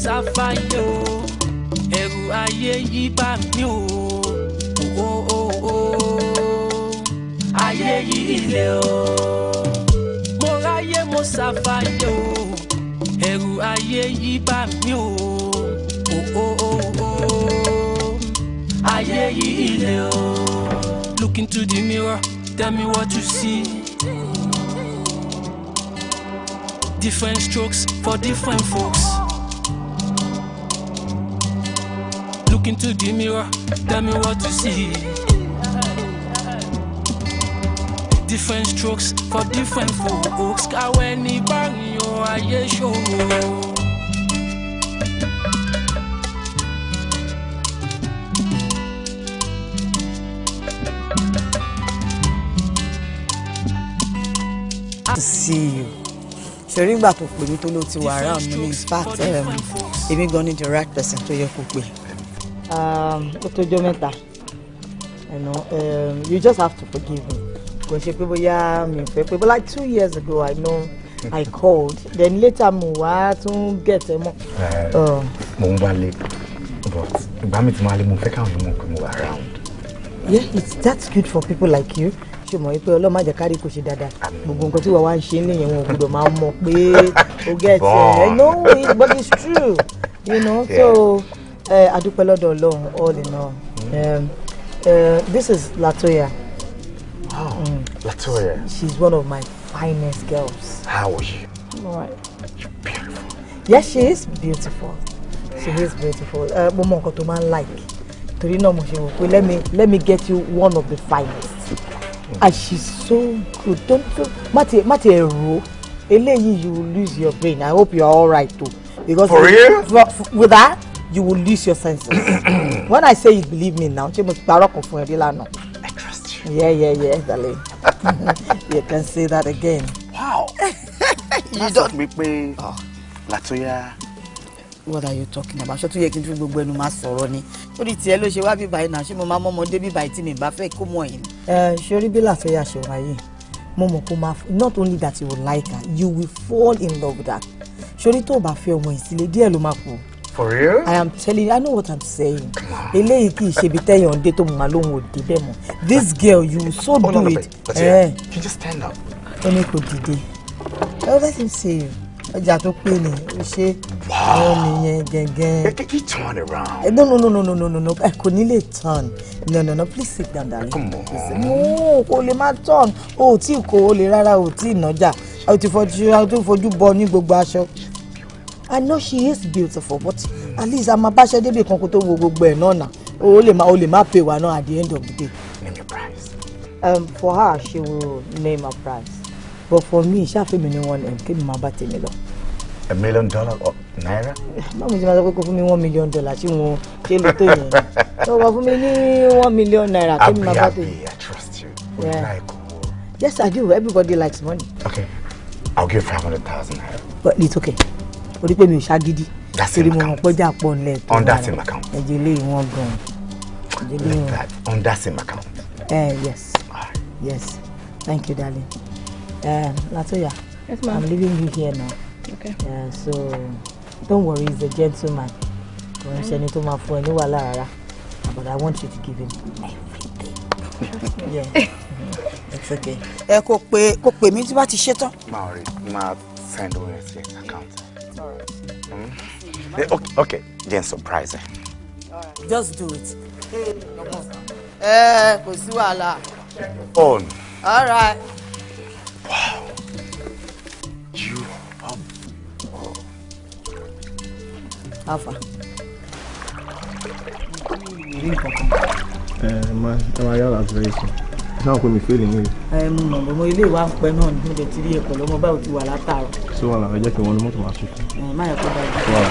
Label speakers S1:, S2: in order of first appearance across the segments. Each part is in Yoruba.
S1: ṣàfàyè o ẹ̀rù ayé yí bá mi o o o o ayé yìí le o mo ráyé mo ṣàfàyè o ẹ̀rù ayé yí bá mi o o o o ayé yìí le o. Look into the mirror, tell me what you see. Different strokes for different folks. Look into the mirror, tell me what you see. Different strokes for different folks. Káwé ní báyìí ayé ṣòro.
S2: to see you ṣeré ìgbà tó pè mí tó ló ti wà around mi in fact um, èmi gan ni the right person tó yẹ kó pè. Um, ó tójọ́ mẹ́ta um, you just have to forgive me kò ṣe pé bóyá mi ò fẹ́ pé but like two years ago I know I called then later mo wá tún gẹ̀tẹ̀ mọ́.
S3: Eh, um, mo ń wálé but ìgbà mi ti máa lé mo fẹ́ káwọn ọmọ pé mo wà around.
S2: yeah it's that good for people like you ṣe mọ̀ pé ọlọ́mọ àjàkárí kò ṣe dáadáa gbogbo nǹkan tí wàá wá ń ṣe nìyẹn wọn ò gbọdọ̀ máa mọ̀ pé o gẹ̀tẹ̀ no it but it's true you know yeah. so a dúpẹ́ lọ́dọ̀ Ọlọ́run all in all um, uh, this is Latoya. Wow, ah, mm. Latoya. She's one of my finest girls.
S3: How are you?
S2: I'm right. You're beautiful. Yes, she is beautiful. She is beautiful. Uh, mo mọ nǹkan like. Torí náà mo ṣe let me let me get you one of the finest. Hmm. And she's so good. Don't don't má ti a ti ẹ̀rọ. Eléyìí you lose your brain. I hope you are all right too. Because for real? with that you will lose your senses. when I say you believe me now, ṣé mo ti parọ́ kan fún ẹ I trust you. Yeah, yeah,
S3: yeah, darling.
S2: you can say that again.
S4: Wow. you don't make me. Oh. Latoya.
S2: What are you talking about? Ṣé tó yẹ kí n tún gbogbo ẹnu máa sọ̀rọ̀ ni? Orí tiẹ̀ ló ṣe wá bíbá yìí náà, ṣé mo máa mọ ọmọdé bíbá yìí tí mi bá fẹ́ kó mọ̀ yìí? Ẹ ṣe orí bí Latoya ṣe wáyé, mo mọ̀ kó máa not only that you will like her, you will fall in love with her. Ṣorí tó o bá fẹ́ ọmọ ìsílẹ̀ díẹ̀ ló máa kù. For real? I am telling you, I know what I'm saying. Eléyìí kì í ṣe ibi tẹ́yàn dé tó máa lóhun òde bẹ́ẹ̀ mọ́. This girl you so do it. Hold on eh. You just stand up. Ó ní kò dìde. Oh, let him see you. Ọjà tó pé ni ó ṣe àwọn nìyẹn gẹ́gẹ́.
S5: He turn around.
S2: Eh, no no no no no no no no kò ní lè turn. No no no please sit down darling. Come on. No kò lè má turn. O ò tí kò o lè rárá o ò tí ì nájà. O ti fojú bọ ní gbogbo aṣọ. I know she is beautiful but at least a máa báṣẹ́ débi kan kó tó wo gbogbo ẹ̀ náà nà o lè má o lè má pè wá náà at the end of the day. Name a price. Um, for her she will name a price but for me ṣáfẹ́mi ni wọ́n ẹ̀ kébì máa bá tèmi lọ.
S3: a million dollar or
S2: naira. báwo ṣe máa sọ pé kó fún mi one million dollar tí wọn ṣe lè tó yẹn tó wà fún mi ní one million naira kébì máa bá tèmi. abi abi I trust you. yes I do everybody likes money.
S3: okay I'll give five hundred thousand naira.
S2: but it's okay orí pé mi ò ṣàgídí torí mo mọ̀ pọ́jà pọ̀ nílẹ̀ tó ń rà ẹ̀jẹ̀ lé ìwọ̀n gan-an ẹ̀jẹ̀ lé ìwọ̀n.
S3: under same account.
S2: Uh, yes yes thank you darling eh, Latoya yes, I'm leaving you here now okay. uh, so don't worry he's a gentleman kò ń ṣe ẹni tó máa fún ẹ ní wàhálà rárá but I want you to give
S4: him everything. yeah. Mm-hmm. okay. ẹ
S2: kò pè kò pè mí tí bá ti ṣe tán.
S4: máa rí máa send owó ẹ sí account. Mm.
S3: Eh, okay, okay, then surprise.
S2: Right. Just do it. Eh, kò sí wàhálà. On. All right. Wow. You
S6: are. Oh. How far?
S7: Eh, my, my girl is very soon. Ṣé àwọn kò mi fẹ́ lè ní?
S2: Ẹ mú mọ̀ bọ́ mo ilé ìwà ń pẹ́ náà ní mo lè ẹ̀kọ́ lọ́mọ báwo ti wà látàárọ̀
S7: sí wàhálà ẹ jẹ́ kí wọ́n ní mọ́tò máa tún.
S2: má yẹ kó dájú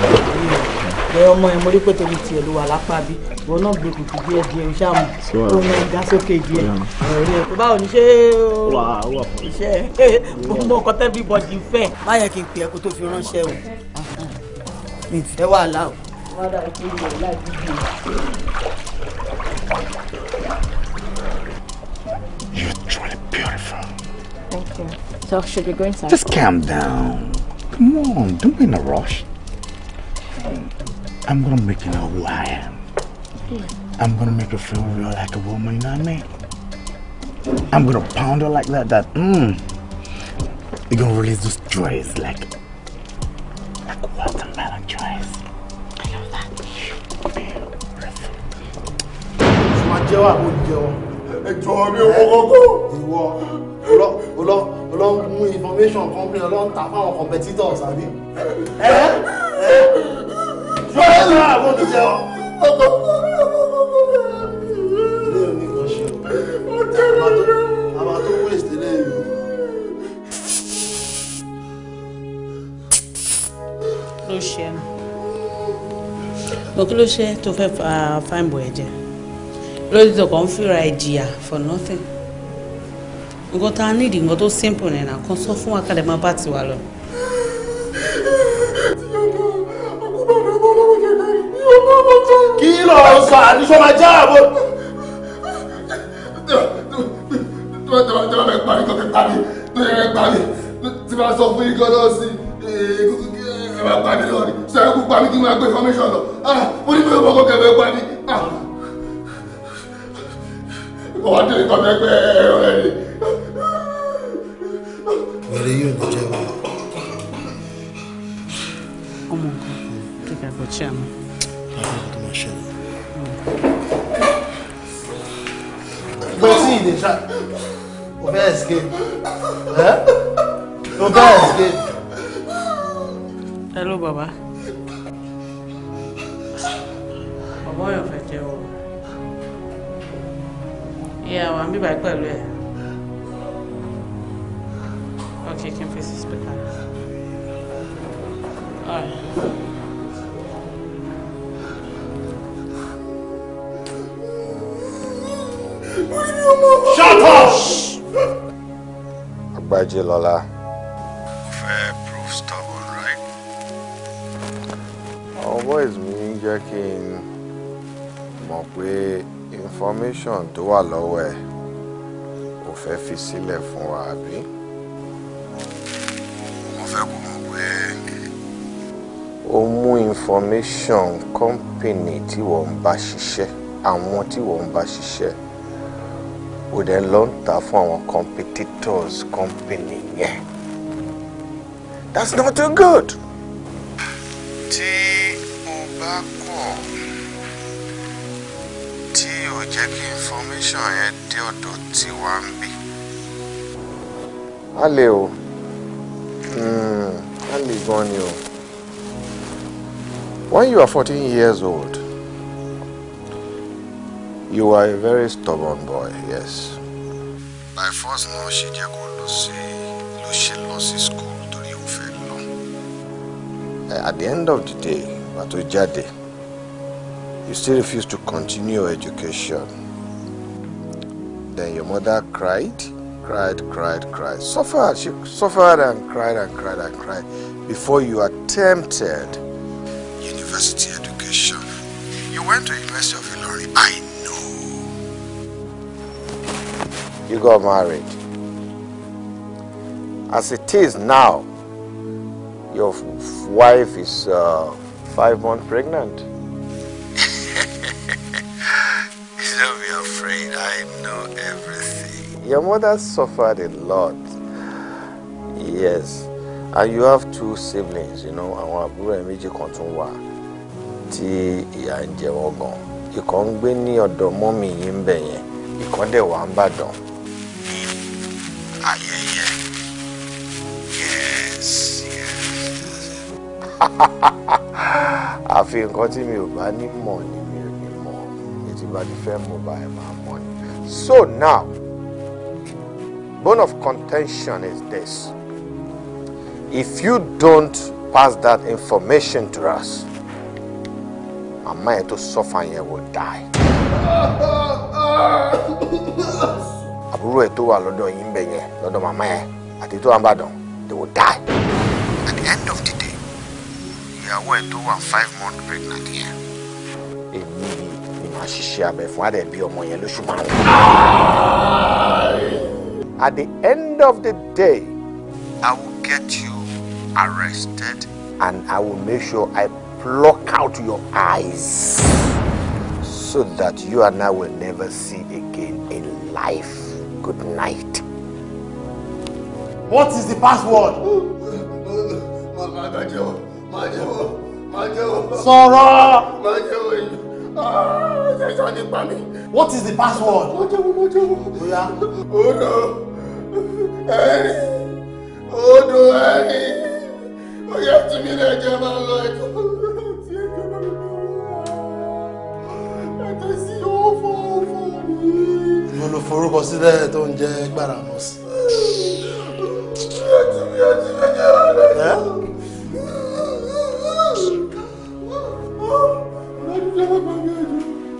S2: bẹ́ẹ̀ ọmọ yẹn mo rí pé torí tiẹ̀ ló wà lápá bí wọn náà gbé kùkù díẹ̀ díẹ̀ o
S5: ṣáà mọ̀ tó ń ga sókè díẹ̀
S2: ọ̀rẹ́ ẹ̀ báwo ni ṣé iṣẹ́ mo mọ ọkọ tẹ́bí bọ́dì fẹ́ má yẹ kí n pè ẹ́ kó tó fi ránṣẹ́ o mi fẹ́ wàhálà o. Thank you. So should we go inside? Just calm down.
S3: Come on, don't be in a rush. I'm gonna make you know who I am. I'm gonna make her feel real like a woman, you know what I mean? I'm gonna pound her like that, that, mmm. You're gonna release those joys like, like watermelon joys. I love that. ẹjọ́ mi ò kọ́kọ́. ìwọ ọlọ ọlọ
S7: ọlọ ń mú information company ọlọ ń ta fáwọn competitors àbí. ẹ ẹ yọ ẹ lọ àwọn òṣìṣẹ́ ọ.
S8: ilé ò ní
S7: kan ṣe o àbá tó waste lẹ́yìn o.
S8: ló ṣe
S2: ló kí ló ṣe tó fẹ́ fáìmù ẹ̀jẹ̀ lórí tó kàn ń fìrà ìjìyà for nothing nǹkan tá a nídìí nǹkan tó simple nìyẹn kan sọ fún wa kálẹ̀ má bá tiwa lọ.
S3: kí ló ń sọ àdìsọ́ máa já àbò. tí wọ́n tẹ́wọ́ tẹ́wọ́ bẹ́ẹ̀ parí kọ́kẹ́ parí bẹ́ẹ̀ parí tí wọ́n sọ fún ikọ́ náà sí ẹ máa parí lọ́ọ̀rì sọ ẹ kú parí kí n máa gbé information lọ ah mo ní bẹ́ẹ̀ bọ́ kọ́kẹ́ bẹ́ẹ̀ parí ah ọ̀wá dé nǹkan tẹ́gbẹ́ ẹ̀rọ ẹ̀rí. wẹ̀rẹ̀ yóò ní jẹ́ wọn. ọmọ
S7: nǹkan kí ká gbọ́ tí a mọ̀. báwo ni kò máa ṣe wọ. wetin you dey try o fẹ́ escape o fẹ́ escape.
S6: hello baba baba yóò fẹ́ jẹ́ Yeah, well, I'll be back pẹ̀lú ẹ. Okay, can face the speaker. All right.
S9: Shut up!
S10: Agbaje Lola. Fair proof stubborn, right? Ọwọ́ ìzùmí ń jẹ́ kí n mọ̀ information tó wà lọ́wọ́ ẹ̀ ò fẹ́ fi sílẹ̀ fún wa àbí. mo fẹ́ kó mọ̀ pé. ó mú information company tí wọ́n ń bá ṣiṣẹ́ àwọn tí wọ́n ń bá ṣiṣẹ́ ó dẹ̀ lọ ń tà fún àwọn competitors company yẹn. that's not too good. tí o bá kọ̀ jẹ́ kí information yẹn dé ọ̀dọ̀ tiwa ń bì. a lè o hmm, a lè gan ni o when you are fourteen years old you are a very stubborn boy yes. by force náà ṣe jẹ́ kó lọ sí ló ṣe lọ sí school torí ó fẹ́ lọ. at the end of the day pàtó jáde. you still refused to continue your education. Then your mother cried, cried, cried, cried, suffered. She suffered and cried and cried and cried before you attempted university education. You went to University of Illinois. I know. You got married. As it is now, your wife is uh, five months pregnant. Your mother suffered a lot. Yes. And you have two siblings, you know, àwọn àbúrò ẹ̀ méjì kan tún wà tí ìyà ń jẹ wọ́n gan. Ìkan ń gbé ní ọ̀dọ̀ mọ́mì yìí ń bẹ̀ yẹn, ìkan Yes, yes. Àfi nǹkan tí mi ò bá money, mọ̀ ni mi ò ní mọ̀. Ètí money. So now bone of contention is this if you don't pass that information to us màmá yẹn tó sọ́fà yẹn will die. àbúrò ẹ̀ tó wà lọ́dọ̀ yín bẹ̀ yẹn lọ́dọ̀ ati yẹn àti they will die. at the end of the day ìyàwó ẹ̀ tó wà five months pregnant here. èmi ni màá ṣiṣẹ́ be fún adẹ̀ bí ọmọ yẹn lóṣù márùn-ún. At the end of the day, I will get you arrested and I will make sure I pluck out your eyes so that you and I will never see again in life. Good night.
S3: What is the password? Sọ̀rọ̀! Ah, What is the password? Oh, yeah. oh no ẹ̀rín odò ẹ̀rín ó yẹ tí mi lè jẹ́ máa lọ ẹ̀kọ́
S8: tí ẹ̀kọ́ bá mi wá ẹ̀kọ́ sí owó fún owó fún mi.
S7: mo lo forúkọ sílẹ̀ tó ń jẹ́ gbàrà mọ́
S8: sí.
S3: ẹ̀tí mi ẹ̀tí mi jẹ́
S8: máa lọ ẹ̀kọ́.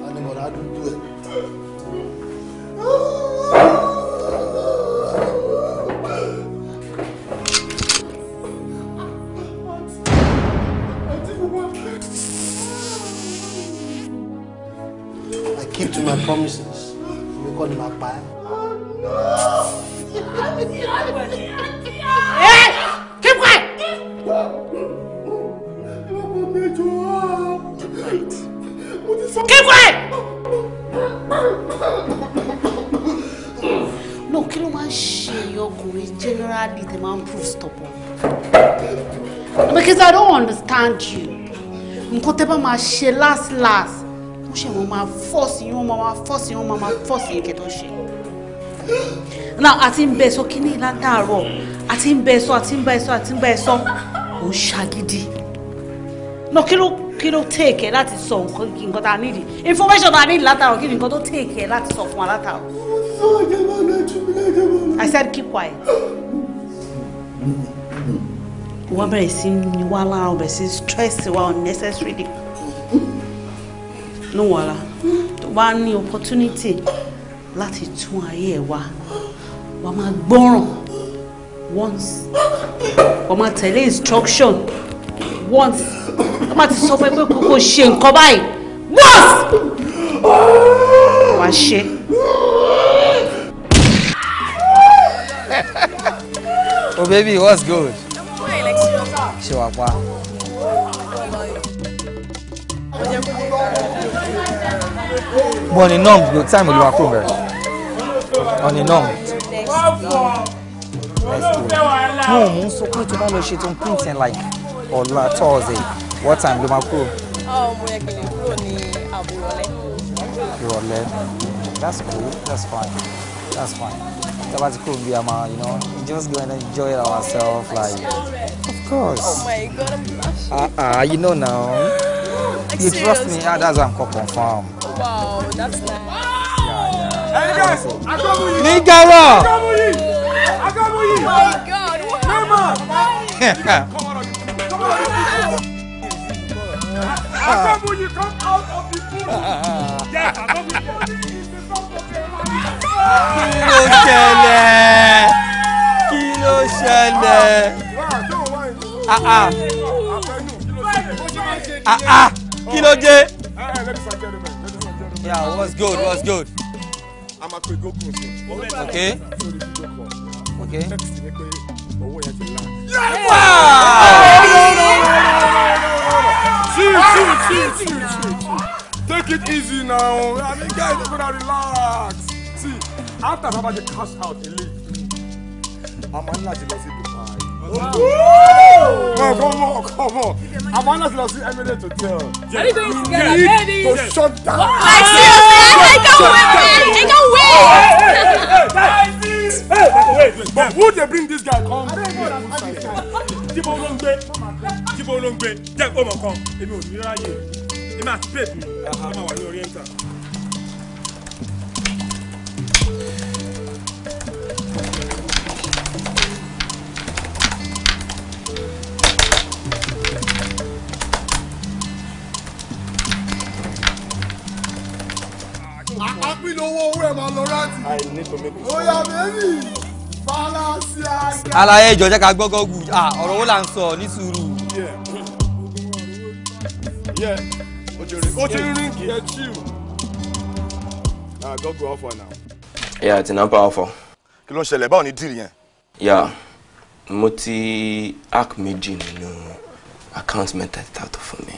S8: Ani mo na dun du ẹ.
S7: my promises èmi kọ́ ni màá pa ẹ́.
S8: ẹ kí pa ẹ.
S2: no kill ló máa ń ṣe èèyàn ọkùnrin generally they máa ń stubborn because I don't understand you nǹkan tẹ́ bá máa ṣe last last ó ṣe wọn máa fọ́ọ̀sì yín wọn máa fọ́ọ̀sì yín wọn máa fọ́ọ̀sì yín now àti ń bẹ sọ kíní látàárọ̀ àti ń bẹ sọ àti ń bẹ sọ àti ń bẹ sọ ò ń ṣàgídí. náà kí ló take it. That is so kí nǹkan tá a nídìí information I need nídìí látàárọ̀ kí ni nǹkan tó take ẹ láti sọ fún wa látàárọ̀. I said keep quiet. wọ́n bẹ̀rẹ̀ sí ní wàhálà ọ̀bẹ̀ sí stress wa unnecessarily ní wàrà tó bá ní opportunity láti tún ayé ẹ̀ wá wà á máa gbọ́ràn once wà á máa tẹ̀lé instruction once wà á máa ti sọ fún ẹ pé kókó ṣe nǹkan báyìí once wà á
S9: ṣe. Oh baby, what's good? Ṣé wà pa? but on a norm go time olúwa kúrò bẹ̀rẹ̀ on a norm. no mo ń sọ pé tó bá lọ ṣe tó ń print ẹ̀ like ọ̀la thursday what time ló máa kúrò.
S2: ọmọ yẹn kò kúrò ní àbúrọ̀lẹ́.
S9: ìrọ̀lẹ́ that's cool that's fine that's fine tabati kúrò bí a máa you know just go and enjoy ourselves like of course. Oh ah uh ah -uh, you know now. you trust me ah, that's why i'm confirm. Wow, that's nice. Ní gàrọ̀. come out of the pool. Yes, Akamuyi. Kí ló ṣẹlẹ̀? Kí ló ṣẹlẹ̀? Ah, ah. Ah, Kí ló dé? Yeah, what's good? What's good? I'm a quick go Okay. Okay.
S3: Chill, chill, chill, chill, Take it easy now. I mean, guys, you gotta relax. See, after Baba get cashed out, he leave. I'm a large, let's see, Dubai. Come on, come on, come on. Amanda Selassie Emily to tell. Are you going together, ladies? To shut down. Oh, like seriously, I can't wait. I can't wait. Hey, hey, hey, wait, wait. But who they bring this guy? Come. Jibo Olongbe. Jibo Olongbe. Jẹ́ kó mọ̀ kan. Èmi ò ní ráyè. Èmi àti bèbí. Ọmọ wà ní Oriental. àpilẹ̀ owó owó ẹ̀ máa lọ rántí. oya bẹ́ẹ̀ni balasi àgbà. alaye ìjọ jẹ́
S9: ká gbọ́ gọ́gù ọ̀rọ̀ wo là ń sọ ní sùúrù. o ti rin kì í ẹ chill.
S3: gọ́gù ọ̀fọ̀ náà. ìyá àti nàpá ọ̀fọ̀. kí ló ń ṣẹlẹ̀ báwo ni díìrì yẹn. yà mo ti hack méjì nínú àkáǹtì mẹ́tẹ̀ẹ̀ta tó fún mi.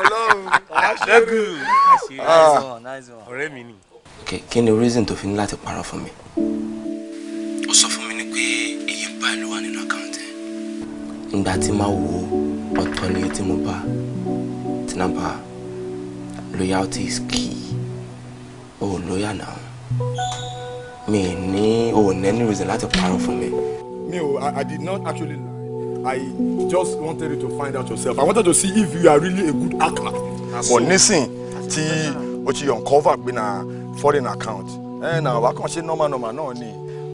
S9: Ọlọ́run aṣẹ́gun.
S3: ọ̀rẹ́ kí ni reason tó fi ní láti parọ́ fún mi. ó sọ fún mi ní pé iye báyìí ló wà nínú àkáǹtì. ìgbà tí màá wo ọ̀tọ̀ ni tí mo bá tí náà bá loyalty is key o ò lóyà náà mi ní o ní any reason láti parọ́ fún mi. mi ò I did not actually I just wanted you to find out yourself. I wanted to see if you are really a good actor. But nisin ti o ti uncover pe na foreign account. Eh na wa kan ṣe normal normal náà ni.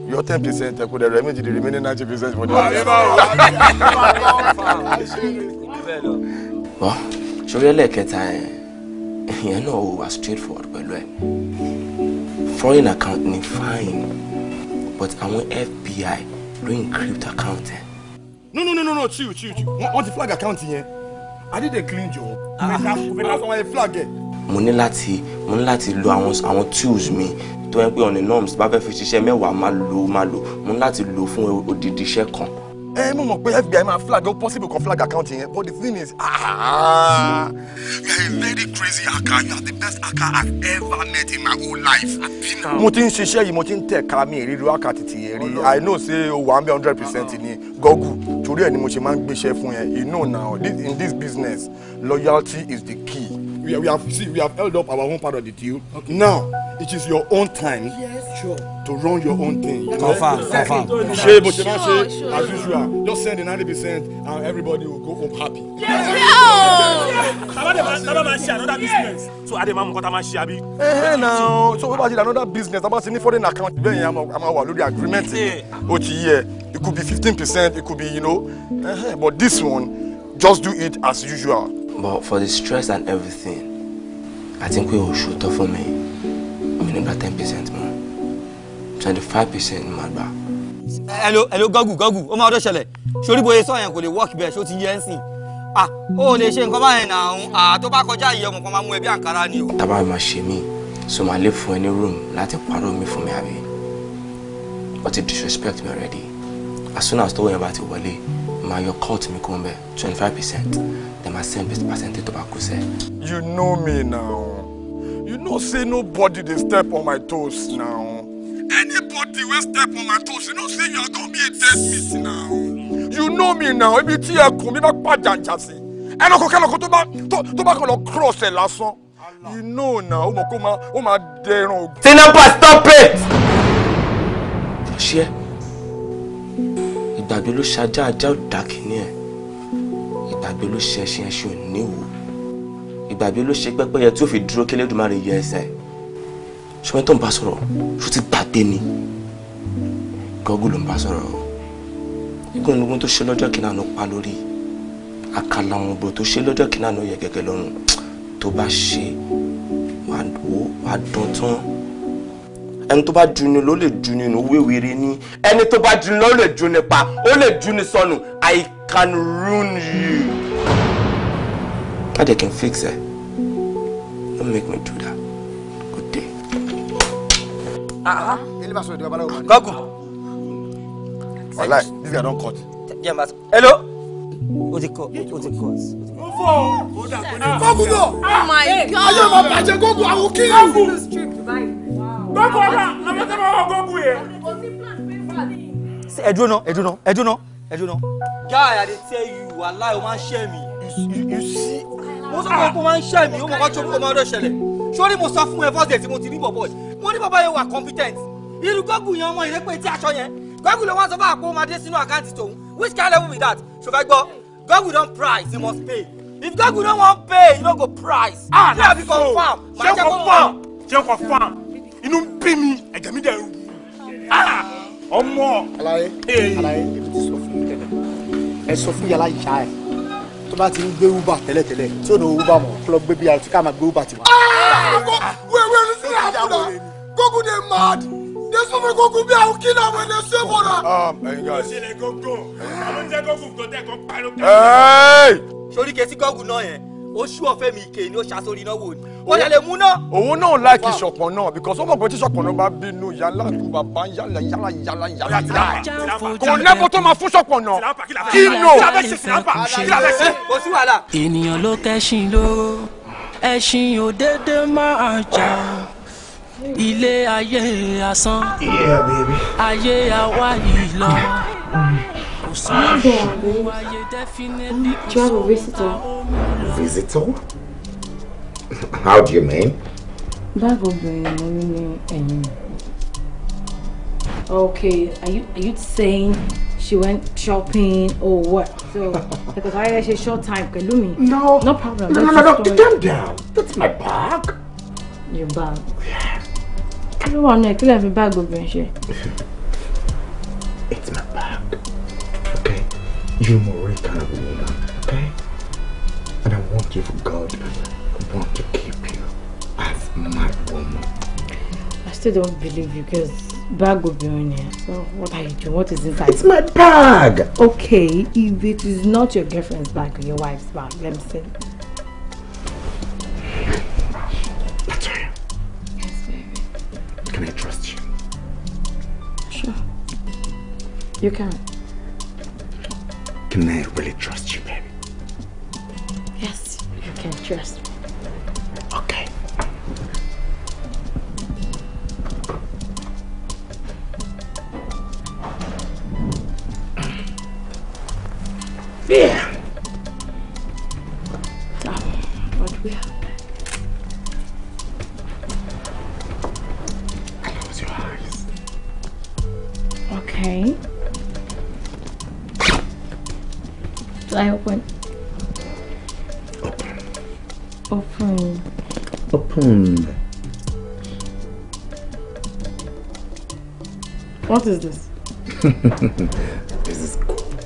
S3: Your ten percent ẹ kò dẹ̀ rẹ̀ the remaining ninety percent for the other. Wọ́n ṣorí ẹlẹ́ẹ̀kẹta ẹ̀ ìyẹn náà ò wá straightforward pẹ̀lú ẹ̀. Foreign account ni fine but àwọn FBI ló encrypt account ẹ̀ no no no no no chill chill chill wọ́n the flag account yẹn adi dey clean jọ ah. ọmọ flag ẹ. mo ní láti mo ní lati, lo àwọn àwọn tools mi tó yẹ pé ọ̀nì norms bá fẹ́ fi ṣiṣẹ́ mẹ́wàá máa lo máa lo mo ní láti lo fún odidi iṣẹ́ kan. ẹ mo mọ̀ pé FBI máa flag ó possible con flag account yẹn but the thing is ah, you are a very crazy hacker you are the best hacker I've ever met in my whole life. mo ti ń ṣiṣẹ́ yìí mo ti ń tẹ̀ ká mi ìrírí wákàtí ti yẹ i know say o wà ń bẹ hundred percent ní gọ́gù torí ẹ̀ ni mo ṣe máa ń gbéṣẹ́ fún yẹn you know now this, in this business loyalty is the key we, we have see we have held up our own part of the deal okay. now it is your own time yes, sure. to run your own thing. confam confam ṣe bó ṣe máa ṣe as usual just send the ninety percent and everybody will go home happy. Yes, bàbá dem bàbá ma ṣe another business so adé ma mú kọ́tà ma ṣe àbí. ẹ ẹ na so bó bá ṣe another business bá ṣe ní foreign account bẹ́ẹ̀ yẹn a máa wà lórí agreement o ti yẹ. It could be 15%, it could be, you know. Uh-huh. But this one, just do it as usual. But for the stress and everything, I think we will shoot
S9: up for me. I mean, about 10% more. 25% more back. Hello, hello, Gagu, Gagu. Ó máa dọ̀ ṣẹlẹ̀. Sórí bóyá sọ yẹn kò lè work bẹ́ẹ̀, ṣó ti Ah, oh, lè ṣe nǹkan báyẹn náà Ah, tó bá kọjá yìí ọmọ kan máa mú ẹbí àǹkárá ni o.
S3: Tábà máa ṣe mí, so màá lè fún ẹ ní room láti pàrọ̀ mi fún mi àbí. Ó disrespect me already as soon as tọwọ́ yẹn bá ti wọlé máa yọ cut mi kún bẹ́ẹ̀ twenty five percent dem ma send fifty percent tó bá kù you know me now you know say nobody dey step on my toes now anybody wey step on my
S8: toes you know say you are gonna be a dead
S3: meat now you know me now ibi tí ẹ kùn mi bá pa jàǹjà sí ẹnìkan kẹlẹkọ tó bá tó bá kàn lọ cross ẹ lásán you know now ó mọ̀ kó máa ó máa dẹran. Tinubu stop it. ṣé ìgbàgbé ló ṣajá ajá ò dákìní ẹ̀ ìgbàgbé ló ṣe ẹṣin ẹṣin ò níwò ìgbàgbé ló ṣe pẹ́pẹ́yẹ tí ó fi dúró kí Elédùmarè yẹ ẹsẹ̀ ṣọmọ tó ń bá sọ̀rọ̀ ṣó ti gbàgbé ni gọ́gù ló ń bá sọ̀rọ̀ igun ogun tó ṣe lọ́jọ́ kìnnà ló pa lórí àkàlà àwọn òbò tó ṣe lọ́jọ́ kìnnà ló yẹ gẹ́gẹ́ lọ́rùn tó bá ṣe wàá dán tán ẹni tó bá juni ló lè juni nù wéwèrè ni ẹni tó bá juni ló lè juni pa ó lè juni sọnù I can ruin you. Adé can fix it. Don't make me do that. Good day.
S5: Gọ́gùn.
S9: Wàláì, this guy don cut. Hello. O ti cut, o ti cut
S1: fọ. Gógùn Oh my God. Ayé ma bàjẹ́ gógùn àwọn kí. Gógùn dọ́kọ̀ ọ̀la àwọn tẹ́ wọ́n gọ́gù
S9: yẹn. ẹ dúró náà ẹ dúró náà ẹ dúró náà guy i dey tell you Allah o máa ń ṣe you see. most of fún want share me. You ń ṣe mi o mọ̀ kọ́ tó o máa rẹ̀ ṣẹlẹ̀ sórí mo sọ fún ẹ fọ́ọ̀sì tí mo ti ní bọ̀bọ̀ mo ní bàbá yẹn wà competent irú gọ́gù yẹn ọmọ ìrẹ́pẹ̀ tí aṣọ yẹn gọ́gù ló wá sọ fún àpò ọmọdé sínú àkáǹtì tòun which kind of level be that go? God will don price you must pay if God gọ́gù no wan pay you no go price. ah na so ṣe confam ṣe confirm inú ń bí mi ẹ̀jẹ̀ mi dẹ̀ ń ah! wú ọmọ.
S3: alaye alaye ebi ti sọ fún mi tẹ́lẹ̀ ẹ sọ fún yàrá ìyá ẹ tó bá ti ń gbé uber tẹ́lẹ̀tẹ́lẹ̀ tí ò ní uber mọ̀ kí lọ gbé bí àti ká máa gbé uber tiwa. Ah! wẹ́wẹ́ ní sílẹ̀ àbúrò gógùn dey mad dey sọ fún gógùn bí àwọn kí náà wọ́n ah, lè ṣe bọ̀dà. ẹyin ká ṣe
S9: lè gógùn àwọn jẹ́ gógùn tó tẹ̀ pariwo. sórí kẹsí gógùn náà yẹn oṣù ọ̀fẹ́ mi ìkè ni ó ṣàṣorí náà wò ni ó yẹ lè mú náà. òun náà láìkí
S3: ṣọ̀pọ̀n náà because ó mọ̀ pé tí ṣọ̀pọ̀n náà bá bínú yálà kú bàbá yálà yálà yálà yálà
S9: yálà kò nẹ́bù tó
S1: máa fún ṣọ̀pọ̀n náà kí nò. ènìyàn ló kẹ́sìn lóró ẹ̀sìn ò déédéé máa jà ilé ayé asán ayé àwa ìlọ course. Do you have a visitor?
S10: Visitor? How do you mean?
S6: Bag
S2: of Okay, are you are you saying she went shopping or what? So because I had short time, can do me. No. No problem. No, no, no, no. Calm down. That's my bag. Your bag. Yeah. Kí ló wà náà? Kí ló fi It's my
S3: bag. You're my kind of woman, okay? And I want you for God. I want to keep you as my
S2: woman. I still don't believe you because bag will be on here. So what are you doing? What is inside? It's my bag! Okay, if it is not your girlfriend's bag, or your wife's bag, let me see.
S3: Can I trust you? Sure. You can. Can I really trust you, baby?
S2: Yes, you can trust me. Okay. Yeah. What is this?
S3: this is gold.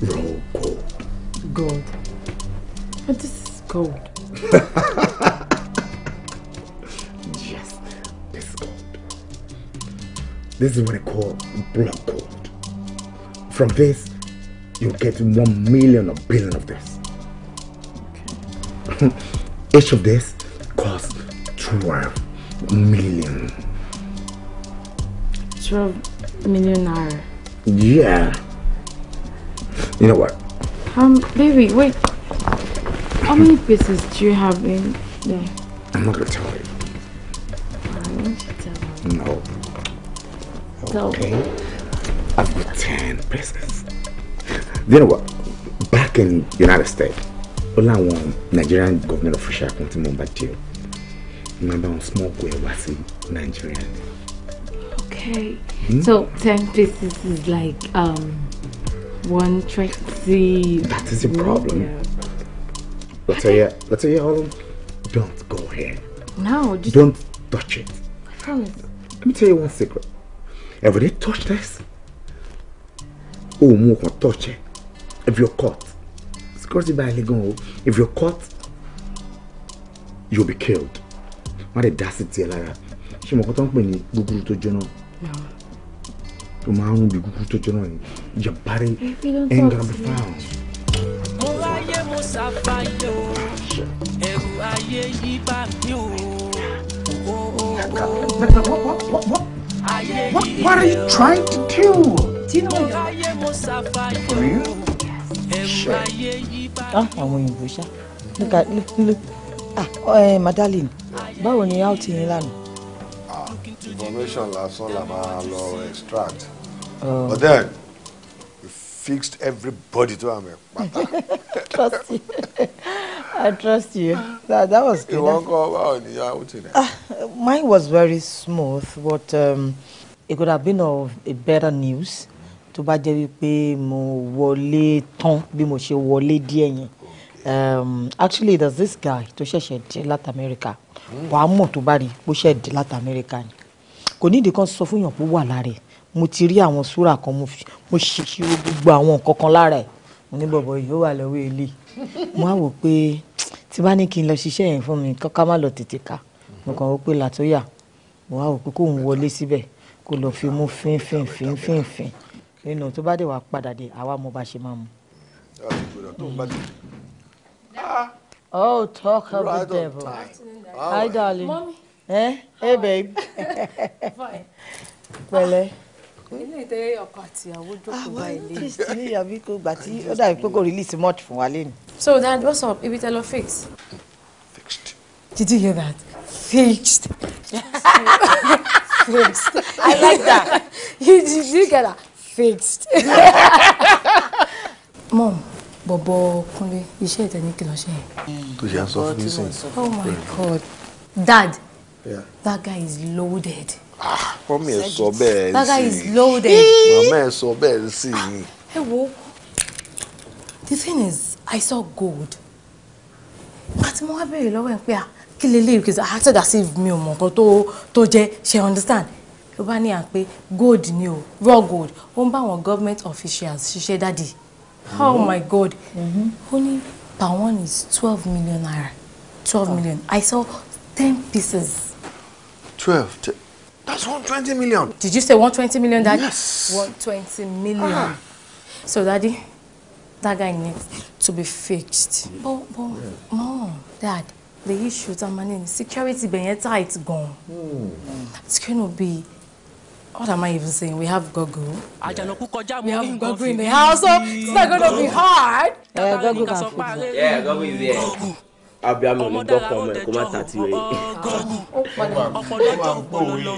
S3: Raw gold. Gold. But this is gold. yes, this is gold. This is what I call block gold. From this, you get one million or billion of this. Okay. Each of this costs 12 million.
S2: 12 million naira.
S3: Yeah. You know
S7: what?
S2: Um, baby, wait. How many pieces do you have in there?
S3: I'm not gonna tell you.
S2: I tell
S3: me. No. Okay. So. I've got 10 pieces. You know what? Back in the United States, all I want Nigerian government official come to Mumbai deal. Remember on small way was in Nigeria.
S2: Okay. Hmm? So ten pieces is like um one twenty. That is a problem. Yeah.
S7: Let's say yeah. Let's say yeah. Um, don't go here.
S2: No.
S3: Just don't touch it. I promise. Let me tell you one secret. If they touch this, oh, more can touch it. If you're caught, security by legal. If you're caught, you'll be killed. What a dastardly sí She lára. Ṣé mo kọ́ tó ń pè tó máa ń rún bí kúkú tó jọ́nà ni your body
S1: ain't gonna be found. mo wáyé mo ṣàfàyè o ẹrù ayé yí bá mi o. What, what are you trying to do? Do you know what you're For real?
S2: Sure. Ah, àwọn òyìnbó ṣá. Look at, look, look. Ah, oh, eh, Madalyn, báwo ni outing yín lánàá?
S10: information lásán la máa lọ extract um. but then we fixed everybody to am
S2: pata. trust you i trust you that that was good. ìwọ kọ
S10: báwo ni yahoo ti rẹ. Ah,
S2: mine was very smooth but um, it could have been of a better news tó bá jẹ́ wípé mo wọlé tán bí mo ṣe wọlé díẹ̀ yẹn um, actually there's this guy tó ṣẹ̀ṣẹ̀ dé láti America hmm. wàá mọ̀ tó bá rí bó ṣẹ̀ dé láti America ni kò nídìí kan sọ fún yàn pé ó wà lára ẹ̀ mo ti rí àwọn súrà kan mo fi mo ṣèṣirò gbogbo àwọn nǹkan kan lára ẹ̀ mo ní bọ̀bọ̀ yìí ó wà lọ́wọ́ ilé mo á wò pé tí bá ní kí n lọ ṣiṣẹ́ yẹn fún mi kọ́ká má lọ tètè ká mo kàn wò pé làtóyà mo á wò pé kóun wọlé síbẹ̀ kó lọ fi mú fínfínfínfínfín nínú tó bá dé wàá padà dé àwa mo bá ṣe máa mu. Oh, talk of the devil. Hi, darling. Mommy. Eh? Hey babe. Fine. Pẹ̀lẹ́. Ilé ìtẹ́ ọkọ àti ìyàwó jókòó bá ilé. Àwọn interest ní ìyàbí kò gbà tí ó dàbí pé kò release much fún wa So dad, what's up? Ibi tẹ lọ fix. Fixed. Did you hear that?
S5: Fixed. fixed. I like that. you, did you get that? Fixed.
S2: Mom, Bobo, Kúnlé, you share it kìlọ̀ ṣe.
S10: Tó ṣe à ń sọ fún Oh my God. Dad. Yeah.
S2: That guy is loaded. Ah, mọ́mí ẹ̀ sọ bẹ́ẹ̀ sí. That guy is loaded.
S10: Màmá ẹ̀ sọ bẹ́ẹ̀ sí.
S2: Ẹ wo, the thing is, I saw gold. Àti mo wá béèrè lọ́wọ́ ẹ̀ pé à ah, kí leléyìí kìí sọ, acted as if mi ò mọ̀ nǹkan tó jẹ́ ṣe understand. Ló bá ní à pé gold ni o, raw gold, ó ń bá àwọn government officials ṣiṣẹ́ dáàdì. Oh my God! Mm-hmm. Ó ní per one is twelve million naira. Twelve million. I saw
S10: ten pieces twelve.
S2: That's one twenty million. Did you say one twenty million, Daddy? Yes. One twenty million. Ah. So, Daddy, that guy needs to be fixed. Yeah. But, but, yeah. Mom, Dad, the issue that my name security being hmm. it's gone. Mm. It's to be what am I even saying? We have Gogo.
S1: Yeah. We
S2: have Gogo in the house, so it's not to be hard. Yeah, Gogo can fix.
S3: Yeah, Gogo is here abiamu ni dọkọ ọmọ ẹ kó má tàtí rẹ.
S2: ọpọlọ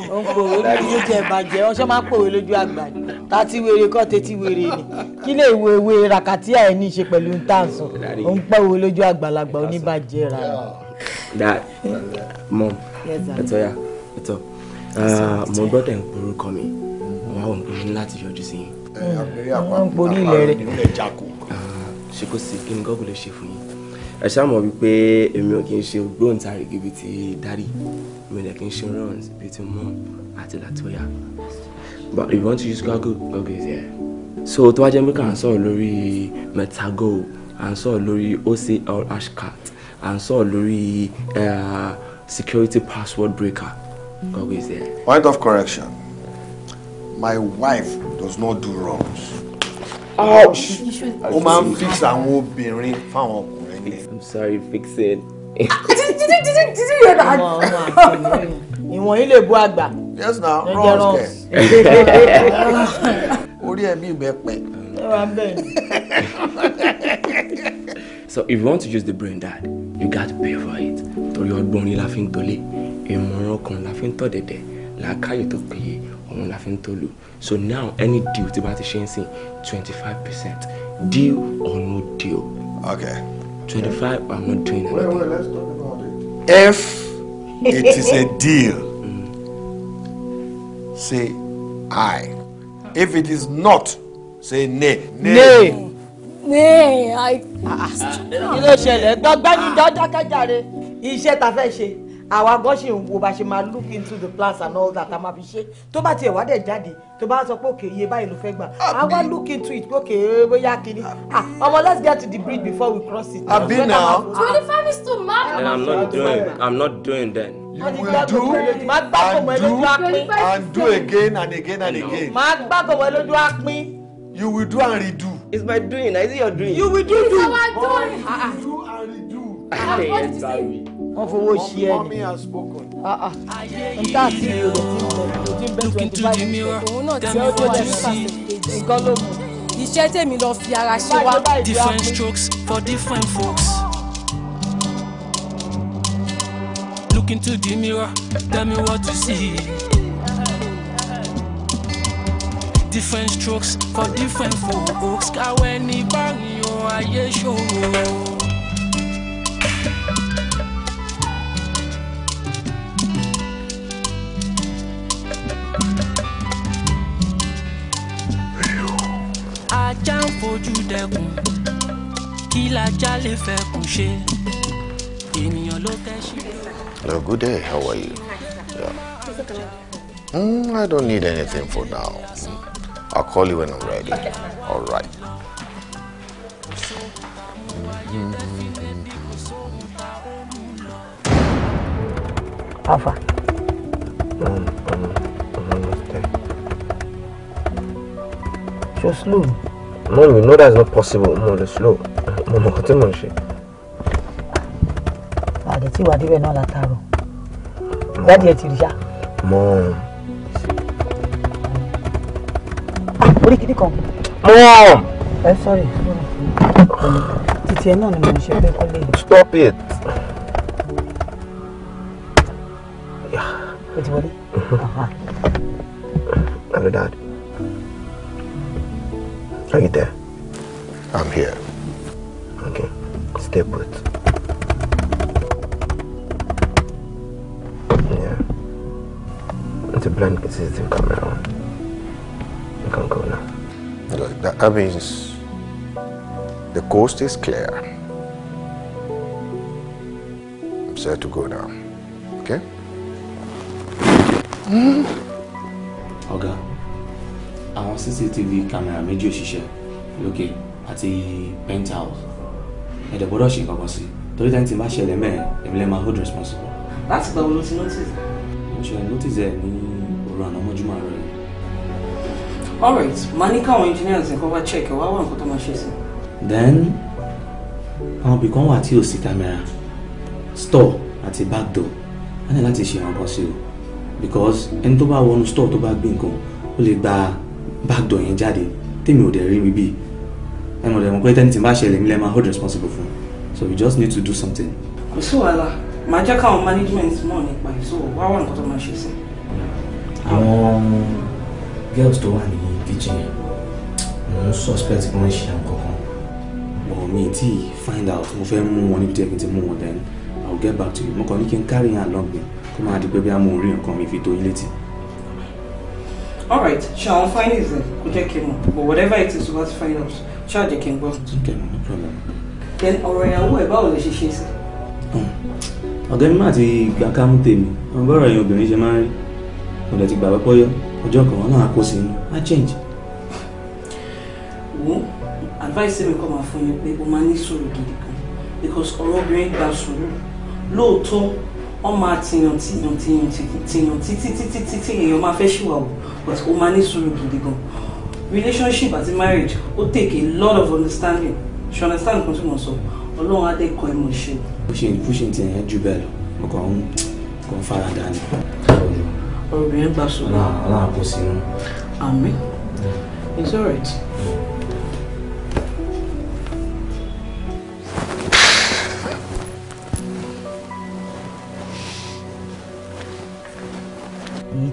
S2: ayé jẹ ìbàjẹ́ ọṣọ máa pòwe
S5: lójú àgbà tàtí wèrè kọ́ tètí wèrè ni kí lè wo rakati ẹ̀ ní ṣe pẹ̀lú ntàǹsán ó ń pòwe lójú àgbàlagbà oníbàjẹ́ ra.
S3: dad mom ẹtọ ya ẹtọ mo gbọ́dọ̀ ń porú kọ mi wọn àwọn òǹkùnrin láti yọjú sí i.
S10: wọn ń porí ilẹ̀ rẹ̀.
S3: ṣé kò sí kí ni gọ́ọ̀gù lè ṣe fún yín ẹ ṣáà mọ̀ wípé èmi ò kí n ṣe ògbóǹtarìgì bíi ti dárí mi ò dẹ̀ kí n ṣe runs bíi ti mom àti latoya but if you want to use google google is there so tó wá jẹ́ pé kà ń sọ̀rọ̀ lórí metago à ń sọ̀rọ̀ lórí ocl hashcat à ń sọ̀rọ̀ lórí eh, security password breaker google is there. point of correction
S10: my wife does not do wrongs. ouch ó máa ń fix àwọn
S3: obìnrin fáwọn ọkùnrin. I'm sorry, fix it. did
S2: you did you did you hear that? Ìwọ̀n yìí lè bu àgbà.
S10: Yes na, runs kẹ̀.
S3: Orí ẹ̀mí ìgbẹ́ pẹ̀. So if you want to use the brain dad, you got to pay for it. Torí ọgbọ́n ni la fi ń tolé, ìmọ̀ràn ọkàn la fi ń tọ̀ dẹ̀dẹ̀, làákàyè tó péye òun la fi ń tolú. So now any deal tí bá ti ṣe ń sìn twenty five percent deal or no deal. Okay. 25, I'm not doing anything. Wait, wait, let's talk about it. If it is a deal, mm. say aye.
S10: If it is not, say nay. Nay.
S2: nay. I Nay, ah, I. Ah, ah. Kí ló ṣẹlẹ̀? Gbọ́gbẹ́ni dọ́jọ́ kẹjàre, iṣẹ́ ta fẹ́ ṣe àwa gan ṣì ń wo bá ṣe máa look into the plans and all that a máa fi ṣe tó bá tiẹ̀ wá dẹ̀ jáde tó bá sọ pé òkè iye báyìí ló fẹ́ gbà á wá look into it pé òkè eh, bóyá kìíní ah ọmọ let's get to the bridge before we cross it. àbí
S3: na
S1: twenty five is too much. then i'm not doing
S3: i'm not doing then.
S9: you will do and do and
S3: do again and again and again. máa gbàgbọ́ lójú àpín. you will do and redo. It's my doing. Is it your doing? You will do. It's do. our doing. Oh, do
S5: and redo. What did
S3: you say? wọ́n fowó ṣe ẹ ní. n ta sí i rò tí bẹ twenty five
S2: òun náà ti ọjọ́ ẹ̀ lọ fi ara ṣe wá. different
S1: strokes for different folks. Look into the mirror, tell me what you see. Different strokes for different folks. Káwé ní báyìí o, ayé ṣòro. ń fojú dẹkùn kí lajá lè fẹkùn ṣe ènìyàn ló kẹ́sí.
S10: Hello, good day. How are you?
S8: Yeah.
S10: Mm, I don't need anything for now. Mm. I'll call you when I'm ready. All right. Mm-hmm.
S2: Alpha.
S3: Mm, mm, mm,
S2: mm. Just look
S4: mom you know that's not possible mo lè slow mo mọ̀ tí mo ń ṣe.
S2: àdè tí ìwà débẹ̀ you látàárọ̀ dáàdi ẹ̀ ti rí ṣá.
S3: you
S6: orí kìíní kan. mọ. ẹ sọrí títí ẹ náà ni mo ń
S3: stop it.
S10: Are you there? I'm here.
S3: Okay. Stay put. Yeah. It's a blind system come around.
S10: You can go now. Good. That means the coast is clear. I'm set to go now.
S6: Okay?
S4: Mm cctv camera méjì òṣìṣẹ́ lókè àti penthouse ẹ̀dẹ̀ gbọ́dọ̀ ṣe nǹkan kan sí torí tí n bá ṣẹlẹ̀ mẹ́ẹ̀ èmi lè máa hold responsible.
S6: láti gbà wo ló ti notice.
S4: mo ṣe notice ẹ ní òru àná mọ́júmọ́ rẹ.
S6: alright màá ní káwọn engineers nǹkan wá check ẹ wá wá nǹkan tó máa ṣe sí.
S4: then àwọn ibì kan wà tí ò sí camera store àti back door á ní láti ṣe nǹkan kan sí o because ẹni tó bá wọnú store tó bá gbé nǹkan ó lè gba back door yẹn jáde tèmi ò dẹ̀ rí mi bíi ẹnu ọ̀dẹ̀ mọ̀ pé tẹ́ni tí bá ṣẹlẹ̀ mi lẹ́ máa hold responsible fún so we just need to do something.
S6: kò sí wàhálà màá jẹ́ káwọn management mọ̀ nípa so. wá wà nǹkan tó máa ṣe sí.
S4: àwọn girls tó wà ní kitchen mo ń suspect bí wọ́n ṣe nǹkan kan. wọ́n mi tí find out mo fẹ́ mú wọn níbi tí ẹ̀kìn ti mú wọn then i will get back to you mo kàn ní kí n carry her along then kó máa di pé bí a mú orí nǹkan mi fi tó yín létí
S6: all right shall àwọn findings ẹ kò jẹ́ kí n but whatever it is we what's find out Shall àjẹ́ kí n okay no problem. then ọ̀rọ̀ ìyàwó ẹ̀ báwo lè ṣe ṣe sí.
S4: Hmm. ọ̀gá mi máa ti gba kámú tèmi àwọn bọ́ọ̀rọ̀ ẹ̀yin obìnrin ṣe máa ń rí mo dẹ̀ ti gbà pẹ́pọ́ yọ ọjọ́ kan wọn náà kó sí inú á change.
S6: wo advice mi kọ́ máa fún yín pé o máa ní sùúrù gidi kan because ọ̀rọ̀ obìnrin gba sùúrù lóòótọ́ wọ́n máa tìyàn tìyàn tìyàn tìyàn títí títí títí èèyàn máa fẹ́ ṣìwàwò but ó máa ní sùúrù gidi gan relationship àti marriage ó take a lot of understanding ṣe understand nǹkan tí mo sọ ọlọ́run adé kọ ẹ̀ mọ̀ ṣe.
S4: pushing pushing ti yẹn jù bẹ́ẹ̀ lọ mo kàn ń kàn ń fara dà ní. ọ̀rọ̀ obìnrin gbà sùn. ọlọ́run kò sínú.
S6: àmín it's alright. Mm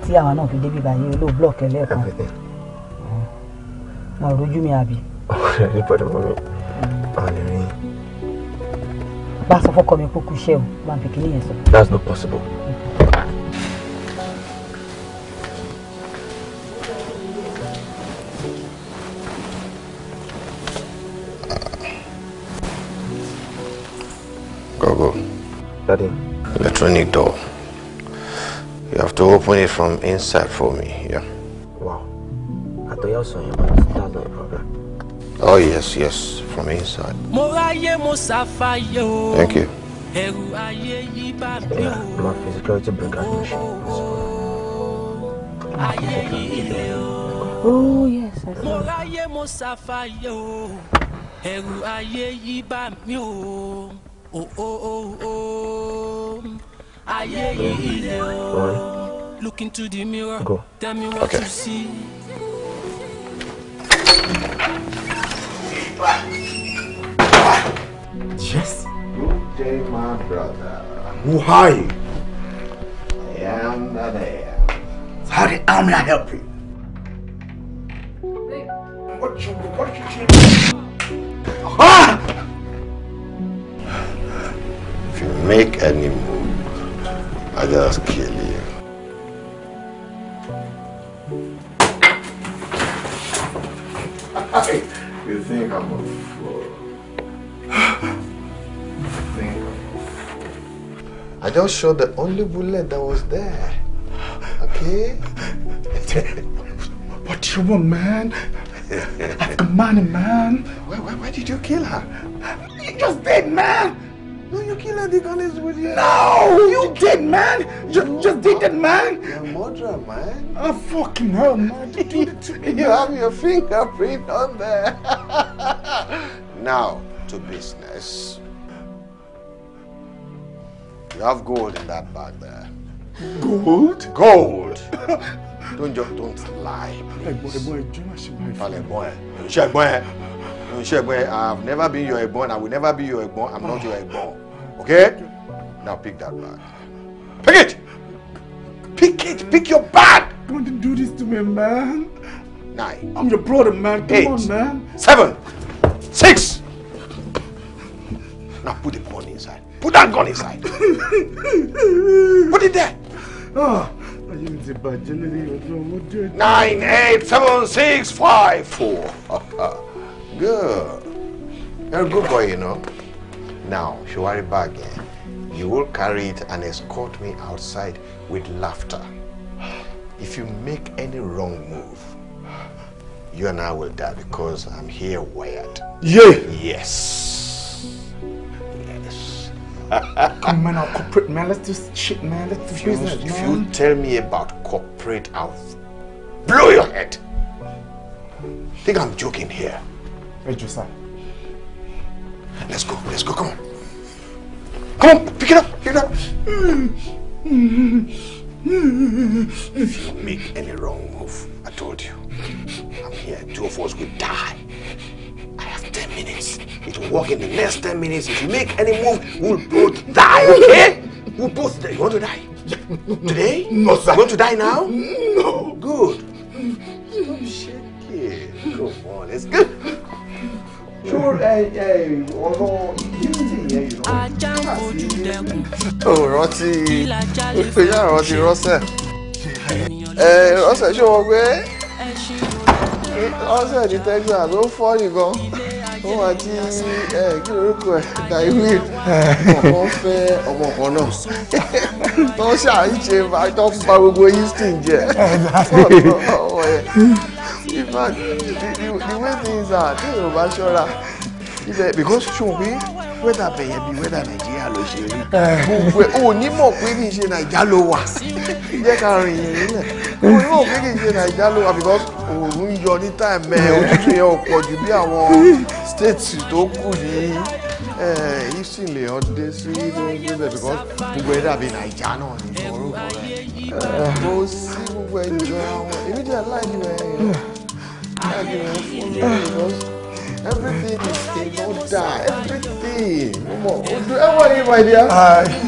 S2: tí àwa náà fi débi báyìí olóò blọọkì ẹlẹ́ẹ̀kan mo rojú mi àbí.
S3: Hmm.
S2: bá a sọ fọ́kọ mi kúkú iṣẹ́ o máa fi kíní yẹn sọ.
S4: that's not possible.
S10: Gogo. Daddy. Electronic door. to open it from inside for me. Yeah.
S9: Wow. I thought you were saying that's not a problem.
S10: Oh yes, yes, from inside.
S1: Thank you. Yeah, my
S9: physicality bring admission.
S1: Oh yes, I see. Ayé yìí le o. Oh, oh, oh, Look into the mirror. Go. Tell me what okay. you see.
S10: Yes. Good day, my brother.
S3: Who are you?
S10: I am the I How did Amna help you? What you what you think? Ah! If you make any move, I just kill you. you think I'm a fool. you think I'm a fool. I just shot the only bullet that was there. Okay? what you want, man? Like the money, man. Why, why, why did you kill her?
S3: You just did, man!
S10: No, you killed the girl with
S3: you. No, you did, man. Just, no, just did it, man. You're
S10: a murderer, man. Oh, fucking hell, man. You it to me. You have your fingerprint on there. now, to business. You have gold in that bag there. Gold? Gold. don't just, don't lie, please. Ẹ̀gbọ́n ẹ̀, ṣẹ̀gbọ́n ẹ̀. Ṣẹ̀gbọ́n ẹ̀, I have never been your ẹ̀gbọ́n. I will never be your ẹ̀gbọ́n. I'm not your ẹ̀gbọ́n. Okay? Now pick that bag.
S3: Pick it! Pick it! Pick your bag! Don't do this to me, man. Nine.
S10: I'm
S9: your brother, man. Come eight, on, man.
S3: Seven. Six.
S10: Now put the gun inside. Put that gun inside.
S9: put it there. Oh. Nine, eight, seven,
S10: six, five, four. Good. You're a good boy, you know. Now, Shuariba again, you will carry it and escort me outside with laughter. If you make any wrong move, you and I will die because I'm here wired. Yeah. Yes. Yes. Come on,
S3: corporate man. Let's do shit, man.
S10: Let's do business, If you tell me about corporate, I'll blow your head.
S3: Think I'm joking here. Hey, Josiah. Let's go, let's go, come on. Come on, pick it up, pick it up.
S8: Don't
S10: make any wrong move. I told you.
S3: I'm here. Two of us will die. I have 10 minutes. It will work in the next 10 minutes. If you make any move, we'll both die, okay? We'll both die. You want to die? Today? No, sir. You want to die now? No. Good. Stop shaking. Come on, let's go ajá ń fojú
S1: dẹkùn.
S10: o rántí o yà rántí rọ́sẹ̀ ẹ rọ́sẹ̀ ṣé wọ́n gbé rọ́sẹ̀ ní Texas ló fọ́ nìkan wọ́n wá tí ẹ kí lórúkọ ẹ dàíwì ọmọ fẹ́ ọmọ kan náà tó ṣàǹṣe tó in fact the, the, the way things are tí yóò bá ṣọ́ra because ṣùgbọ́n pé wẹ́dà bẹ̀yẹ̀ bíi wẹ́dà nàìjíríà ló ṣe rí gbogbo ẹ̀ ò ní mọ̀ pé kì í ṣe nàìjà ló wà jẹ́ ká rìn ìrìn náà ò ní mọ̀ pé kì í ṣe nàìjà ló wà because òòrùn yọ ní táìmù ẹ̀ òtútù yẹn ò pọ̀ ju bí àwọn states tó kù ní easy lè ọ dé sí gbogbo because gbogbo ẹ dàbí naija náà ní orúkọ rẹ mo eh, sí gbogbo ẹ jọ àwọn èmi dẹ̀ láìpẹ́ ẹ̀ láìpẹ́ ẹ̀ fún mi because everything is in order everything mo mọ ojú ẹ wọ my dear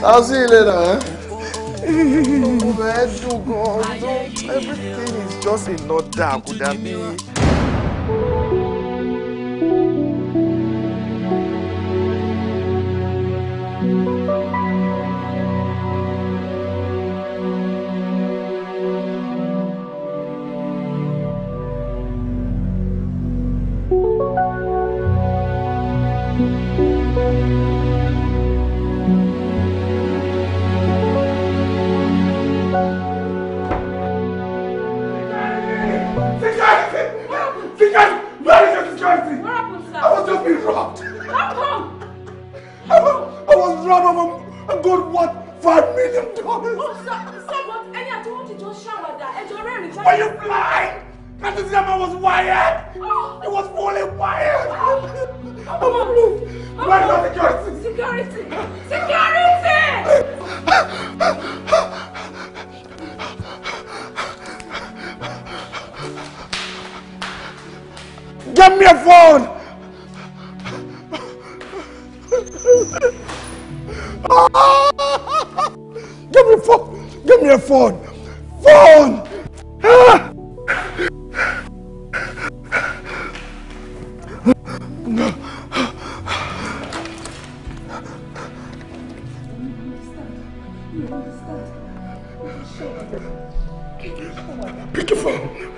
S10: I'll see you later. Eh? gbogbo ẹ dùn gan everything is just in order kò dàbí.
S3: Because where is your security? What happened, sir? I was just being robbed. How come? I was, I was robbed of a, a good what? Five million dollars. Oh, sir, sir, but any at all, to just shower that. Ẹjọ́ rẹ̀ rìn. Were you blind? Can't you see I was wired? Oh. I was fully wired. Oh. I'm a blue. Where is your security? Security. Security! Give me a phone! Give me a phone! Give me a phone! Phone! No. Pick your phone.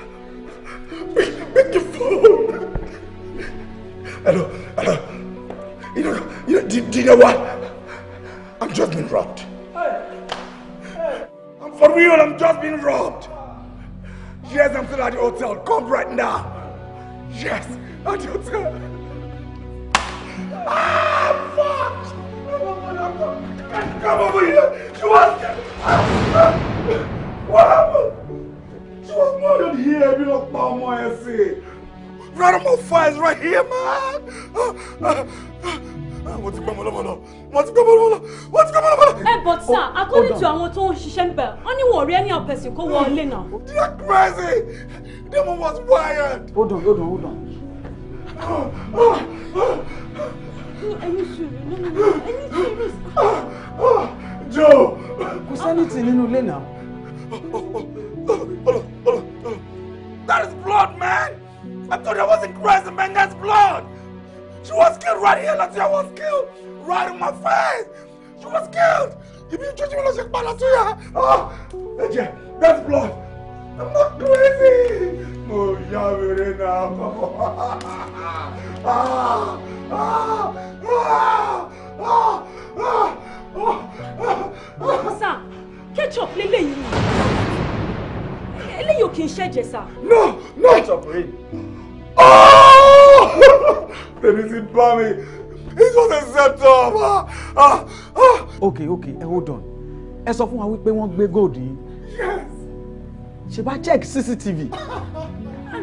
S3: hello, hello. You know, you know, do, do you know what? I'm just being robbed. Hey. Hey. I'm for real, I'm just being robbed. Yes, I'm still at the hotel. Come right now. Yes, at the hotel. Ah, fuck! Come over here. She was. What happened? She was murdered here. You don't know, more my essay. Brother, my is right here, man. Wọ́n ti gbọ́mọ lọ́mọ Wọ́n ti gbọ́mọ lọ́mọ Wọ́n ti gbọ́mọ lọ́mọ Ẹ but sir, according to àwọn tó ń ṣiṣẹ́ níbẹ̀, wọ́n ní wọ́n rí ẹni ọ̀pẹ̀sìn kó wọ náà. They are crazy. Them was wired. Hold on, hold on, hold on. Ẹyin sùúrù nínú ilé. Ẹyin sùúrù sí. Joe. Kò sẹ́ni tì nínú ilé náà. That is blood, man. I thought I was in Christ That's blood. She was killed right here, Latoya was killed right in my face. She was killed. If you judge me, Latoya, Latoya. Oh, Eje, that's blood. I'm not crazy. Mo ya
S8: wèrè náà. Ah, ah, ah, ah,
S2: ah, ah, ah. Sir, catch
S9: up, Lele yìí. Eléyìí ò kì í ṣẹ̀jẹ̀ sir. No, no. Catch up, Lele tèmi ti bá mi he's
S3: was a set up. ok okay, ẹ eh, hold on As sọ fún wa wípé wọ́n gbé gold yìí. yes. ṣe bá check cctv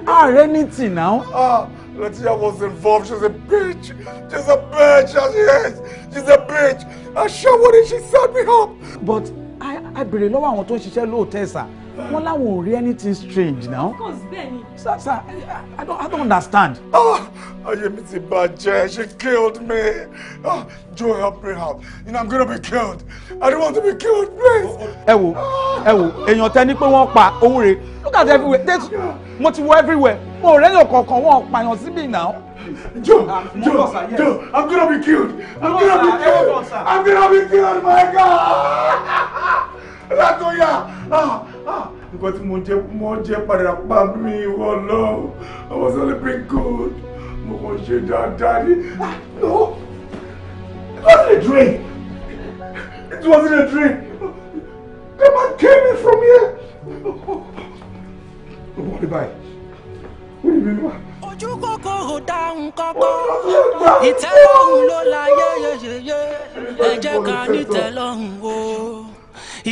S3: ààrẹ ní tì náà. ah Letitia was involved she's a bitch she's a bitch Yes, she's a bitch aṣọ wo ni she set me up. but a béèrè lọ́wọ́ àwọn tó ń ṣiṣẹ́ lóòótọ́ sà wọ́n láwọn ò rí anything strange now. of course bẹ́ẹ̀ ni. sir sir I, I don't I don't understand. Ah, ayé mi ti bàjẹ́ she killed me oh, Joe help me out you know I'm gonna be killed I don't want to be killed please. ẹ wo ẹ wo èèyàn tẹ ní pé wọ́n pa òun rè look at everywhere mo ti wo everywhere mo ò rẹ́yìn ọ̀kọ̀ọ̀kan wọn ò pààyàn síbí náà. Joe, Joe, yes. Joe, I'm gonna be killed. I'm no, gonna sir, be killed. sir. I'm gonna be killed, my God. Latoya, ah, ah. Nǹkan tí mo jẹ mo jẹ padà pa I was only being good. Mo kàn ṣe dáadáa ah, No, it wasn't a dream. It wasn't a dream.
S1: The man came in from here.
S3: What about it? What do you mean?
S1: ojú kòkòrò dá nǹkan kan ìtẹ́lọ́rùn ló la yéyeyeye ẹ jẹ́ ká nítẹ́lọ́rùn o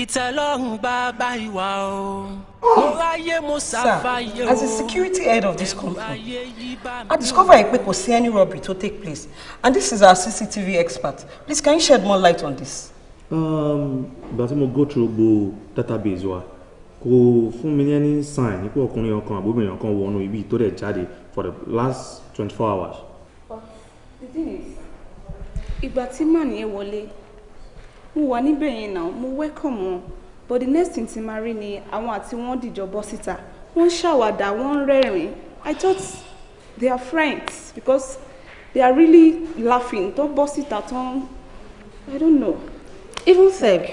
S1: ìtẹ́lọ́rùn bàbá ìwà o. Sir, as the security head
S2: of this company, I discovered a quick see any robbery to take place. And this is our CCTV
S6: expert. Please, can you shed more light on this?
S4: Um, but I'm go through the database wa. Kò fún mi ní any sign nípa ọkùnrin ọ̀kan àbóbìnrin ọ̀kan wọnú ibi to dẹ̀ jáde for the last twenty four hours.
S2: But the thing is ìgbà tí màní ẹ wọlé mo wà níbẹ̀ yẹn náà welcome wọn but the next thing to máa rí ni àwọn àti wọn dìjọ bọ́ síta wọ́n ṣàwàdà wọ́n rẹ́rìn-ín I thought they are friends because they are really laughing Don't boss it at all. I don't know. even sef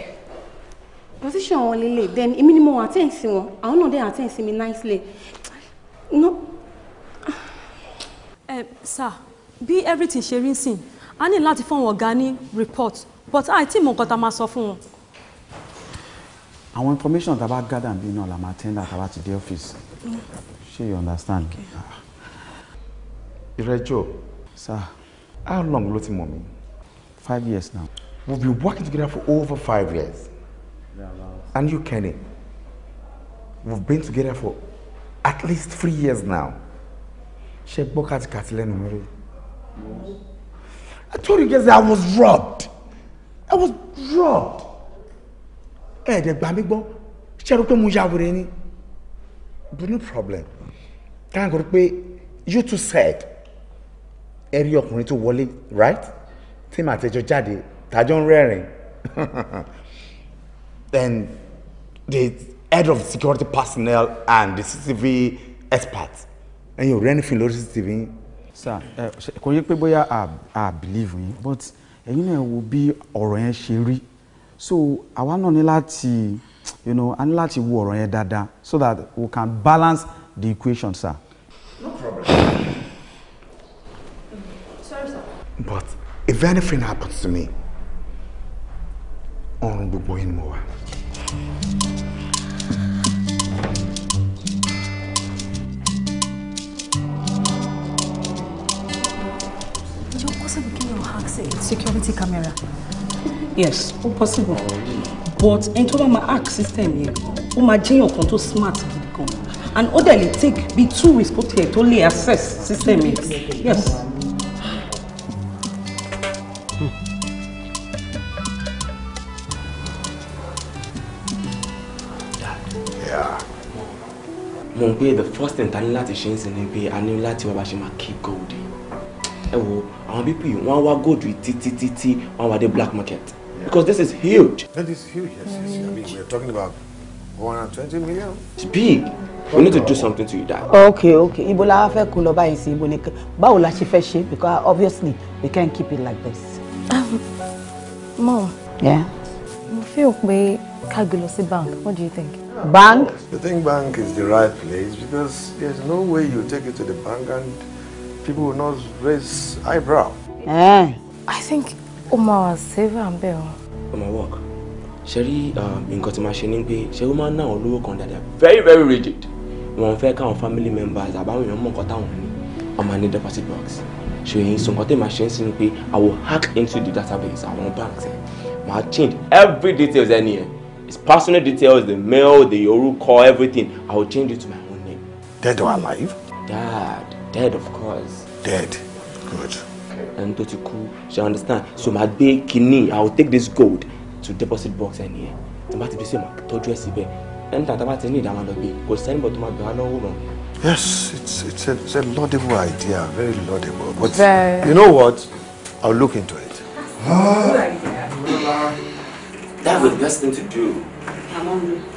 S2: position only late. then èmi ni mo attend sí wọn àwọn náà dé attend sí mi nicely no sir bí everything ṣe rí sìn a ní láti fún wọn ọ̀gá ní report but àìtí mọ nǹkan tá a máa sọ fún wọn.
S3: àwọn information tá a bá gather bí náà la máa tẹ́ńdà tá a bá ti dé ọ́fíìsì ṣé you understand. ìrẹ́jọ́ sir how long ló ti mọ̀ mí. five years now. we've been working together for over five years and you Kenny we've been together for at least three years now ṣe gbọ́ kàtìkàtì lẹ́nu mi rí I told you guys that I was robbed I was robbed ẹ̀ẹ́dẹ̀ gbà mí gbọ́ ṣe rò pé mo ya wèrè ni but no problem káyọ̀ kò rí pé you too said ẹ rí ọkùnrin tó wọlé right tí màá tẹjọ jáde tàjọ ń rẹ́rìn then the head of security personnel and the CCTV experts ẹ̀yin ò rẹ́ni fin lórí cctv yín. sir ẹ kò yẹ pé bóyá i believe yín but ẹ̀yin náà wo bí ọ̀rọ̀ yẹn ṣe rí so àwa náà ní láti you know a ní láti wo ọ̀rọ̀ yẹn dáadáa so that we can balance the equation sir. no problem. sorry sir. but if anything happens to me ọrùn gbogbo yín ni mo wà.
S2: security camera. yes ó possible but ẹni tó bá máa system yẹn ó máa jẹ́yàn kan tó smart gidi gan and orderly take bí two weeks kó tiẹ̀ tó lè access system yẹn yes.
S3: mo n the first thing that ni láti ṣe change sin ni pé a ní láti wá bá keep going. ẹ àwọn people yìí wọ́n á wá gold yìí títí títí wọ́n á wá black market because this is huge. Yeah, this is huge yes, yes. I mean we are talking
S10: about one hundred twenty million. it's big we need to do something
S3: to you dad.
S2: okay okay ibo la fẹ́ kó lọ báyìí sí ibo ni báwo la ṣe fẹ́ ṣe because obviously we can't keep it like this. Um, mom. Yeah. mo feel pé ká gbé lọ sí bank what do you think. bank.
S10: I think bank is the right place because there's no way you take
S3: it to the bank and people will not raise eyebrow. Eh.
S10: I
S2: think Uma was wà save am
S3: Uma work Sherry rí ah, nǹkan tí máa ṣe ni pé ṣe ó máa ń ná àwọn very very rigid wọn fẹ́ káwọn family members àbáwọn èèyàn mọ̀ nǹkan táwọn ní ọmọ ní deposit box Sherry, èyí sọ nǹkan tí màá i will hack into the database I want banks ẹ change every details ẹni ẹ his personal details the mail the call, everything i will change it to my own name. dead or alive. dad dead of course. dead good. And tó ti kú ṣe understand
S4: so my day, kinní i will take this gold to deposit box in here. tí bá ti fi ṣe màá
S3: tọ́jú ẹ̀ síbẹ̀ ẹni tàbí bá ti ní ìdáwọn lọ gbé kò sẹ́ni bọ̀ tó máa gbà wá lọ́wọ́ mọ́.
S4: yes it's
S10: it's a, it's a laudable idea very laudable but very. you know what I'll look into it.
S4: that's a good idea. that's the best thing to do. Come
S1: on.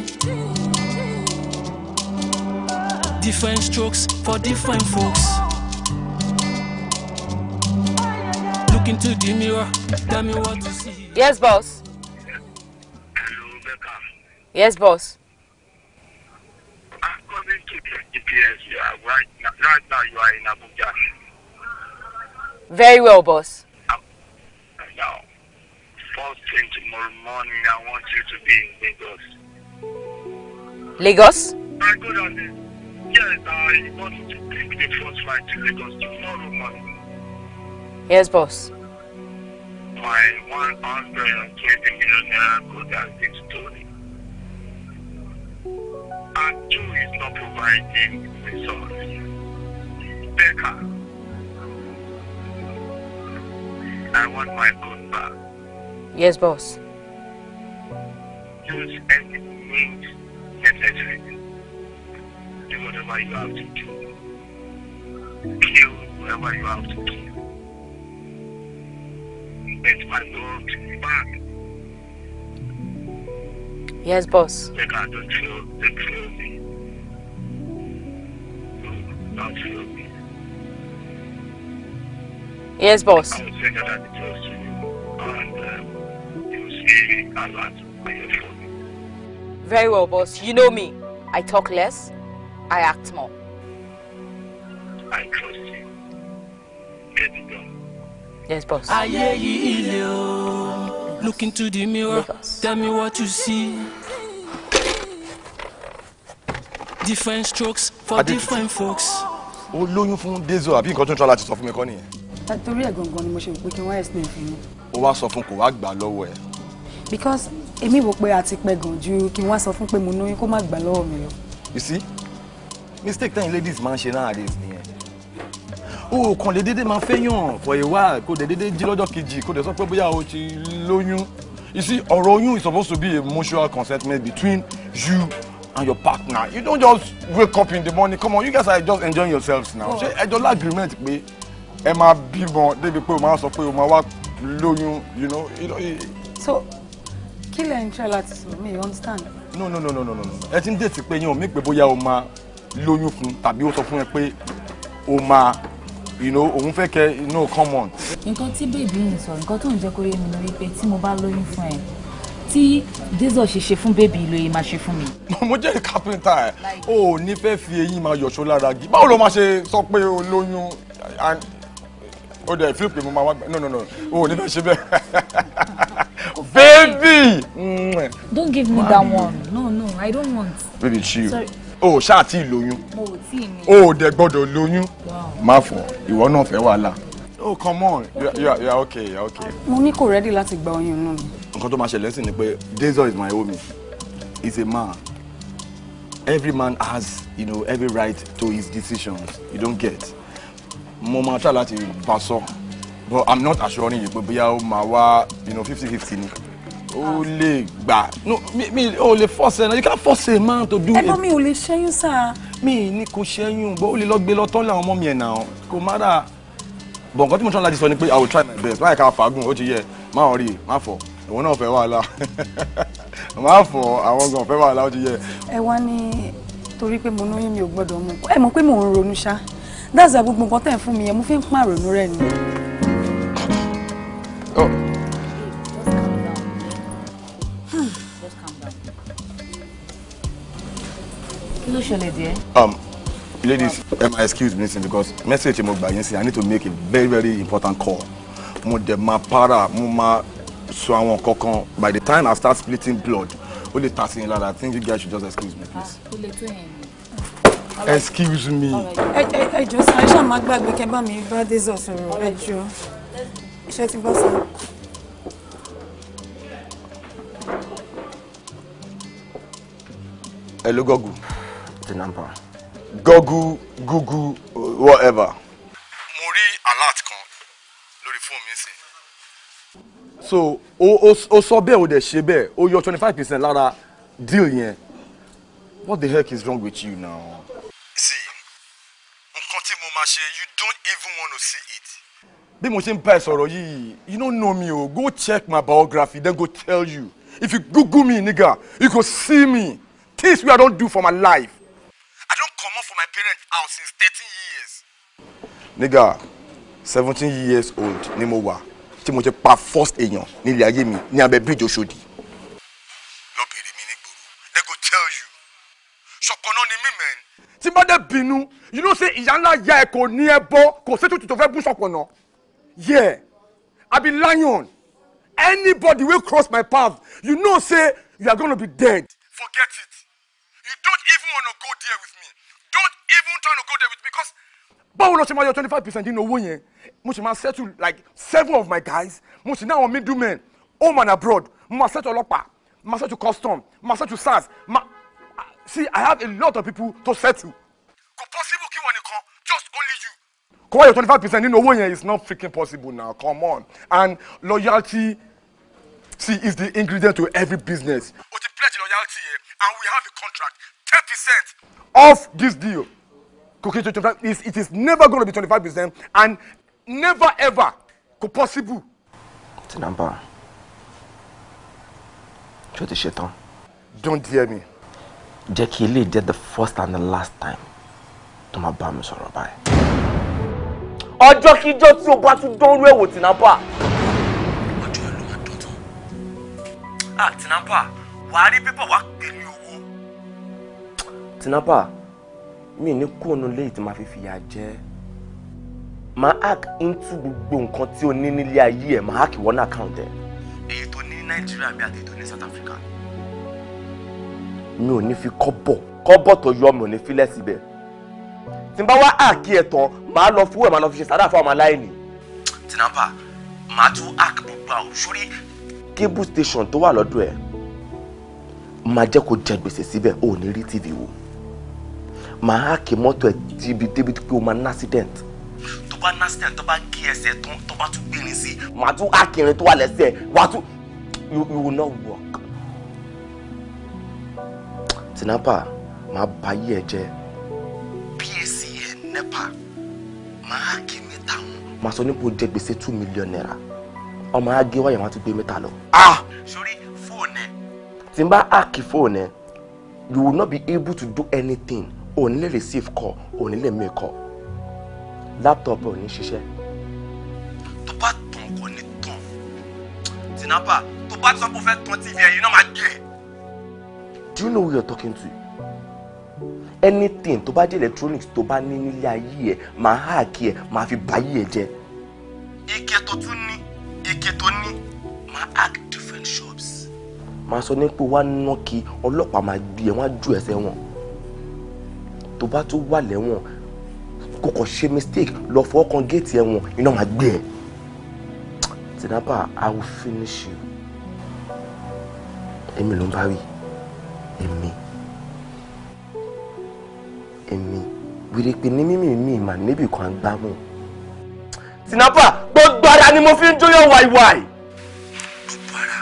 S1: different strokes for different folks. Look into the mirror, tell me what you see. Yes, boss.
S2: Yes, boss.
S1: According to the GPS, you are right
S9: now, right now you are in Abuja.
S2: Very well, boss. Now, first thing tomorrow morning, I want you to be in Lagos. Lagos? I could understand.
S8: Yes, I want to take the first flight to Lagos
S2: tomorrow morning. Yes, boss.
S8: My 120 million naira code has been stolen. And two is not providing resources. Becca,
S1: I want my code back.
S2: Yes, boss. Use any means
S9: whatever you have to do. Kill whatever you have to
S1: my love to be back. Yes, boss. don't feel, don't feel me. Don't, feel me. Yes, boss. I that
S8: you, and um, you see me a lot
S2: Very well, boss. You know me. I talk less, I act more.
S6: I trust you.
S1: Yes, boss. I yìí le o. Look into the mirror. Tell me what you see. Different strokes for different folks.
S3: Ó lóyún fún Dezo àbí nǹkan tó ń tọ́ láti sọ fún mi kọ́ nìyẹn.
S2: Torí ẹ̀ gangan ni mo ṣe rò pé kí n wá explain
S3: fún mi. Ó wá sọ fún kò wá gbà lọ́wọ́ ẹ̀.
S2: Because èmi wò pé a ti pẹ́ gan ju kí n wá sọ fún pé mo lóyún kó má gbà lọ́wọ́ mi lọ.
S3: You see? mistake tẹ́yìn ladies máa ń ṣe nowadays nìyẹn o kàn lè dédé máa fẹ́yàn for a while kò dẹ̀ dédé jí lọ́jọ́ kejì kò dẹ̀ sọ pé bóyá o ti lóyún you see ọ̀rọ̀ oyún is supposed to be a mutual consentment between you and your partner you don't just wake up in the morning come on you guys are just enjoying yourselves now ṣe ẹjọ́ lágrímẹ̀tì pé ẹ máa bímọ débi pé o máa sọ pé o máa wá lóyún you know. You know
S6: so kí lẹ́yìn tí ọ̀la ti sùn mí you understand.
S3: no no no no no no ẹ ti ń dètí pé yín ò mí pé bóyá o máa lóyún fún tàbí ó sọ fún ẹ pé ó máa you know òun fẹ́ kẹ you know come on.
S2: nǹkan tí bèbí ń sọ nǹkan tó ń jẹ́ kó yé mi ni wípé tí mo bá lóyún fún ẹ tí désọ̀ ṣe ṣe fún bèbí
S3: ló yẹ máa ṣe fún mi. mo jẹ́ kápẹ́ńtà ẹ̀ o ò ní fẹ́ fi eyín máa yọ̀ṣọ́ lára gi báwo ló máa ṣe sọ pé o lóyún o dẹ̀ fílù pé mo máa wá no no no o ò ní fẹ́ ṣe bẹ́ẹ̀. baby.
S2: don't give me that one no no i don't want.
S3: baby chill. Sorry o ṣáà tí ì lóyún o dẹ̀ gbọ́dọ̀ lóyún má fọ ìwọ náà fẹ́ wàhálà.
S2: oh come on
S3: you, you, are, okay you are okay.
S2: mo ní kò rẹ́dí láti gba oyún inú mi.
S3: nǹkan tó máa ṣẹlẹ̀ sí ni pé Désiré is my homie he is a man every man has you know, every right to his decisions you don't get mo máa try láti bá sọ but i'm not assuring you pé bóyá ó máa wá fifty fifty ni o le gbà no mi mi o lè force na you can force a man to do. ẹ̀gbọ́n mi ò lè ṣẹ́yún sáà. mi ní kò ṣẹ́yún bó o lè lọ gbé lọ tán láwọn ọmọ mi ẹ̀ nà ọ́ kò má dà bọ̀ nǹkan tí mo tán láti sọ ni pé i will try my best láì ká fàágùn ó ti yẹ má ọ̀ i má fọ̀ ìwọ náà fẹ́ wàhálà má fọ̀ àwọn gan fẹ́ wàhálà ó ti yẹ.
S2: ẹ wá ní torí pé mo lóyún mi ò gbọ́dọ̀ mú ẹ mọ̀ pé mò ń ronú ṣá dáàzà gbogbo nǹkan tẹ̀ fún mi yẹn mo fi ń pàrònú rẹ̀ ni. Oh. ló
S3: um ladies um, excuse me because message mo gbà yín sí i need to make a very very important call mo dẹ̀ máa para mo máa sọ àwọn by the time i start splitting blood ó lè ta sí yín lára i think you guys should just excuse me please. ó lè tó yẹn ni excuse me.
S6: ẹ jọ sọ ẹ ṣáà má gbàgbé kẹ bá mi bá désọ sọ̀rọ̀ ẹ jọ iṣẹ́ ti bá sọ.
S3: ẹ ló gọ́gùn the number. Google, Google, whatever. Mo rí alert kan lórí fóònù mi sí. So o o sọ bẹ́ẹ̀ o dẹ̀ ṣe bẹ́ẹ̀ o yọ twenty five percent lára deal yẹn. What the heck is wrong with you now? See, nǹkan tí mo máa ṣe you don't even wanna see it. Bí mo ṣe ń bá ẹ sọ̀rọ̀ yìí, you no know me o, go check my biography then go tell you. If you Google me, nigga, you go see me. Things wey I don do for my life. nígà seventeen years old ni mo wà tí mo ti pa first èèyàn nílé ayé mi ní abẹ́ bíríjì Òṣòdì. lọ bèrè mi nígboro they go tell you ṣọkànnà ni mí mẹ́rin. tí bá dé bínú you know say ìyá ńlá ya ẹ kò ní ẹ bọ́ kò sí tuntun tó fẹ́ bú ṣọkànnà yeah i be lion anybody wey cross my path you know say you are gonna be dead. forget it you don't even wanna go there with me don't even try to go there with me because báwo ló ṣe máa yọ twenty five percent nínú owó yẹn mo sì máa settle like seven of my guys mo sì ní àwọn middle men home and abroad mo máa settle ọlọ́pàá mo máa settle custom mo máa settle sars ma see i have a lot of people to settle. kò possible kí wọ́n nìkan just only you. kò wáyọ twenty five percent nínú owó yẹn is not freaking possible now come on and loyalty see is the ingredient to every business. o ti pledge loyalty yẹn and we have a contract ten percent. off this deal kòkè tó twenty it is never going to be twenty five percent and never ever kò possible. tí nàmbà ṣó ti ṣetán. don't hear me. Jackie kí ilé the first and the last time tó máa bá mi sọ̀rọ̀ báyìí. ọjọ́ kíjọ́ tí o bá tún dánrú tinapa. tìǹbà. ọjọ́ ẹ̀ ló máa dọ̀tán. Ah, à tìǹbà wàá rí pípọ̀ wá pẹ̀lú owó. tìǹbà mi ní kóònù léyìí tí ma fi fìyà jẹ máa hack into gbogbo nǹkan tí o ní nílé ayé ẹ máa hack one account ẹ èyí tó ní nàìjíríà mi àti èyí tó ní south africa mi ò ní fi kọ́bọ̀ kọ́bọ̀ tó yọ mi ò ní fi lẹ̀ síbẹ̀ tí n bá wá hack ẹ tán máa lọ fún ẹ máa lọ fi ṣe sádà fún àwọn aláìní. tìǹbà máa tún hack gbogbo àwọn sórí cable station tó wà lọ́dọ̀ ẹ̀ máa jẹ́ kó jẹ gbèsè síbẹ̀ ò ní rí tv wò màá háàkì mọ́tò ẹ̀ débi débi pé o máa ní accident tó bá ní accident tó bá gé ẹsẹ̀ tán tó bá tún gbìnrín sí màá tún háàkì irin tó wà lẹ́sẹ̀ wàá tún you will not work. tinapa màá bà yí ẹ jẹ́ PAC ẹ̀ nepa màá háàkì mẹ́ta wọn. màá sọ nípa o jẹ gbèsè two million naira ọmọ á gé wáyà wọn á tún gbé mẹ́ta lọ. Ah! Ah! sórí fóònù ẹ. tí n bá háàkì fóònù ẹ you will not be able to do anything ò lè receive call ò lè make call
S4: laptop ò ní ṣiṣẹ́ tó bá tàn
S3: kò ní tàn tìǹbà tó bá sọ pé o fẹ́ tàn tv ẹ̀yin náà máa gé do you know who are talking to? anything tó bá jẹ́ electronics tó bá ní nílé ayé ẹ̀ máa háàkì ẹ̀ máa fi ba ayé ẹ̀ jẹ́. ike tó tún ní ike tó ní máa hack different shops. máa sọ nípò wá nọ́ọ̀kì ọlọ́pàá máa gbé ẹ wọ́n á ju ẹsẹ̀ wọn tó bá tún wà lẹ́wọ̀n kò kàn ṣe mistake lọ fọwọ́ kan géètì ẹ̀wọ̀n iná máa gbé ẹ̀ tìǹbà i will finish you èmi ló ń bá wí èmi èmi wírípé ní mímì mi mà níbì kan gbámú tìǹbà gbogbo ara ni mo fi ń jóyọ̀ wáìwáì gbogbo ara.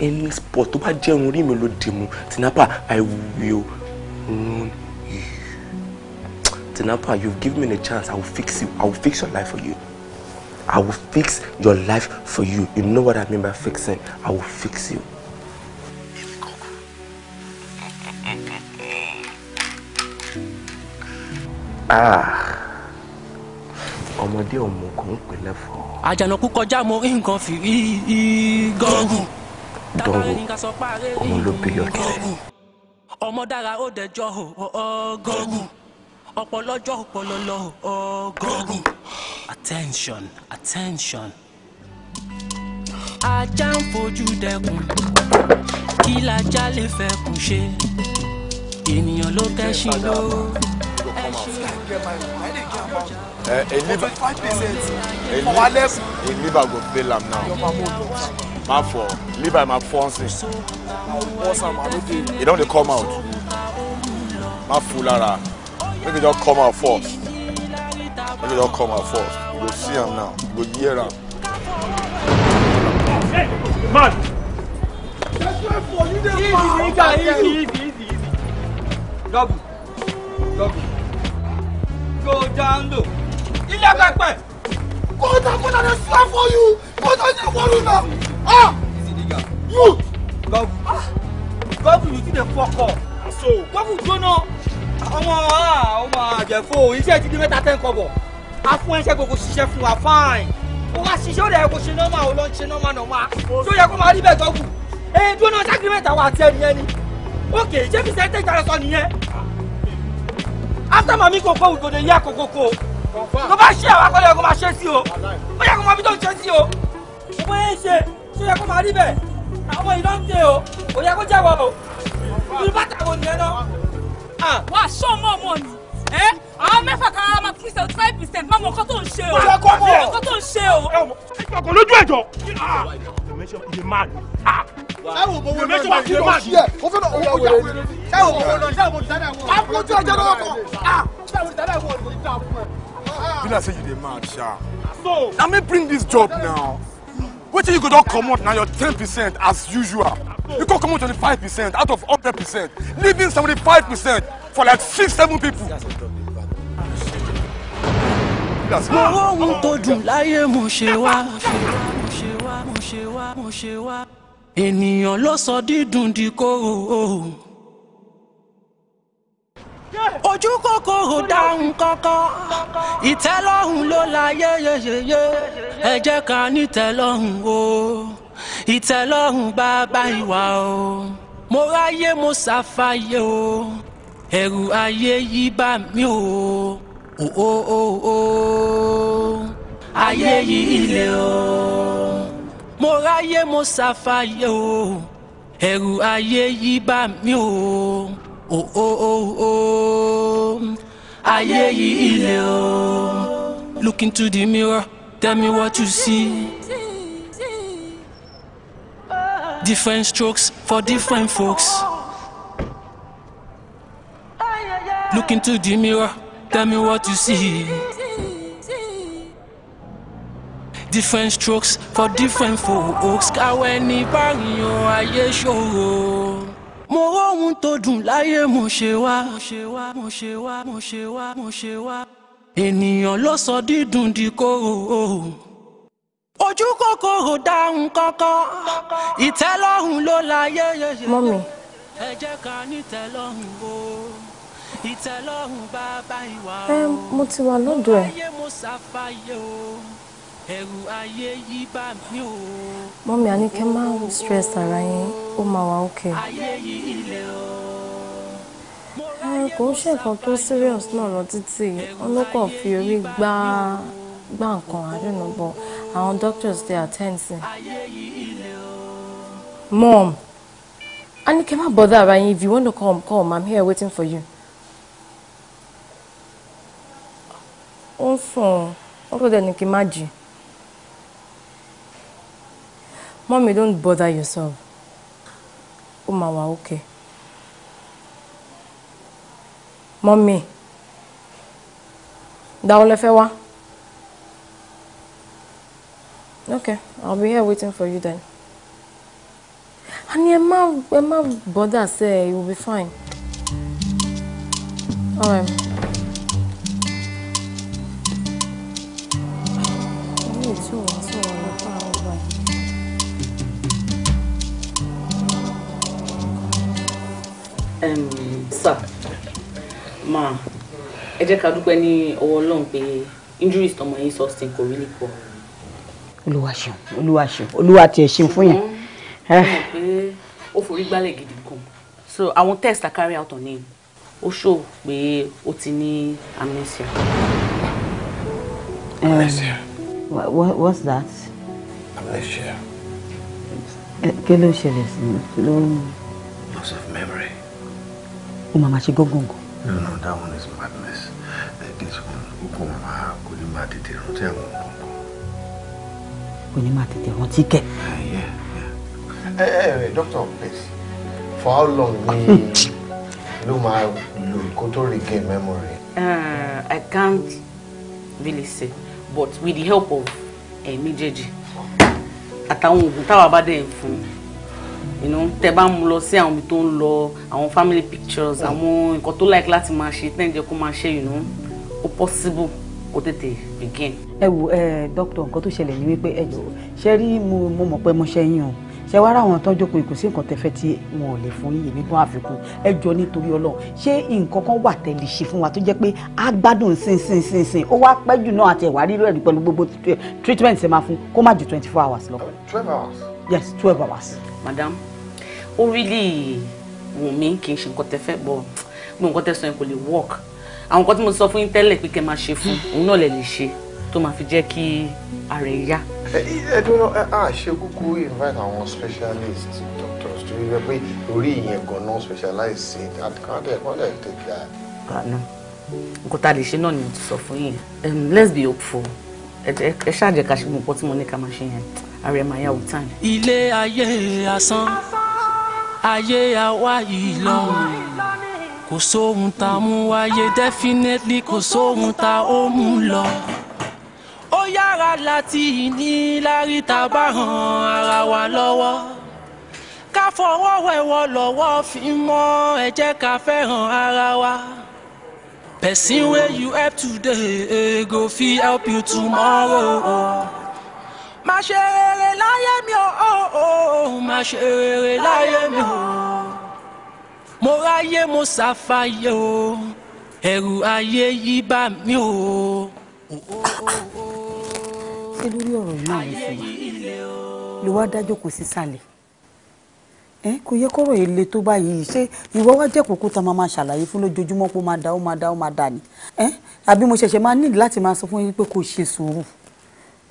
S3: any spot tó bá jẹ́ irun rí mi ló dì mú Tinapa I will run you Tinapa you give me the chance I will fix you I will fix your life for you I will fix your life for you you know what I mean by fixing I will fix you. ah ọmọdé ọmọ kan ń pè lẹ́fọ̀ọ́.
S1: àjànàkú kọjá mo nǹkan fi gọ́gùn dánwò òun ló bíyọ̀dù rẹ̀. ọmọ dára ó dẹjọ́ ọgọ́gùn ọpọlọjọ ọpọlọlọ ọgọ́gùn attention attention. ajá ń fojú dẹkùn kí lajá lè fẹ́ kùn ṣe ènìyàn ló kẹ́sìn lóró ẹ̀ẹ́dẹ́gbẹ̀rún ẹ̀ẹ́dẹ́gbẹ̀rún
S3: ẹ̀ẹ́dẹ́gbẹ̀rún ẹ̀ẹ́dẹ́gbẹ̀rún go fail am now ma for leave am ma for nsìn. wọ́n am don dey come out ma full ara make e just come out first make e just come out first you go see am now you go hear am.
S9: man. Easy, easy, easy, easy, easy. Double, double. Go down low. Ilé ẹgbẹ́ pẹ̀. Go down, go down and slap for you. Go down and worry now. Ah! Easy, nigga. You! Gọ́ọ̀gù. Gọ́ọ̀gù, you ti dey fuck up. So. Gọ́ọ̀gù jóná. Ọmọ ọmọ àjẹfó iṣẹ́ ti di mẹ́ta tẹ́ ń kọ bọ̀. A fún ẹṣẹ́ gbogbo ṣiṣẹ́ fún wa fine. Ó wá ṣiṣẹ́ ó dẹ̀ kó ṣe nọ́mà ó lọ ṣe nọ́mà nọ́mà. Tó yẹ kó máa rí bẹ́ẹ̀ gọ́ọ̀gù. Ee jóná ságírímẹ̀tì àwọn àti ẹni ẹni. Ókè ṣé fi sẹ́ńtẹ̀ ìtara sọ nìyẹn? After mami kò kó ògòdè yá kòkòkò. Kò bá ṣe àwọn akọ́lẹ̀ kó máa ṣe sí o. Ó yẹ kó máa fi tó ṣe sí o. Ó bá yẹ ṣe tó yẹ kó máa rí bẹ́ẹ̀ àwọn ìlọ ń dé o kò yẹ kó jẹ́wọ́ o irú bàtà wo nìyẹn náà. wàá ṣọ́ ọmọ ọmọ mi àwọn mẹ́fà kan máa pín seventy five percent máa mọ ọkọ tó ń ṣe o máa mọ ọkọ tó ń ṣe o. ọkọ lójú ẹjọ́ ìdè máa lò. ẹ wò mo wo lọ sí ìdè máa lò.
S3: o fẹ́ náà owó kújà wẹ̀rẹ̀ ni.
S9: ẹ wò mo wo lọ sí àwọn olùdarí àwọn. a kó ojú ọjọ́ lọ́wọ́ kan. ṣé àwọn olùdarí àwọn olùdarí àwọn.
S3: bí na say you dey mad sha.
S9: na me bring this job now
S3: wetin you go don comot na your ten percent as usual you come comot twenty-five percent out of hundred percent leaving seventy-five percent for like six seven people.
S1: owó ohun tó dùn láyé mo ṣe wá mo ṣe wá mo ṣe wá mo ṣe wá ènìyàn ló sọ dídùn di kóró ojú kòkòrò dáhùn kankan ìtẹ́lọ́rùn ló la yéyeyeye ẹ jẹ́ ká nítẹ́lọ́rùn o ìtẹ́lọ́rùn bàbá ìwà o mo ráyé mo ṣàfàyè o ẹ̀rù ayé yí bá mi o o o o ayé yí ilé o mo ráyé mo ṣàfàyè o ẹ̀rù ayé yí bá mi o o oh, o oh, o oh, o ayé yìí le o look into the mirror tell me what you see different strokes for different folks look into the mirror tell me what you see different strokes for different folks káwé ní báyìí o ayé ṣòro mo róhun tó dùn láyé mo ṣe wá mo ṣe wá mo ṣe wá mo ṣe wá mo ṣe wá ènìyàn ló sọ dídùn di kóró ojú kòkòrò dáhùn kọ́kọ́ ìtẹ́lọ́rùn ló láyé yẹyẹ ẹ jẹ́ ká nítẹ́lọ́rùn o
S2: ìtẹ́lọ́rùn bàbá ìwà o ẹ mo ti wà lọ́dọ̀ ẹ̀
S1: mo sáfàyè o ẹ̀rù ayé yí bá mi o.
S6: mọ́mí a ní kẹ́ má stress ara yín ó máa wà
S2: okay.
S1: ayé yí ilẹ̀ o.
S6: kò ń ṣe nǹkan tó serious náà lọ títí ọlọ́kàn fi
S2: orí gbá gbá nǹkan àdúnà àwọn doctors dey attend sí. mom a ní kẹ́ má bother ara yín if you wan to come come i'm here waiting for you. ó ń sùn ó kò dẹ̀ ní kí n má jìn. Mommy, don't bother yourself. Umawa, okay. Mommy. Dáwọ́ lẹ fẹ́ Okay, I'll be here waiting for you then. Honey, ẹ má ẹ má bother say you will be fine. All right. sir ma ẹ jẹ́ ká dúpẹ́ ní ọwọ́ ọlọ́run pé injuries tọmọ yín sustain kò rí lè pọ̀. olúwa ṣeun olúwa ṣeun olúwa tiẹ̀ ṣeun fún yẹn. Eh. ó forí gbálẹ̀ gidi gan so àwọn test i carry out on him ó ṣó pé ó ti ní amnesia.
S6: Um, amnesia. What, what's that? Amnesia. Eh, kí ló ṣẹlẹ̀ sí mi? Loss of memory
S2: ó máa máa ṣe no
S10: no that one is madness this one ogun mama kò ní máa tètè rántí àwọn nǹkan.
S2: kò ní máa eh,
S10: yeah, yeah. Hey, eh, eh, hey, hey, doctor please for how long ni ló máa lò kó regain memory.
S2: Uh, I can't really say but with the help of ẹ méjèèjì ata oògùn táwa bá dẹ̀ you know tẹ bá mú lọ sí àwọn ibi tó ń lọ àwọn family pictures àwọn nǹkan tó like láti máa ṣe tẹ́ ń jẹ́ kó máa ṣe you know ó possible kó tètè begin. ẹ wo ẹ dókítà nǹkan tó ṣẹlẹ̀ ni wípé ẹ jọ̀ọ́ ṣe rí mo mọ̀ pé mo ṣe yín o ṣe wá ra àwọn tó jókòó kò sí nǹkan tẹ́fẹ́ tí wọn ò lè fún yìí nínú àfikún ẹ jọ nítorí Ọlọ́run ṣé nǹkan kan wà tẹ́lẹ̀ ṣe fún wa tó jẹ́ pé á gbádùn sínsínsínsín ó wá pẹ́ jù náà àti ẹ̀wà rírọ̀ ẹ̀rí pẹ̀lú gbogbo treatment ṣe máa fún kó má ju twenty four hours lọ. twelve hours. yes twelve hours. madam ó really wù mí kì í ṣe nǹkan tẹ fẹ́ bọ̀ gbogbo nǹkan tẹ sọ yẹn kò lè work àwọn nǹkan tí mo sọ fún yín tẹ́lẹ̀ pé kẹ́ máa ṣe fún òun náà lè lè ṣe tó máa fi jẹ́ kí ààrẹ yá.
S10: ẹ dúró a ṣe kúkú invite àwọn specialist doctors tó yẹ pé orí ìyẹn gan-an specialize sí àdìkọ́ndẹ̀ kọ́ndẹ̀ take that.
S2: gana nǹkan tá a lè ṣe náà ni mo ti sọ fún yín let's be hopeful ẹ ṣáà jẹ́ ká ṣe gbogbo nǹkan tí mo ní ká máa ṣe yẹn ààrẹ máa yá with time.
S1: ilé ayé asán. asán ayé àwa yìí lọ́rùn kò sóhun tá a mú wáyé definitely kò sóhun tá a ó mú lọ ó yára láti níláárí tá a bá hàn ara wa lọ́wọ́ ká fọwọ́ wẹ̀wọ̀ lọ́wọ́ fi mọ́ ẹ jẹ́ ká fẹ́ràn ara wa. Person wey you help today go fit help you tomorrow. Oh má ṣe rere láyé mi o oh, oh, oh. má ṣe rere láyé mi o mo ráyé mo ṣàfàyè o ẹ̀rù ayé yí bá mi o. ṣé lórí ọ̀rọ̀ náà ló
S2: sọ ló wá dájọ́ kan sísàlẹ̀ ẹ kò yẹ kọ́rọ̀ yìí le tó báyìí ṣé ìwọ wá jẹ́ kókó tá a máa máa ṣàlàyé fún lójoojúmọ́ pé ó máa da ó máa da ó máa da ni ẹ àbí mo ṣẹ̀ṣẹ̀ máa nílò láti máa sọ fún yín pé kò ṣe sùúrù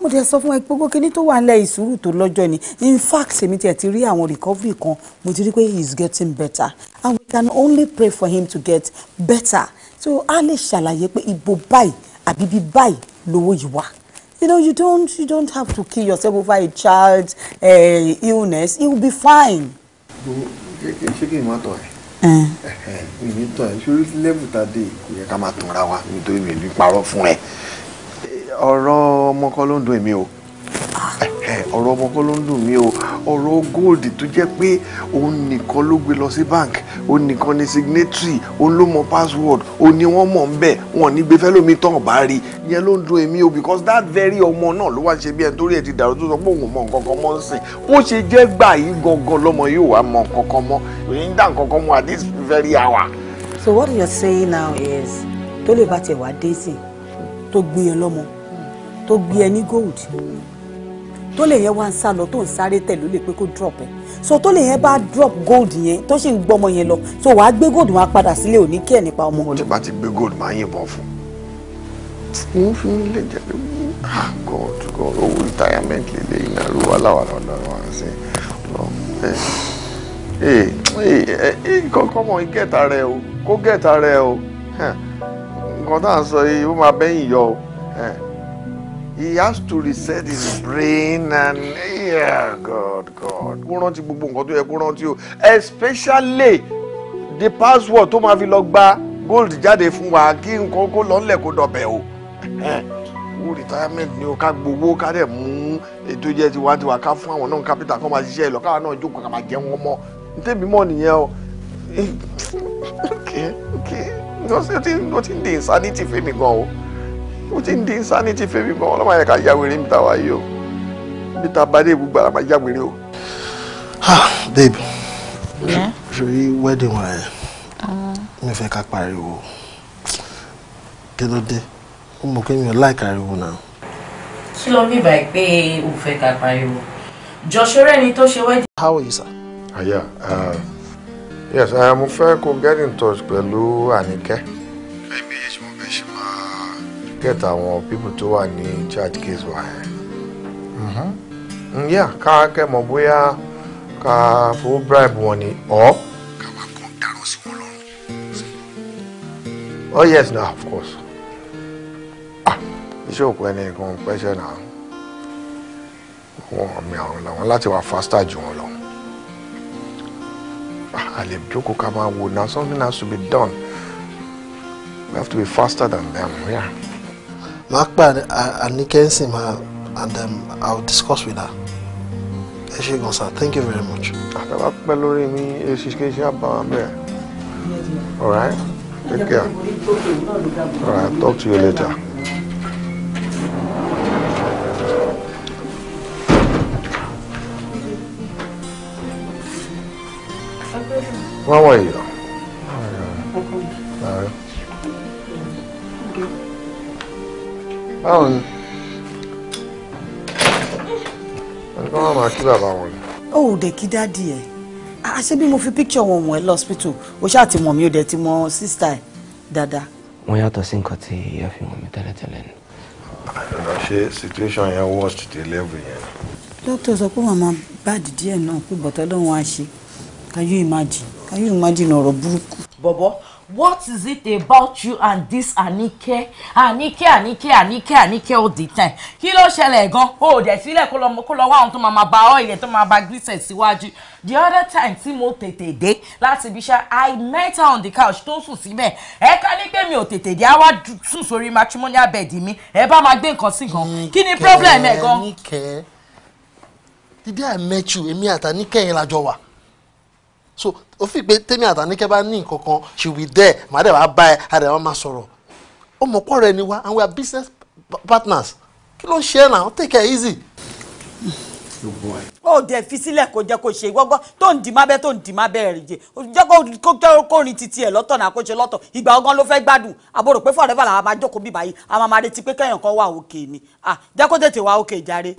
S2: mo dẹ̀ sọ fún ẹ gbogbo kinní tó wà nílẹ̀ ìṣúrù tó lọ́jọ́ ni in fact èmi tiẹ̀ ti rí àwọn recovery kan mo ti rí pé he is getting better and we can only pray for him to get better so a lè ṣàlàyé pé ibo báyìí àbí bí báyìí lówó yìí wà you know you don't you don't have to kill yourself over a child's uh, illness It will
S10: be fine. ṣé kí n má tọ̀ ẹ́ eh. mi ní tọ̀ ẹ́ sórí lẹ́bù tá a dé kò yẹ ká máa tún ra wa nítorí mi ò ní parọ́ fún ẹ ọ̀rọ̀ ọmọ kan ló ń dùn èmi o ọ̀rọ̀ ọmọ kan ló ń dùn mí o ọ̀rọ̀ gold tó jẹ́ pé òun nìkan ló gbé lọ sí bank òun nìkan ni signatory òun ló mọ password òun ni wọ́n mọ̀ ń bẹ̀ wọ́n ní gbé fẹ́lómi tán ọ̀bá rí ìyẹn ló ń dùn èmi o because that very ọmọ náà ló wá ṣe bí ẹni torí ẹ ti dàrú tó sọ pé òun mọ nǹkan kan mọ́ ń sìn ó ṣe jẹ́ gbà yí gangan lọ́mọ yóò wá mọ nǹkan kan mọ́ èyí ń dà nǹkan kan mọ́ at this very
S3: hour.
S2: so what you're saying now is tó lè bá tiẹ̀ wá dé sí tó gbé ẹ e lọ́mọ tó gbé ẹ ní gold tó lè yẹn wá ń sá lọ tó ń sáré tẹ̀ ló lè pé kó drop ẹ so tó lè yẹn bá drop gold yẹn tó sì ń gbọmọ yẹn lọ so wàá gbé
S10: gold wàá padà sílé òní kí ẹ nípa ọmọ wọn. tí bá ti gbé gold máa yìnbọn fún un mo fi ń lè jẹ pé ah god god owó retirement lè lè iná ló wà láwà lọ́dọ̀ wọn sí i kankan mọ̀ gẹ́ta rẹ o kó gẹ́ta rẹ o nǹkan tá à ń sọ yìí ó máa bẹ́yìn yọ o he has to reset his brain and yeah, God, God. kó rántí gbogbo nǹkan tó yẹ kó rántí o especially the password tó máa fi lọ gba gold jáde fún wa kí nǹkan kó lọ́nlẹ̀ kó dọ̀bẹ̀ o owó retirement ni o ká gbowó ká dẹ̀ mú ètò jẹ́ tiwa tiwa ká fún àwọn náà capital kó máa ṣiṣẹ́ ìlọ káwọn náà jókòó ká máa jẹun ọmọ ntẹ́mi mọ̀ nìyẹn o eh, okay okay ló ti ló ti ń dè insanity fẹ́mi gan o mo ti ń di insanity fẹ́mi gan ọlọ́mọ yẹn ká ya wèrè níta wá yìí o níta bá dé ibùgbà la máa ya wèrè o.
S7: babe sori wedding wa yẹn uh-huh. mi fẹ́ ká pariwo kí ló dé ó mọ̀ pé mi ò
S10: láì kariwo náà.
S2: kí ló ń bí pé o fẹ́ ká pariwo jọ̀ṣọ́rẹ́ ni tó ṣe wedding. how are you sir.
S10: aya uh, yes mo fẹ́ kó get in touch pẹ̀lú Àníkẹ́. ẹ̀mí get àwọn people tó wà ní charge case wa yẹn mm-hmm. mm, yà ká kẹ́mọ̀ bóyá ká fowó bribe wọn ni ọ́ ká wá kàn dáràn sí wọn lọ́rùn. oh yes na of course ah iṣẹ́ òkú ẹni nǹkan pẹ́ṣẹ́ náà àwọn ọ̀mí àwọn làwọn láti wà faster jù wọn lọ àlè ah, jókòó ká máa wò na something has to be done. We have to be faster than them. Yeah
S7: màá pè Àníkẹ́ ń sìn máa and um, I will discuss with her.
S10: ẹ gan sir thank you very much. àtàwọn pẹ́ lórí mi èsì kejì àbáwọn bẹ́ẹ̀. all right take care all right talk to you later. How are you? báwo ni wọ́n ní kí wọ́n máa kí bàbá wọn.
S2: ó ò dé kí dáàdì ẹ̀ àṣé bí mo fi picture wọn wọ̀n ẹ́ lọ́sítò ó ṣáà ti mọ̀ mí ó dẹ̀ ti mọ sísítà ẹ̀ dáadáa.
S4: wọ́n yàtọ̀ sí nǹkan tí ìyá fi wọ̀n mi tẹ́lẹ̀tẹ́lẹ̀ ni.
S10: àdàdà ṣe situation yẹn worst to level yẹn.
S2: dókítà sọ pé màmá báàdì díẹ̀ náà pé bọ̀tọ́ lọ́wọ́ á ṣe can you imagine can you imagine ọ̀rọ̀ burúkú. bọ̀bọ̀ what is it about you and this Anike Anike Anike Anike Anike all the time kí ló ṣẹlẹ̀ gan o dẹ̀ sílẹ̀ kó lọ kó lọ wá àwọn tó máa ba ọ́ìlẹ̀ tó máa ba gírísẹ̀ síwájú the other time tí mo tètè dé láti ibi iṣẹ́ I met her on the couch tó sùn síbẹ̀ ẹ ká ní pé mi ò tètè dé á wá sùn sórí matrimonial bed mi ẹ bá máa gbé nǹkan sí gan kí ni problem ẹ gan.
S7: Anike did I met you Emi ata àtàníkẹ́ yẹn lájọ wà so ó fi pé tèmi àtàníkẹ́ bá ní nǹkan kan she will there màá dẹ̀ wá bá ẹ á dẹ̀ wá máa sọ̀rọ̀ ó mọ̀ pọ̀ rẹ wa and we are business
S2: partners kí ló ń ṣe ẹ́ náà take it easy. ó dẹ̀ fi sílẹ̀ kó jẹ́ kó ṣe gbọ́gbọ́ tó ń dì má bẹ́ẹ̀ tó ń dì má bẹ́ẹ̀ rí jẹ́ jẹ́ kó jẹ́ kó rin titi ẹ̀ lọ́tọ̀ náà kó ṣe lọ́tọ̀ ìgbà ọgán ló fẹ́ gbádùn àbúrò pé forever làwọn máa jókòó bíbá yìí àwọn máa retí pé kẹ́yàn kan wà òkè ni jẹ́ kó tètè wà òkè jàre.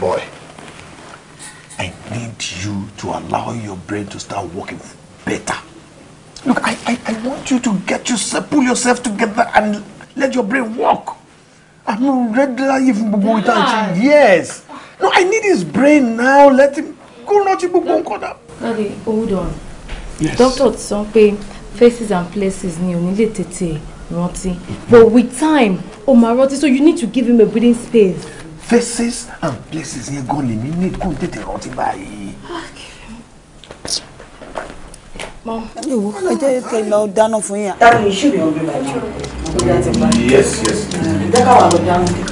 S2: boy
S3: I need you to allow your brain to start working better. Look, I, I, I want you to get yourself, pull yourself together and let your brain work.
S10: I'm ready láyé fún gbogbo ìta Yes. No, I need his brain now.
S2: Let him go rántí gbogbo nǹkan dá. Daddy, hold on. Yes. Doctor ti sọ faces and places ni òní lè tètè rántí. But with time, ó máa rántí so you need to give him a breathing space faces
S3: and places yẹn gan lèmi ní kó n tètè rántí báyìí.
S2: mọ ewu ẹ jẹ́ kí n lọ dáná fún yín. dáná iṣu mi ò bí bàjẹ́. yes yes. jẹ́ ká wà dáná kí.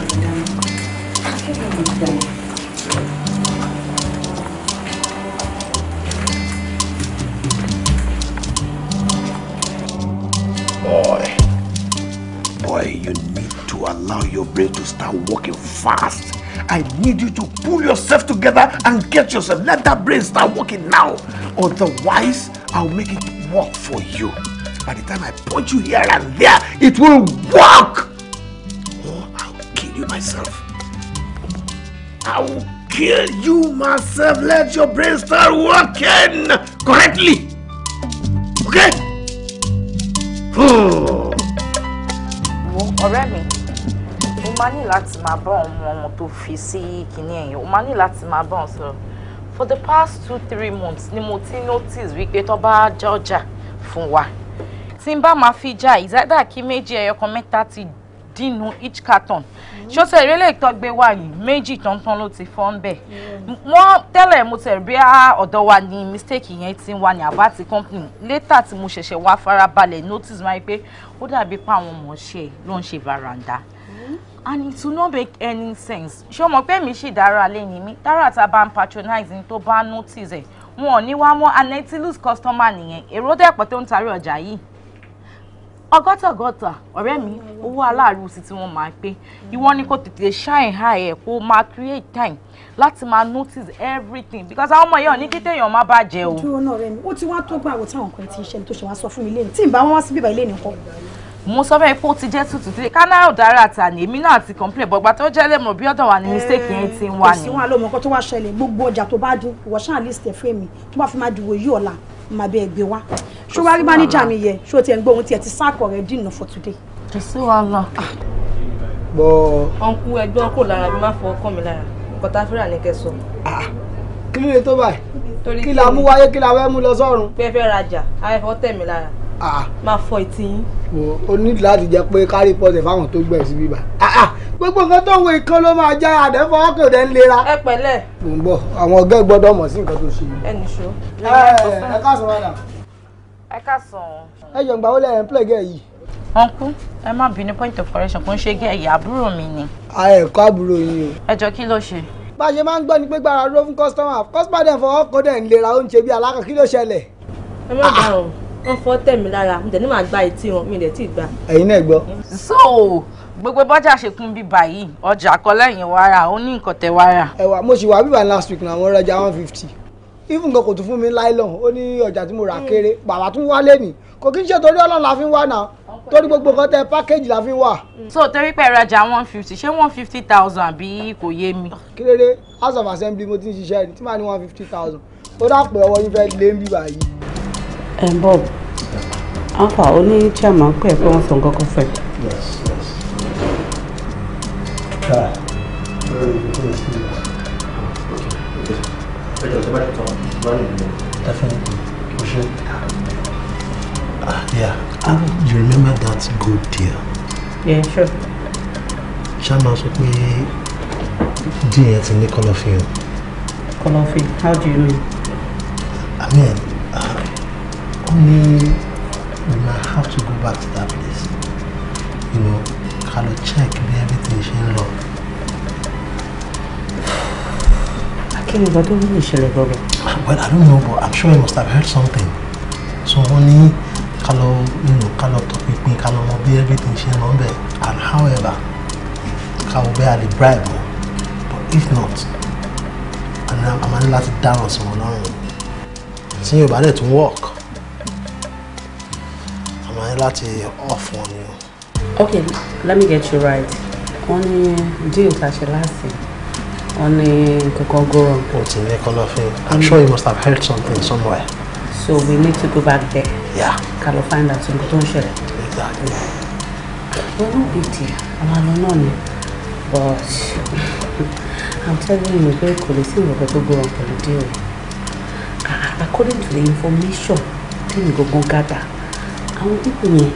S3: ready to start working fast. I need you to pull yourself together and get yourself. Let that brain start working now. Otherwise, I'll make it work for you. By the time I punch you here and there, it will work. Or I'll kill you myself. I will kill you
S7: myself. Let your brain start working correctly. Okay?
S3: Oh. Ọ̀rẹ́ mi
S2: máa ní láti máa bá ọmọ ọmọ tó fi sí kinní ẹ̀yìn o máa ní láti máa bá ọ̀hún sọ̀rọ̀ for the past two three months ni mo ti notice wípé tó bá já ọjà fún wa tí n bá máa fi já ìzádà kí méjì ẹyọkan mẹ́ta ti dínú each carton ṣọ́sẹ̀ ìrẹ́lẹ̀ ìtọ́gbé wa yìí méjì tọ̀ntọ̀n ló ti fọ́ ń bẹ̀ mm-hmm. wọ́n tẹ́lẹ̀ mo tẹ̀ bí ah, ọ̀dọ̀ wa ni mistake yẹn ti wà ní àbá ti company later tí mo ṣẹ̀ṣẹ̀ wá farabalẹ̀ notice máa pé ó dàbí pé àwọn ọmọ ṣe ló ń ṣe varanda and it will not make any sense ṣé o mọ̀ pé mi ṣì dára lé ní mi dára tá bá ń patronizing tó bá notice ẹ̀ wọn ò ní wá mọ́ anetilus customer nìyẹn èrò dẹ́pọ̀ tó ń tarí ọjà yìí ọgọ́tọ̀gọ́tà ọ̀rẹ́ mi owó aláàrú sí tí wọ́n máa pé ìwọ ni kò tètè shine high ẹ̀ kó máa create time láti máa notice everything because àwọn ọmọ yẹn ò ní kí téèyàn má bàjẹ́ o. ojú ọ̀nà ọ̀rẹ́ mi ó ti wá tó gbà wò táwọn kan ti ṣẹlẹ̀ tó ṣe wá sọ fún mi lẹ́yìn tí ì mo sọ bẹ́ẹ̀ pé ó ti jẹ́ tuntun tí kánáà dára ta ni èmi náà ti complain bọ́gbà tó jẹ́ lẹ́mọ̀ bí ọ̀dọ̀ wa ni mistake yẹn ti ń wà ní. èsì wọn àlọ́ ọmọkọ tó wá ṣẹlẹ̀ gbogbo ọjà tó bá dún ìwọ ṣáà list ẹ̀ fún mi tó bá fi máa dìbò yí ọ̀la máa bẹ ẹgbẹ́ wa ṣó wá rí manager mi yẹ ṣó tiẹ̀ ń gbóhun tiẹ̀ ti sáàkọ̀ rẹ̀ dìnnà for today. kò sí wàhálà. bọ́. ọ̀nkú ẹgbẹ́ kò lára mi má fọ ọkọ mi lára nǹkan tá a fẹ́ràn ní kẹsàn. Ah,
S5: kí ló dé tó báyìí kí la mú wáyé kí la fẹ́ mú lọ sọ́run. pé fẹ́ rajà afẹ́fọ́ tẹ̀ mí lára Ah, ah. máa fọ ìtì yín. o ní láti jẹ pé kárí pọ́sẹ̀ fáwọn tó gbẹ̀ sí bíbá ah, gbogbo nǹkan tó ń wo ìkan ló máa já àdẹ́fọ́ ọkọ̀dẹ́ ń lera. ẹ pẹ̀lẹ́. mo ń bọ̀ àwọn ọ̀gá gbọ́dọ̀ mọ̀ sí nǹkan tó ṣe yìí. ẹnì ṣó. ẹ ká sọ wàdà. ẹ ká sọ. ẹ jọ ìgbà wo lẹ employ girl yìí.
S2: uncle ẹ má bínú point of correction kò ń ṣe gẹ́ ẹ̀yà
S5: àbúrò mi ni. a ẹ̀kọ́ àbúrò yín o. ẹ jọ kí ló ṣe bá a ṣe máa ń gbọ́ ni pé gbára dúró fún kọ́sítọ́mà kọ́sítọ́mà dẹ̀ fọwọ́ kó dẹ̀ ń lera oúnjẹ bíi alákàn kí ló ṣẹlẹ̀. ẹ má dà o wọ́n fọ́ tẹ̀mí
S2: lára mo dẹ̀ ní màá gba ìtì wọn mi dẹ̀ tí ì gbà.
S5: náà gbọ́. so gbogbo bọ́jà
S2: ṣe kún bí báyìí ọjà àkọlẹ́yìn wàrà ó ní nǹkan tẹ
S5: wàrà. ẹwà mo ṣì wá bíbá last week náà àwọn ọjà one fifty even gan kò tún fún mi láìlọ́n ó ní ọjà tí mo rà mm. kéré bàbá tún wá lẹ́nìí kò kí n ṣe torí ọlọ́run la fi ń wá náà torí gbogbo nǹkan tẹ pákéjì la fi ń wà. Mm. so torí pé ìrajà one fifty ṣé one fifty thousand àbí kò yé mi. kéré house of assembly mo ti ń ṣiṣẹ́ ní tí màá ní one fifty thousand ó dà pé ọwọ́ yín fẹ́ lé ń bíbá yìí ẹ bob
S6: alpha oní chairman pẹ̀ pé wọ́n sọ nǹkan kan
S7: yes yes. Ah, Definitely. Uh, yeah. Um, you remember that good deal?
S6: Yeah, sure. Shama
S7: sọ pé díẹ̀ yẹn ti ní kọlọ́fín o. Kọlọ́fín? How do you mean? I mean, uh, ní we might have to go back to that place you know ká lọ check bí everything she love? lọ. akínní bá tó ń lè ṣẹlẹ̀ well i don't know but i'm sure you must have heard something so wọ́n ní ká lọ you know ká talk with me? lọ mọ bí everything she ń and however ká wọ bẹ́ẹ̀ a bribe but if not I'm máa ní láti dáhùn sí wọn lọ́rùn tí yorùbá dẹ̀ tún work ní láti off ni
S6: o. okay let me get you right wọ́n ní deal ta ṣe láti wọ́n ní kankan go wrong. o ti ní
S7: kọlọfin i'm sure you must have heard something somewhere.
S6: so we need to go back there. yeah. ká lọ find out nǹkan tó ń ṣẹlẹ̀. exactly. wọ́n náà big deal àwọn àlọ́ náà ni but i'm telling you pé kò lè sí nǹkan tó go wrong pẹ̀lú deal ah, according to the information tí mi gbogbo gather
S2: àwọn dípò yẹn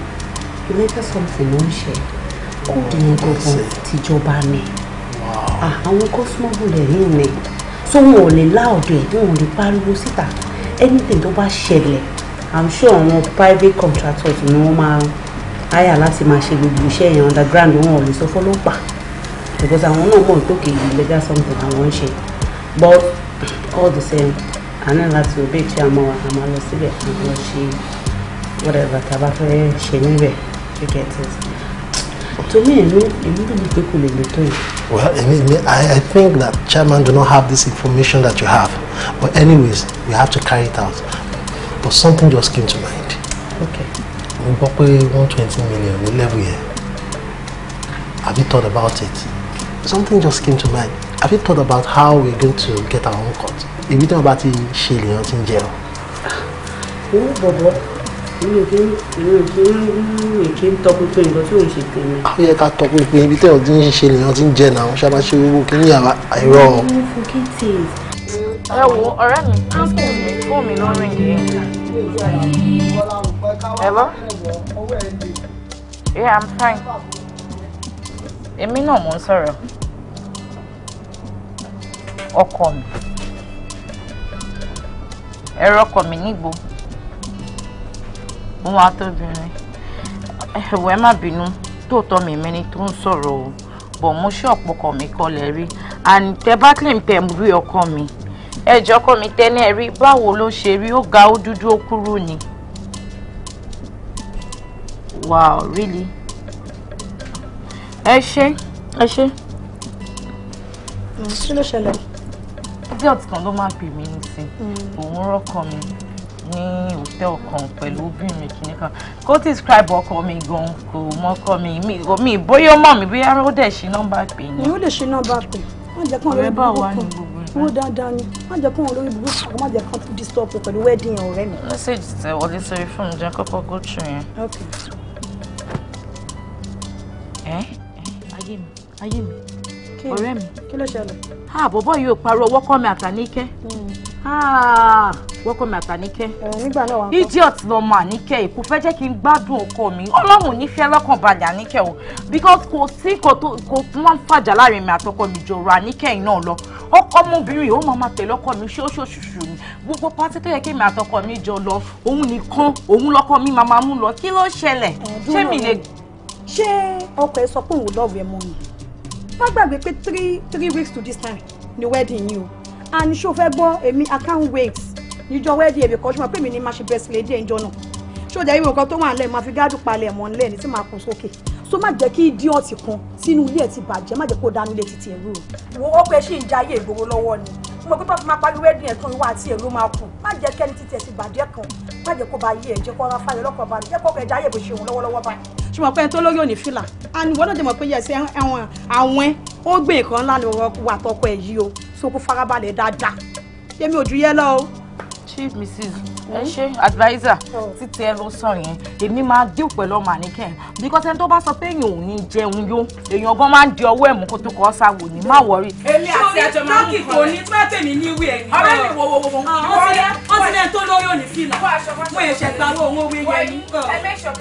S2: united something ló ń ṣe kóòdù yẹn gbọ̀ngàn tìjọba ni ah, àwọn kọ́símọ́bù rẹ̀ yìí ni tó wọn ò lè láòdù ẹ̀ wọn ò lè pariwo síta anything tó bá ṣẹlẹ̀ i'm sure àwọn private contractors ni wọ́n máa háyà láti máa ṣe gbogbo iṣẹ́ yẹn underground wọn ò lè sọ fọlọ́pàá because àwọn náà mọ̀ tó kéde legal something àwọn ń ṣe but all the same àná láti obey chairman wa àmọ́ lọ síbẹ̀ àwọn ṣe whatever tá a bá fẹ́ ṣe níbẹ̀ you get it to me èmi èmi bìbí
S7: pé kò lè lè tó well I mean, I I think that chairman do not have this information that you have but anyways we have to carry it out but something just came to mind. okay. mo gbọ́ pé one twenty million ní level here. have you thought about it something just came to mind have you thought about how we're going to get our own cut èmi you wọn about ti ṣe ènìyàn ti ń jẹ ọ
S5: kí
S6: n tọpinpin nǹkan tí ò ń ṣe tèmi. ó
S7: yẹ ká tọpinpin ibi tẹ́ ọ̀ ti ń ṣe lèèyàn ti ń jẹ náà ṣá máa ṣe owó kí ní yàrá àìrọ́.
S2: ẹ wo ọ̀rẹ́ mi fóònù mi ló ń rìn dé. hello. yeah i'm fine. èmi náà mò ń sọ̀rọ̀ ọkọ mi ẹ̀rọ ọkọ mi nígbò òun wá tóbìnrin ẹ̀wọ̀ ẹ má bínú tóòtọ́ mi mẹ́ni tó ń sọ̀rọ̀ o bọ̀ mo ṣe ọ̀pọ̀kọ̀ mi kọlẹ̀ rí and tẹ bá claim tẹ mú rí ọkọ mi ẹjọ́ ọkọ mi tẹ́lẹ̀ rí báwo ló ṣe rí ó ga ó dúdú ó kúrú ni. wow really ẹ ṣe ẹ ṣe. kí ló ṣẹlẹ̀. idiot kan ló máa pè mí nísìn mm. òun rọ́kọ mi ní hòtẹ́ẹ̀lì kan pẹ̀lú obìnrin kìíní kan kó tí scribe ọkọ mi gan kò mọ́kọ mi mi bóyá ó mọ̀ mi bóyá ó dẹ̀ ṣe nọ́mbà pè ní. ó lè ṣe nọ́mbà pè wọ́n jẹ́ kán lórí burúkú kan wọ́n dáadáa ni wọ́n jẹ́ kán lórí burúkú kan wọ́n jẹ́ kán tún disturb pẹ̀lú wedding ọ̀rẹ́ mi. message tẹ wọlé sórí fóònù jẹ́ kọ́kọ́ go through yẹn. ayé mi ayé mi ọ̀rẹ́ mi kí ló ṣẹlẹ̀. àbọ̀bọ̀ ah, yóò parọ́ ọwọ́ kọ́ mi àtàníkẹ́. Hmm. Ah, wọ́kọ̀ mi àtàníkẹ́. nígbà náà wà á kọ́. idiot lọmọ àníkẹ́ èkó fẹ́ jẹ́ kí n gbádùn ọkọ mi ọlọ́run nífẹ̀ẹ́ lọ́kàn balẹ̀ àníkẹ́ o because kò sí kò tó wọ́n fàjà láàrin mi àtọkọ mi jọrọ àníkẹ́ iná lọ ọkọ ọmọbìnrin ó máa tẹ̀lé ọkọ mi ṣóṣòṣùṣù ni gbogbo pátí tó yẹ kí mi àtọkọ mi jọ lọ òun nìkan òun lọkọ mi máa mú lọ kí ló ṣẹlẹ̀ ṣé mi lè. ṣé ọkọ ẹ sọ pé òun lọ́ọ̀rù ẹ mọ́ ni má gbàgbé pé three three weeks to this time ni wedding yìí and ṣó fẹ́ gbọ́ èmi i can't wait níjọ́ wedding èmi kan ṣùgbọ́n pé mi ni máa ṣe best lady ẹ̀ńjọ́ náà ṣó jẹ́ ìwé nǹkan tó wà nílẹ̀ máa fi gádùn palẹ̀ ẹ̀mọ́ nílẹ̀ ní tí máa kún sókè so má jẹ́ kí idiot kan sínú ilé ẹ̀ ti bàjẹ́ má jẹ́ kó dánú ilé títí ẹ̀rú o. wo ó pé ṣì ń jayé ìgboro lọ́wọ́ ni mo pé tọ́pọ̀ máa parí wẹ́ẹ̀dì ẹ̀ tó ń wá àti èrò máa kù má jẹ́ kẹ́ni títí ti bàjẹ́ kan má jẹ́ kó ba yí ẹ̀ jẹ́ kó ra fáyọ̀ lọ́kọ̀ balẹ̀ jẹ́ kó kẹ́ jáyè bó ṣe òun lọ́wọ́lọ́wọ́ báyìí. ṣùgbọ́n pé ẹni tó lórí òní fìlà àníwọ́n náà jẹ́ mọ̀ pé yẹ ṣe àwọn ó gbé nǹkan ńlá wà tọkọ ẹ̀ yìí o so kó farabalẹ̀ dáadáa èmi ò ju yẹ lọ o chief mrs hmm? ẹ ṣe adviser títí ẹ ló sọ yẹn èmi máa díù pẹ̀lú ọmọ àníkẹ́ because ẹni tó bá sọ pé èèyàn ò ní jẹun yó èèyàn gan máa ń di ọwọ́ ẹ̀ mú kó tó kọ́ sáwò ní má wọrí. èmi àti àjọ máa ń kọ ní pẹ́tẹ́mì ní ìwé ẹ̀yìn ọ̀rẹ́ mi wò wò wò ah, wọ́n ti lẹ́yìn tó lórí òní fìlà wọ́n ẹ̀ṣẹ̀ gba owó owó ẹ̀yẹ ní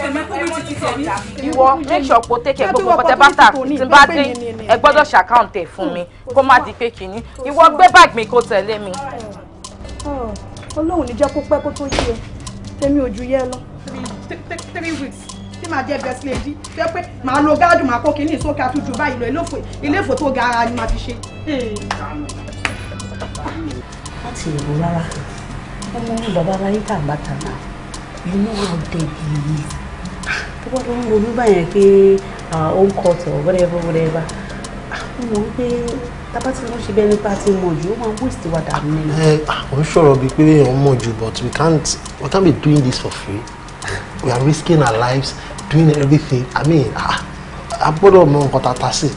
S2: ẹ̀mẹ́kúrú ti ti tẹ̀mí. ìwọ make sure kó tẹ̀kẹ̀ gbogbo kọ́tẹ́ bá tà tí bá dé ẹ gbọ́dọ̀ ṣàkáǹtẹ̀ fún mi kó má di pé kínní ìwọ gbé báàgì mi kó tẹ̀lé mi ọlọ́run ní jẹ́ kó pẹ́ kó tó yí o èmi ò ju yẹ lọ. three weeks tí màá jẹ best lady jẹ pé màá lo gáàdù màá kó kínní sókè àtújù báyìí lọ iléèfò tó ga ara ni màá fi ṣe. láti ìlú rárá ọmọ mi bàbá wa yíká àgbàtàgbà inú wọn débi yìí tó bá tó ń ronú báyẹn pé ó ń kọtọ̀ whatever whatever mo ń pé tábà tí wọ́n ṣe bẹ́ẹ̀ nípa ti
S7: but we can't we can't be doing this for free we are risking our lives doing everything i mean ah, a gbọ́dọ̀ mọ nǹkan tá a ta sí.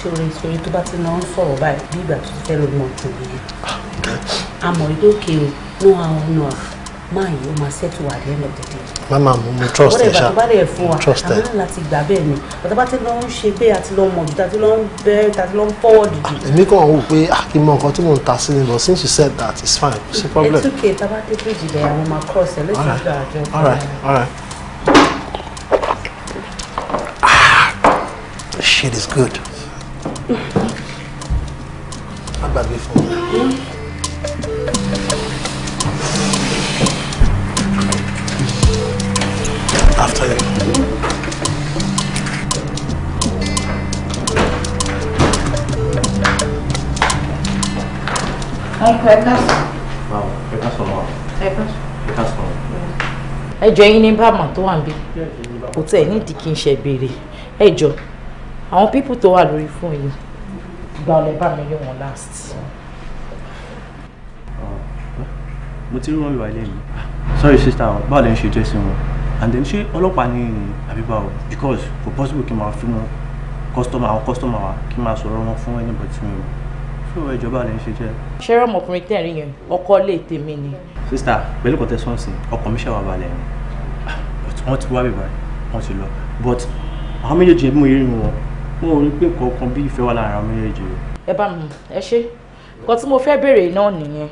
S2: ṣòro ìṣòro tó bá ti náà ń sọ̀rọ̀ báyìí bí ìgbà tó fẹ́ ló mọ̀ tó yẹ. àmọ́ ìdókè o no how no how máa yìí ó máa ṣètò àdéhùn
S7: mama mo mo trust ẹ ṣá mo trust ẹ. àwọn
S2: láti gbà bẹ́ẹ̀ ni bàtà bá ti lọ ń ṣe bẹ́ẹ̀ àti lọ mọ̀ jù tàbí lọ ń bẹ́ tàbí lọ ń forward
S7: jù. èmi kàn ń wò pé ah, kí n mọ nǹkan tí mò ń ta sí ni but since you said that it's fine it's no problem. it's
S2: okay tá a bá dé bíríjì bẹ́ẹ̀ àwọn máa cross ẹ̀ lẹ́sìn ìgbà àjọ. all right
S7: all right. ah shit is good. agbàgbé fún mi. Hmm? after you.
S2: ẹ jọ̀ọ́ yín ní bàmà tó wà ń bí kò tẹ ẹ nídìí kí n ṣe béèrè ẹ jọ̀ọ́ àwọn pípù tó wà lórí fóònù yìí gba ọlẹ bá mi rí wọn last.
S4: mo ti rí wọn wíwá ilé mi sorry sister báwo lè ń ṣe jẹ́ sí wọn and then she ọlọ́pàá ni àbíbá o because for possible kí n máa fi wọn customer àwọn customer wa kí n máa sọ̀rọ̀ wọn fún anybody tí mi ò so ìjọba lè ń ṣe jẹ́.
S2: ṣé ọmọkùnrin tẹ̀ rí yẹn ọkọ lè tèmi ni.
S4: sista pẹ̀lú kọ́tẹ́ sọ́ọ̀sì ọkọ̀ mi ṣàwà balẹ̀ ni ah, wọ́n ti wá bíbá wọ́n ti lọ but àwọn méjèèjì ẹbí mo yé wọn wọn ò rí pé kọ̀ọ̀kan bí ìfẹ́ wà láàárín àwọn méjèèjì.
S2: ẹ bá mi ẹ ṣe nǹkan tí mo fẹ́ béèrè náà nìyẹn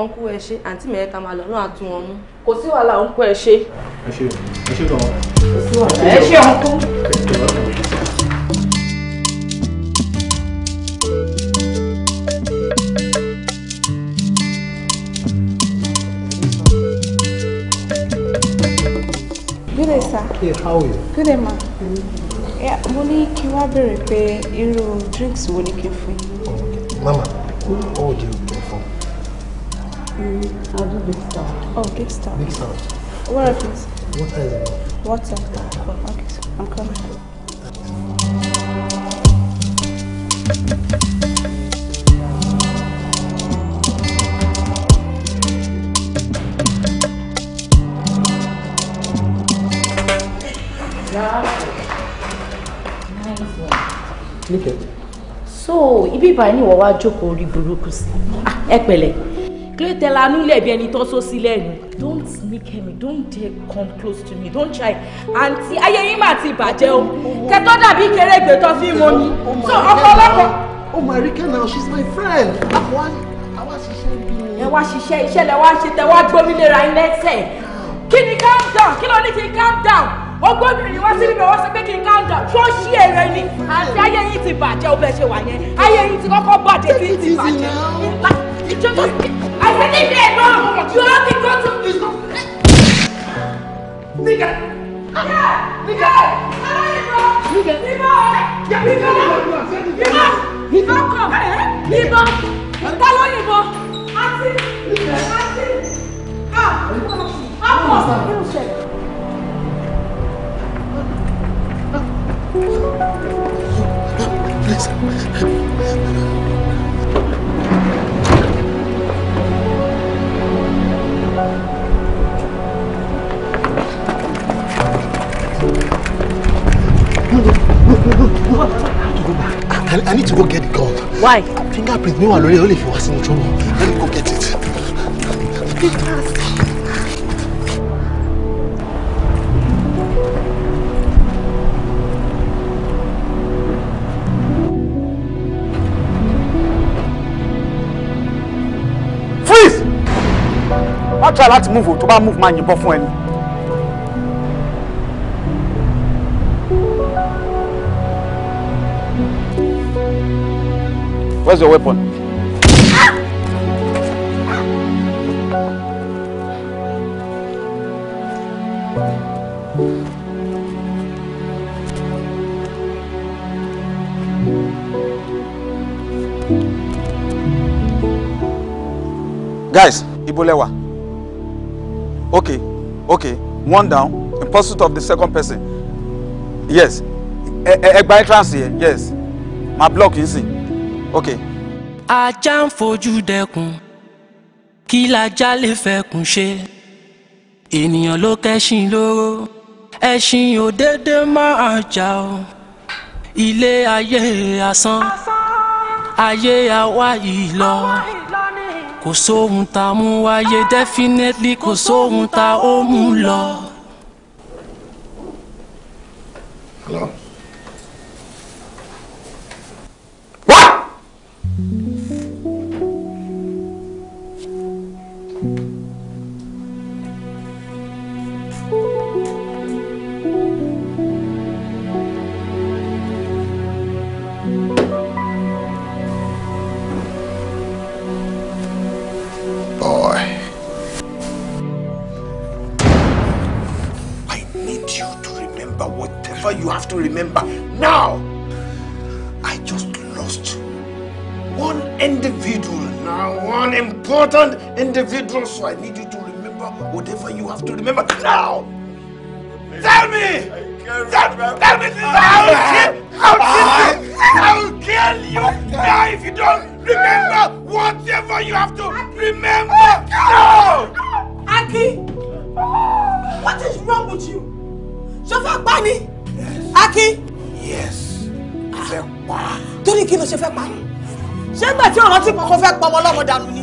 S2: ọ̀nkú ẹ ṣe àǹtí mẹ́ẹ̀ ká máa lọ náà tún wọn mú kò sí wàhálà ọ̀nkú ẹ ṣe.
S4: ẹ ṣe ẹ ṣe gan. kò
S6: Good day, sir. Hey, how are you? Good day, ma. Mo ní kí wá béèrè pé irú drinks wo ni kí n fún yín. Oh,
S7: Mama, ó di o.
S6: I'll do big star. Oh, big star. Big star. What are these?
S7: Water is
S2: enough. Water. Oh, okay, so I'm coming. Nice one. So, if you buy any, wá jókòó orí burúkú sí. Ah, ẹ pẹ̀lẹ́ kílódé tẹ́lá núlẹ̀ bí ẹni tó sọ sílẹ̀ ni. don't sneak me don't dare come close to me don't try Auntie, ayé yín mà ti bàjẹ́ o kẹtọ́ dàbí kéré ìgbẹ́tọ́ fi mọ ni oh so ọkọ lọ́kọ.
S10: oh my rika now she's my friend àwa àwa
S8: ṣiṣẹ́ bí mi.
S1: ẹ wá ṣiṣẹ́ iṣẹ́ lẹ wá ṣe tẹ wá gbómi lera ilé ẹsẹ̀ kí ni calm down kí ló ní kí n calm down ogbó obìnrin wá síbi ìbẹ̀wọ̀ sí pé kí n calm down tó ṣí èrè ni Auntie, ayé yín ti bàjẹ́ ó bẹ́ẹ̀ ṣe wà yẹn ayé yín ti kọ́kọ́ bàjẹ́ tí ń ti bàjẹ́. I said it there, no! You have to go to... It's not... Nigga!
S2: Yeah! Nigga! Yeah. Nigga! Nigga! Yeah, nigga! Nigga! Nigga! How come? Nigga! Ta ló yìnbọn? Àti! Àti! Ah! How come? Kí ló
S8: ṣẹlẹ̀? Please.
S7: I, need to go get the gun.
S2: Why? Fingerprint
S7: mi wà only ẹ̀ ó lè fi wá trouble. Let me go get it. Be fast.
S3: try láti move o tó bá move máa yìnbọn fún ẹni. Where's your weapon? Guys, ibo Okay, okay, one down in pursuit of the second person. Yes, ẹgbà entrance yẹn, yes,
S1: ma block yín sí. Okay. Ajá ń fojú dẹkùn, kí lajá lè fẹkùn ṣe? Ènìyàn ló kẹ́sìn lóró, ẹṣin ò dédé máa jà o. Ilé ayé asán, ayé Àwa yìí lọ kò sóhun tá a mú wáyé definitely kò sóhun tá a ó mú lọ.
S3: whatever you have to remember. Now, I just lost one individual. Now, one important individual. So I need you to remember whatever you have to remember. Now, tell me. Tell, remember. tell me this. I'll kill, I'll kill you. Ah. I'll kill you. Now, if you don't remember whatever you have to remember. Now. Aki, what is wrong with you? Ṣé o Akin. yes mo fẹ́ pa.
S2: torí kí ló ṣe fẹ́ pa ṣé gbà tí ọ̀rọ̀ tí kankan fẹ́ pọmọ lọ́mọ dànù ni.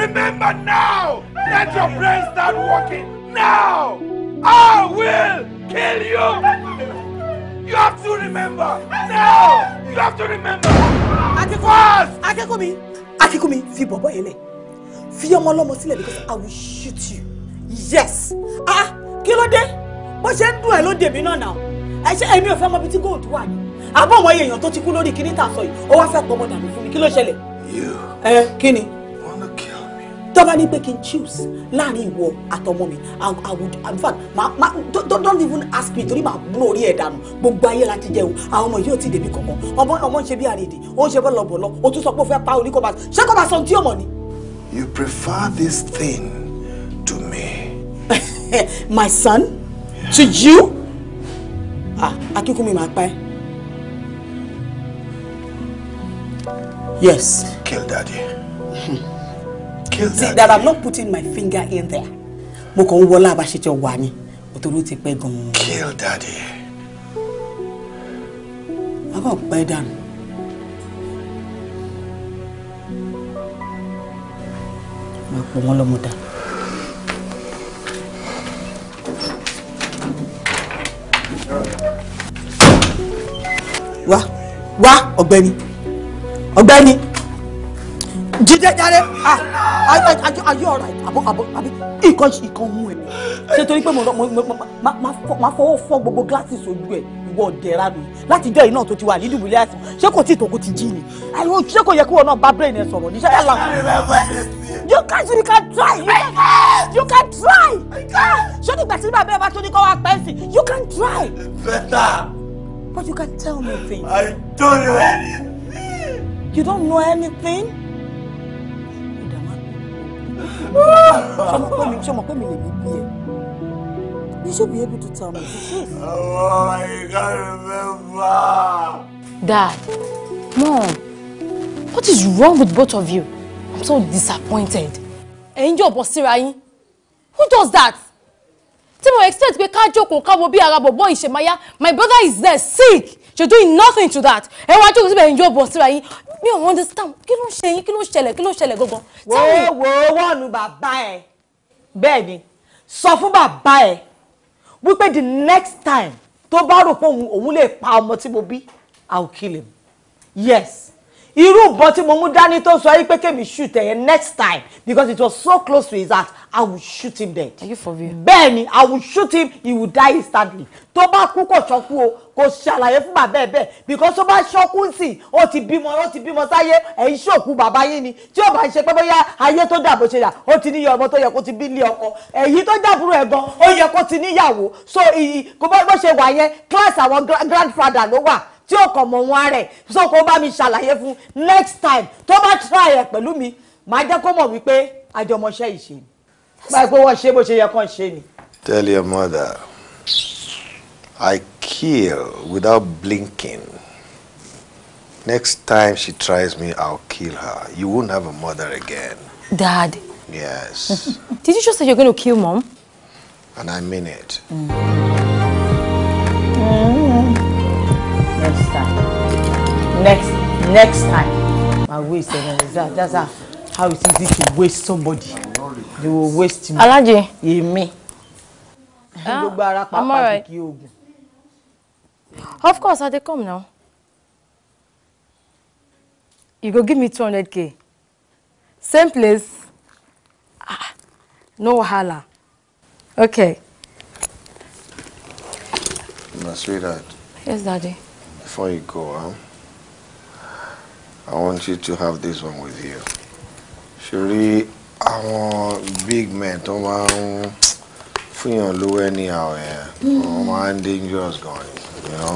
S3: remember now let your brain start working now I will kill you you have
S9: to remember now you have to remember. Akínkúnmi
S1: Akínkúnmi
S2: Akínkúnmi fi bọ̀bọ̀ yẹn lẹ̀ fi ọmọ sílẹ̀ because I will shoot you yes ah kí ló dé bó ṣe ń dùn ẹ ló dèmí náà nà ẹ ṣe èmi ò fẹ́ mọ ibi tí gold wà ní àbọ̀ àwọn èèyàn tó ti kú lórí kíní tà sọ yìí ó wá fẹ́ pọ̀ mọ́ dànù fún mi kí ló ṣẹlẹ̀. ẹ kí ni. tọ́ba ní pé kí n choose láàrin ìwọ àtọmọ mi i would in fact ma ma don't, don't even ask me torí màá bú orí ẹ̀ dànù gbogbo ayé la ti jẹun àwọn ọmọ yìí ò ti dèbí kankan ọmọ ọmọ ń ṣe bí àrèdè ó ń ṣe bọ́ lọ́bọ̀lọ́ ó tún sọ pé ó fẹ́ pa oníkọ́ba ṣé kọ́ba sọ tí ọmọ ni.
S10: you prefer this thing to
S2: me. my son to you ah akínkúnmi máa pa ẹ́ yes. kill
S3: daddy hmm.
S2: kill daddy see that i'm not putting my finger in there mo kàn ń wọlé àbáṣetẹ wà ní òtòrò kill daddy.
S3: a kàn pẹ́ dànù.
S2: mo pọ̀ wọ́n wá wá ọ̀gbẹ́ni ọ̀gbẹ́ni jíjẹ jáde ayé ọ̀rọ̀ àbọ̀ àbọ̀ àbí ìkan ìkan mú ẹ̀ ṣe torí pé mo fọwọ́ fọ gbogbo gíláàsì sójú ẹ̀ ìwọ ọ̀dẹ̀ra mi láti jọ iná tó ti wà ní dùbúlẹ̀ àìsàn ṣé kò tí ìtòkù ti jí ni àìwọ ṣé kò yẹ kí wọn náà bá brain ẹ sọ̀rọ̀ níṣẹ́ ẹ̀ làwọn. you can you can try you can try ṣé nígbà tí bàbá ẹ bá tó ní kọ́ wá pẹ́ǹsì you can try. better. but you can tell me things. I don't know anything. you don't know anything. ṣọmọ pé mi ṣọmọ pé mi lè bí bí ẹ.
S3: You should be able to tell me the truth. Oh, I can't remember.
S2: Dad, Mom, what is wrong with both of you? I'm so disappointed. Ẹ̀yin yóò bọ̀ Who does that? Tí mo expect pé ká jókòó ká wo bí ara boy. Shemaya, my brother is there sick. You're doing nothing to that. Ẹ wá jókòó síbẹ̀ ẹ̀yin yóò bọ̀ síra yín. Mi ò understand. Kí ló ń ṣe yín? Kí ló ń ṣẹlẹ̀? Kí ló ń ṣẹlẹ̀ gangan? Wo wo wọ́ọ̀nù bàbá ẹ̀. Bẹ́ẹ̀ni, sọ fún bàbá ẹ̀ wípé the next time tó bá rò pé òun lè pa ọmọ tí mo bí i will kill him yes irú ìbọn tí mo mú dání tó sọ yìí pé kémi shoot ẹ next time because it was so close to his heart i will shoot him dead. are you for real. bẹ́ẹ̀ni i will shoot him he will die instantly tó bá kú kò ṣọkú o kò ṣàlàyé fún bàbá ẹ bẹ́ẹ̀ because tó bá ṣọkú sí ó ti bímọ ó ti bímọ sáyé ẹ̀yin ṣòkú bàbá yín ni tí ó bá ń ṣe pé bóyá ayé tó dàbò ṣe dà ó ti níyàwó ọmọ tó yẹ kó ti bí lé ọkọ èyí tó dàbúrò ẹ gan ó yẹ kó ti níyàwó so ìyí kó bó ṣe wà yẹn class àwọn grandfather ló wà tí ó kàn mọ̀ wọn rẹ̀ so kó bá mi ṣàlàyé fún next time tó bá try ẹ̀ pẹ̀lú mi màá jẹ́ kó mọ̀ wípé àjọmọṣẹ́ ìṣe ni báyìí pé wọ́n ṣe bó ṣe yẹ kán ṣe ni.
S10: Tell your mother I kill without blinking. Next time she tries me, I'll kill her. You won't have a mother again. Dad. Yes.
S2: Did you just say you're going to kill mom?
S10: And I mean it. Mm.
S2: next time my waste and that's how, that's how, how it is to waste somebody they will waste me alaje èmi me. Ah, I'm pàápàá kìkì of course i dey come now you go give me 200 k same place ah no wahala
S6: okay. my sweetheart. yes daddy.
S10: before you go. Huh? I want you to have this one with you. Ṣorí àwọn big men tó máa ń fúnyàn lówó anyhow yẹn eh, wọ́n máa ń dangerous gan ni you know.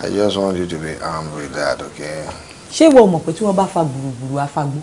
S10: I just want you to be armed with that, okay?
S2: Ṣé ìwọ mọ̀ pé tí wọ́n bá fa gbùrùgbùrù afagbó?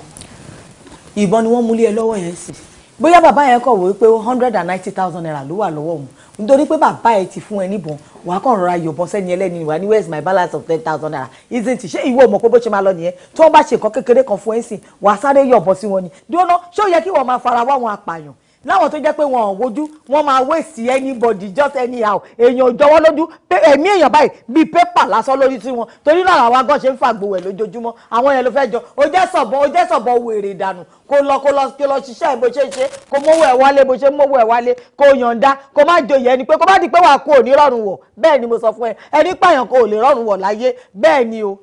S2: Ìbọn ni wọ́n múlé ẹ lọ́wọ́ yẹn sí bóyá bàbá yẹn kọ̀ wípé hundred and ninety thousand naira ló wà lọ́wọ́ òun nítorí pé bàbá ẹ ti fún ẹ níbọn wà á kàn rọra yọ̀bọ̀n sẹ́ni ẹlẹ́ni wà ní where is my balance of ten thousand naira isn't it ṣé ìwọ mọ̀ pé bó ṣe máa lọ nìyẹn tí wọ́n bá ṣe nǹkan kékeré kan fún ẹ̀ sìn wà á sáré yọ̀bọ̀n sí wọn ni dúró náà ṣé ó yẹ kí wọ́n máa fara wá wọn apààyàn láwọn tó jẹ́ pé wọn ò wojú wọn máa waste anybody just anyhow èèyàn jọwọ́ lójú ẹ̀mí èèyàn báyìí bíi pépà lásán lórí sí wọn torí náà àwọn agán ṣe ń fàgbò ẹ̀ lójoojúmọ́ àwọn yẹn ló fẹ́ jọ ó jẹ́ sọ̀bọ̀ ó jẹ́ sọ̀bọ̀ wèrè dànù kó lọ kó lọ kí lọ ṣiṣẹ́ bó ṣe ṣe kó mówó ẹ̀ wálé bó ṣe mówó ẹ̀ wálé kó yọ̀ǹda kó má joyè ẹni pé kó má di pé wà kó ò rọrùn wọ̀ bẹ́ẹ̀ ni mo sọ fún ẹ ẹni pààyàn kó ò lè rọrùn wọ̀ láyé bẹ́ẹ̀ o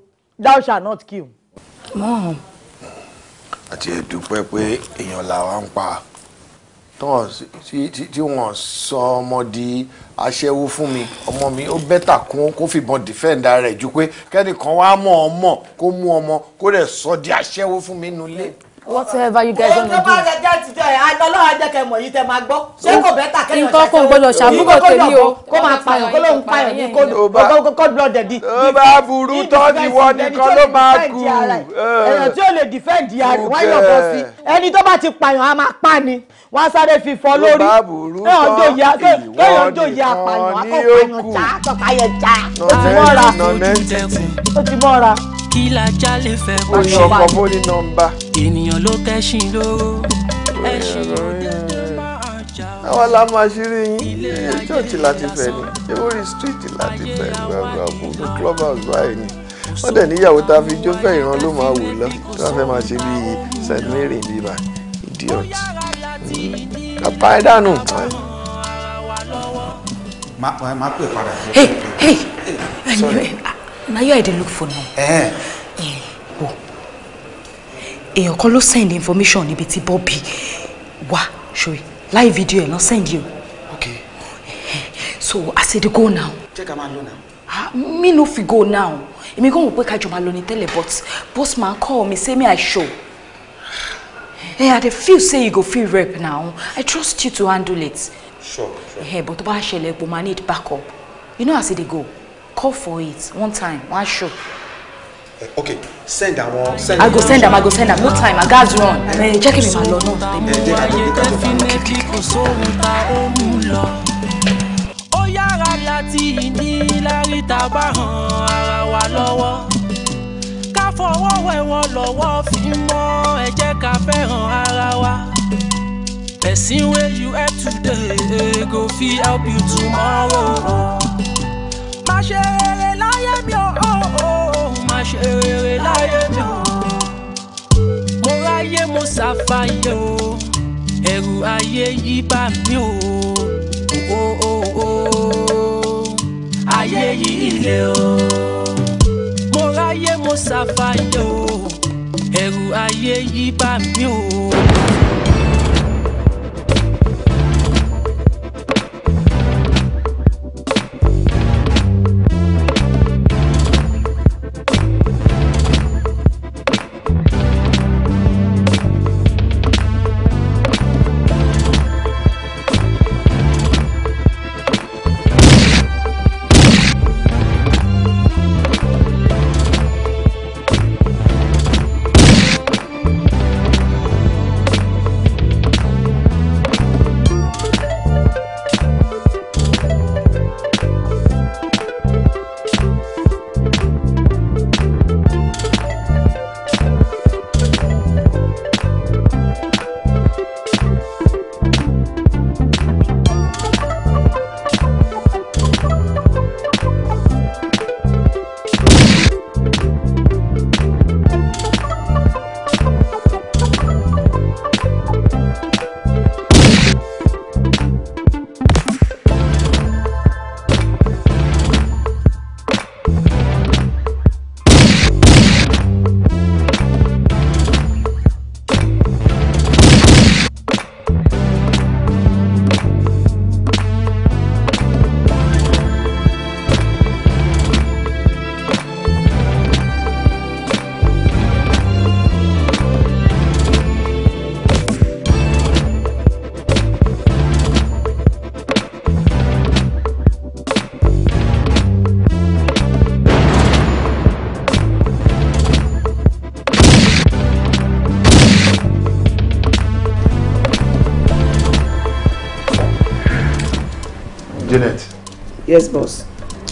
S2: thou shall not kill.
S8: mom.
S10: àti ẹ̀dùpẹ́ pé èèyàn làwọn ń pa tí wọ́n sọ ọmọ di aṣẹ́wó fún mi ọmọ mi ó bẹ́tà kún kó fìbọn dìfẹ́ǹdà rẹ̀ ju pé kẹ́nìkan wá mọ̀ ọ́ mọ̀ kó mú ọmọ kó rẹ̀ sọ di aṣẹ́wó fún mi nulẹ̀. whatever you guys wanna do.
S2: ọlọ́run bá jẹ́ mọ̀ yìí tẹ máa gbọ́
S9: ṣé kò bẹ́tà kẹ́yìn ọ̀ṣẹ́ sọ. nǹkan kò gbọdọ̀ ṣàmúgbò tèmi o. kó máa pààyàn kó lóun pààyàn ní kó cold di. ó bá burú tọ́ ni wọ́n nìkan ló máa kú. ẹ̀yàn tí ò lè
S2: defend yàrá wáyọ̀ bọ́ sí ẹni tó bá ti pààyàn á máa pa ni wọ́n á sáré fi fọ́ lórí
S1: kéèyàn jòyè kéèyàn jòyè apààyàn
S2: akọ̀pààyàn já
S1: akọ̀pààyàn já ó ti mọ́ra ó ti mọ́ra. kí lajá lè fẹ́ kó ṣe ènìyàn ló kẹ́sìn lóró ẹ̀sìn ló dé
S10: àwa la máa ṣeré yín ilé ṣọ́ọ̀ṣì láti fẹ́ ni ewúrẹ́ stíìtì láti fẹ́ gbàgbà gbogbo club house báyìí ni wọ́n dẹ̀ níyàwó tá a fi jó fẹ́ ìran ló máa wò lọ tí wọ́n fẹ́ máa ṣe bíi st mary bíbá
S3: idiot
S10: kápá ẹ dànù.
S9: máa pè padà. hey hey
S2: na you i dey look for now. Eh. Eh, wo èèyàn kan ló send information níbi tí Bobby wà show it. Live video, lọ́ send you. okay. Eh, so i said go now. Check ká máa now. Ah, me no fit go now I'm going to pé ká jọ máa lọ ní tẹ́lẹ̀ boss man call me say me i show. Hey, eh, I dey feel say you go feel rep now. I trust you to handle it. Sure, sure. Hey, eh, but bá ṣẹlẹ̀ pé ma need backup. You know as e dey go. Call for it one time, one shot.
S3: Eh, okay, send them. one. Send I go send them. I go
S2: send them. No time, I gats run. Jẹ́ kí mi máa
S1: lọ náà. Ó yára láti ìdí àfọwọ́wẹ̀ wọn lọ́wọ́ fi mọ́ ẹ jẹ́ ká fẹ́ràn ara wa. Person wey you help today eh, go fit help you tomorrow. Má ṣe rere láyé mi o, oh, oh, oh. má ṣe rere láyé mi o. Mo ráyé mo ṣàfàyè o, ẹ̀rù ayé yí bá mi o. Ayé yìí le o sáfáyé o ẹ̀rù ayé yí bá mi o.
S7: yes boss.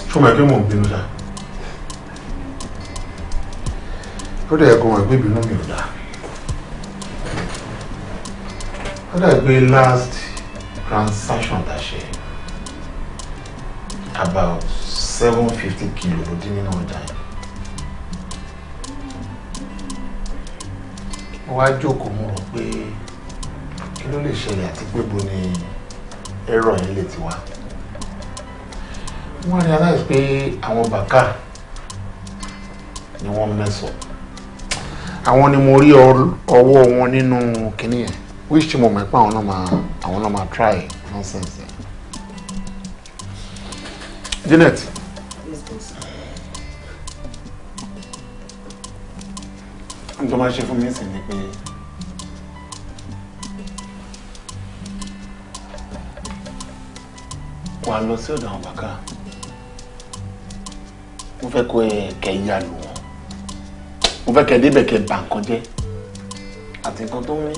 S7: fún mi kí mò ń bínú dá
S10: ó dẹ̀ kó wọn pé bínú mi ò dá ó dẹ̀ pé last
S3: transaction that she about seven fifty kilo ló dín nínú ọjà yìí
S7: mo wá jókòó mo rò pé kí ló lè ṣẹlẹ̀ in pé bo ni wọ́n realize pé àwọn
S10: bàkà ni wọ́n mẹ́sọ̀ àwọn ni mo rí ọwọ́ wọn nínú kinní yẹn which mo mọ̀ pé àwọn náà máa àwọn náà máa try nonsense Janet.
S7: n tó máa ṣe fún mi sì ni pé wàá lọ sí ọ̀dọ̀ àwọn bàkà
S10: fẹ́ kọ ẹ kẹ́ ya lù wọ́n mo fẹ́ kẹ́ débẹ̀ kẹ́ bà nǹkan jẹ́ àti nǹkan tó mí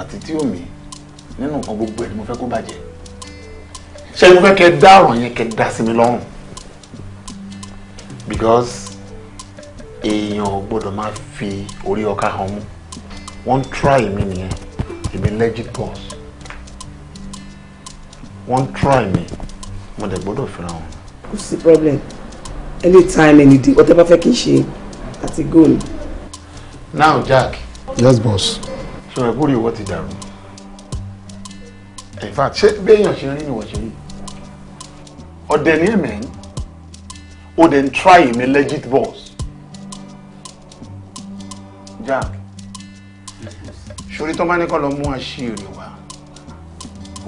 S10: àti tí ò mí nínú nǹkan gbogbo ẹ̀ ni mo
S7: fẹ́ kó bàjẹ́
S3: ṣé mo fẹ́ kẹ́ dá ọ̀rọ̀ yẹn kẹ́ dá sí mi lọ́rùn
S7: because èèyàn ò gbọ́dọ̀ máa fi orí ọkà hàn mú wọ́n ń try mi nìyẹn èmi legit boss
S3: One try mi mo dẹ̀ gbọ́dọ̀ fẹ́ràn wọn.
S6: What's the problem
S3: anytime any day whatever fẹ́ kí n ṣe àti go now Jack.
S7: yes boss.
S3: sọ̀rọ̀ ìkórè ìwọ ti dàrú
S10: in fact ṣé béèyàn ṣe rí ni wọ́n ṣe rí
S3: ọ̀dẹ̀ ní ẹ̀mẹ́ o dey try him a legit boss Jack sori tó bá ní kọ́ lọ mú àṣírí wá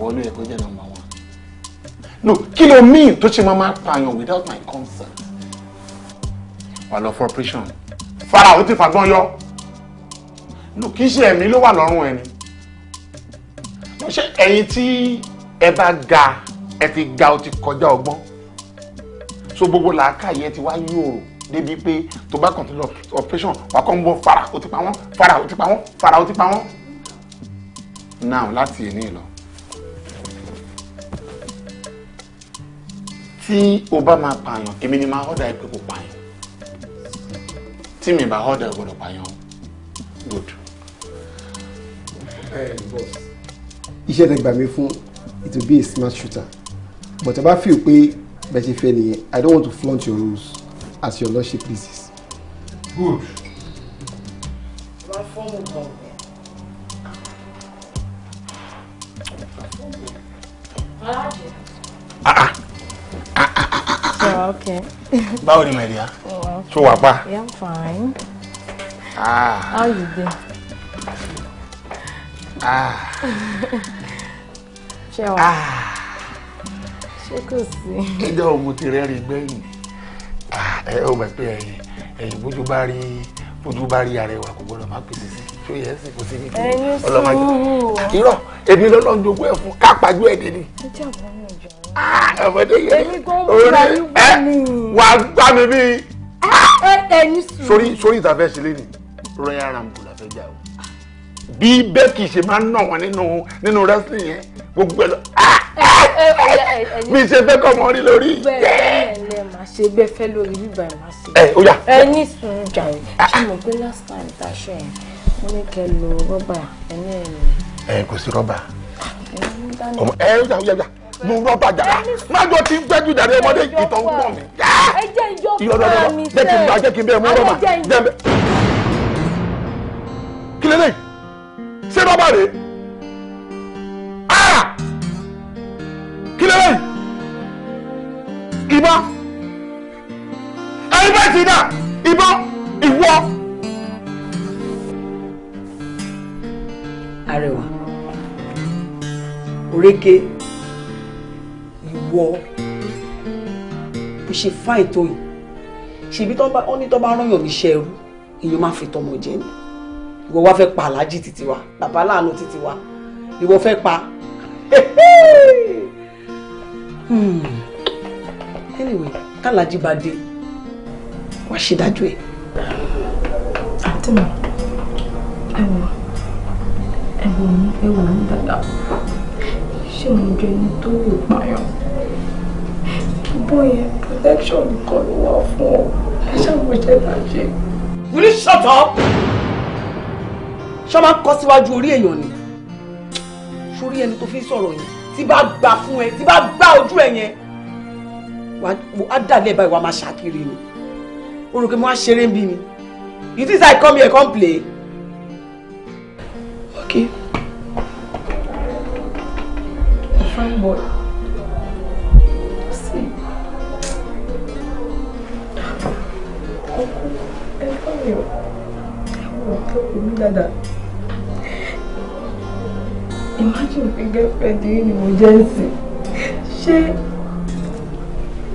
S7: wọ́n ló yẹ kó jẹ́ nọ́mbà one no
S3: kí ló mean tó ṣe máa máa pààyàn without my consent wà lọ fún operation fara ó ti fagbọ́n yọ lù kí ṣe ẹ̀mí ló wà lọ́rùn ẹni mo ṣe ẹ̀yin tí ẹ bá ga ẹ ti ga ó ti kọjá ọgbọ́n so gbogbo làákàyè ti wá yòrò débi pé tó bá continue operation wà kàn ń bọ fara ó ti pa wọ́n fara ti pa wọ́n fara ti pa wọ́n now láti èní lọ. tí o bá máa pààyàn èmi ni máa ọ̀dà ẹ pé kò pààyàn. Team tí mi bá ọ̀dà gbọ́dọ̀ pààyàn good.
S10: iṣẹ́ tẹ gbà mí fún it will be a smart shooter but ẹ bá feel pé bẹ́ẹ̀ ṣe fẹ́ nìyẹn i don't want to flaunt
S3: your rules as your lordship pleases. good.
S7: wàá fọ́ọ̀mù kan.
S8: Ah ah
S6: okay. How are you, Maria? Oh, okay. So wà Yeah, I'm fine. Ah. How you doing?
S10: Ah.
S2: Ṣé wà? Ah. Ṣé kò sí? Kíjọ́
S3: òun ti rẹ́rìn gbẹ̀yìn. Ah, ẹ ò mọ̀ pé ẹ̀yìn ẹ̀yìn bójú bá rí bójú bá rí arẹwà kò gbọ́dọ̀ má pèsè sí tó yẹ sí kò sí ní kí ọlọ́mọdé. Irọ́ èmi lọ́lọ́ ń jogún ẹ̀ fún kápájú ẹ̀ dé ni.
S8: Ìjọba mi ò jọ
S3: ọmọdé yẹn orí ẹ wà á gbá mi bí. sórí sórí ìtafẹ́ sílé ni royal rambo la fẹ́ jà o bí bẹ́ẹ̀kì ṣe máa ń nà wọ́n nínú nínú wrestling yẹn gbogbo ẹ̀ lọ mi ṣe fẹ́ kọ́ ọmọ rí lórí. bẹ́ẹ̀
S2: ẹ máa ṣe bẹ́ẹ̀ fẹ́ lórí bíbá ẹ̀ máa ṣe. ẹ ó yà. ẹ ní sùúrù jàre ah. ṣé last time tá a ṣe yẹn
S3: mo ní kẹ́ lo rọ́bà ẹ̀ ní ẹ̀yìn.
S7: ẹ kò sí rọ́bà. Ah,
S3: ẹ ó yà ó yà mo rọ́bà jàrá má jọ ti ń gbẹ́jú jàrá ọmọdé ìtọ̀ ń pọ̀ mí. ẹ jẹ́ ìjọ fún àmì sẹ́ẹ̀ jẹ́ kí n bá jẹ́ kí n bẹ́ẹ̀ mú rọ́bà jẹ́ bẹ́ẹ̀.
S9: Ah! kí lélẹ́yìí ṣé ìbọn
S3: ẹni bá ti dà ìbọn ìwọ.
S2: Arẹwà oríkèé ìwọ bó ṣe fáìn tó yìí ṣèbí ó ní tó bá rán yàn níṣẹ́ ẹrú èèyàn máa fi tọmọ jẹ ni
S5: ìwọ wá fẹ́ pa aláàjì títí wa bàbá láàánú títí wa ìwọ fẹ́ pa hmm. anyway kálájí bá
S2: dé wá ṣe dájú ẹ. àǹtí mi ẹ wò ẹ wò mí ẹ wò mí dáadáa ṣé mo jẹ ẹni tó wò pààyàn. Boy, protection nìkan
S5: ló wà fún ọ ẹ ṣàmọ̀jẹ́ náà ṣe. will you shut up? ṣọ́ máa ń kọ́ síwájú orí èèyàn ni
S2: sórí ẹni tó fi ń sọ̀rọ̀ yẹn tí bá gbà fún ẹ tí bá gbà ojú ẹ yẹn wàá dàlẹ́ báyìí wàá máa
S5: ṣàkiri ni o mo wá ṣeré ń mi you think I come here come play. okay. fine boy.
S2: bẹ́ẹ̀ wọ́n tó kù mí dáadáa. imagine pé girlfriend yìí ni mo
S1: jẹ́ ń sìn ṣé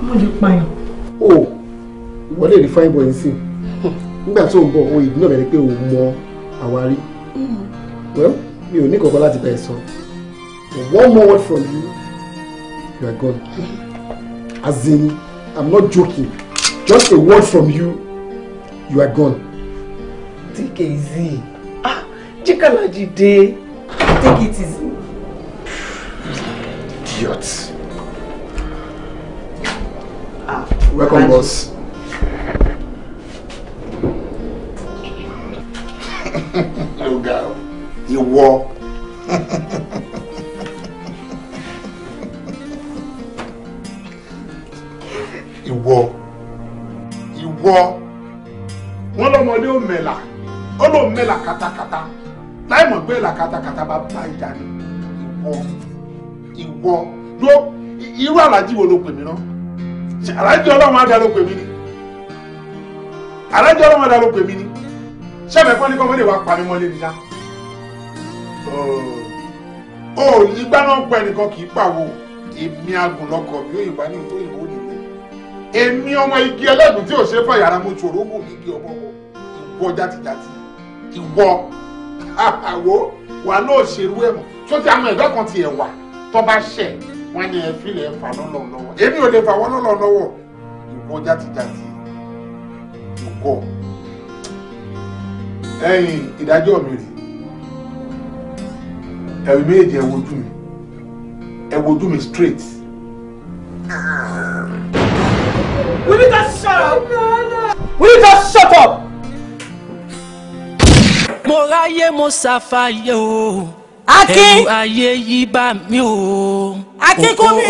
S1: mo lè
S2: pààyàn. o
S7: ìwọ lè rí fine boy sí nígbà tó ń bọ̀ ohun ìdúná bẹ̀rẹ̀ pé o mọ
S3: àwárí well mi ò ní kankan láti bẹ̀ sọ one more word from you you are gone as in i'm not joking just a word from you you are gone take it easy
S5: ah Jikalaji dé take it easy.
S3: idiot. ah welcome Andy. boss. ọ̀gá ìwọ. ìwọ ìwọ wọn lọmọdé ò mẹ̀là làkàtà láì mọ̀ pé làkàtàkàtà bá bá ìjà ni ìwọ ìwọ ló irú alájí wo ló pè mí náà alájí ọlọ́run adá ló pè mí ni alájí ọlọ́run adá ló pè mí ni sẹ́fẹ̀ pọ́n ní kọ́mọ́lé wa pa mí mọ́lé níta ó ìgbà náà pẹ́ nìkan kì í pàwọ́ èmi agùnlọ́kọ̀ bí ó ìgbà ní ìlú ìlú nìlú èmi ọmọ igi ẹlẹ́gùn tí ò ṣe fàyàrá mo tòrò wò ní igi ọmọ ìwọ játijàti ìwọ àwo wà náà ṣerú ẹ̀ mọ́ tó ti àwọn ẹ̀dá kan ti ẹ̀ wà tó bá ṣẹ̀ wọ́n ní ẹ fílẹ̀ ẹ fà lọ́lọ́ lọ́wọ́ èmi ò lè fà wọ́n lọ́lọ́ lọ́wọ́ ìwọ játijàti ìwọ ẹ̀yin ìdájọ́ mi rèé ẹ̀rù méjèèjì ẹ wojú mi ẹ wojú mi straight. We need to shut up?
S1: We need to shut up? mo ráyé mo ṣàfàyè o. Akin. Ẹ̀rù ayé yí bá mi o. Akin kú mi.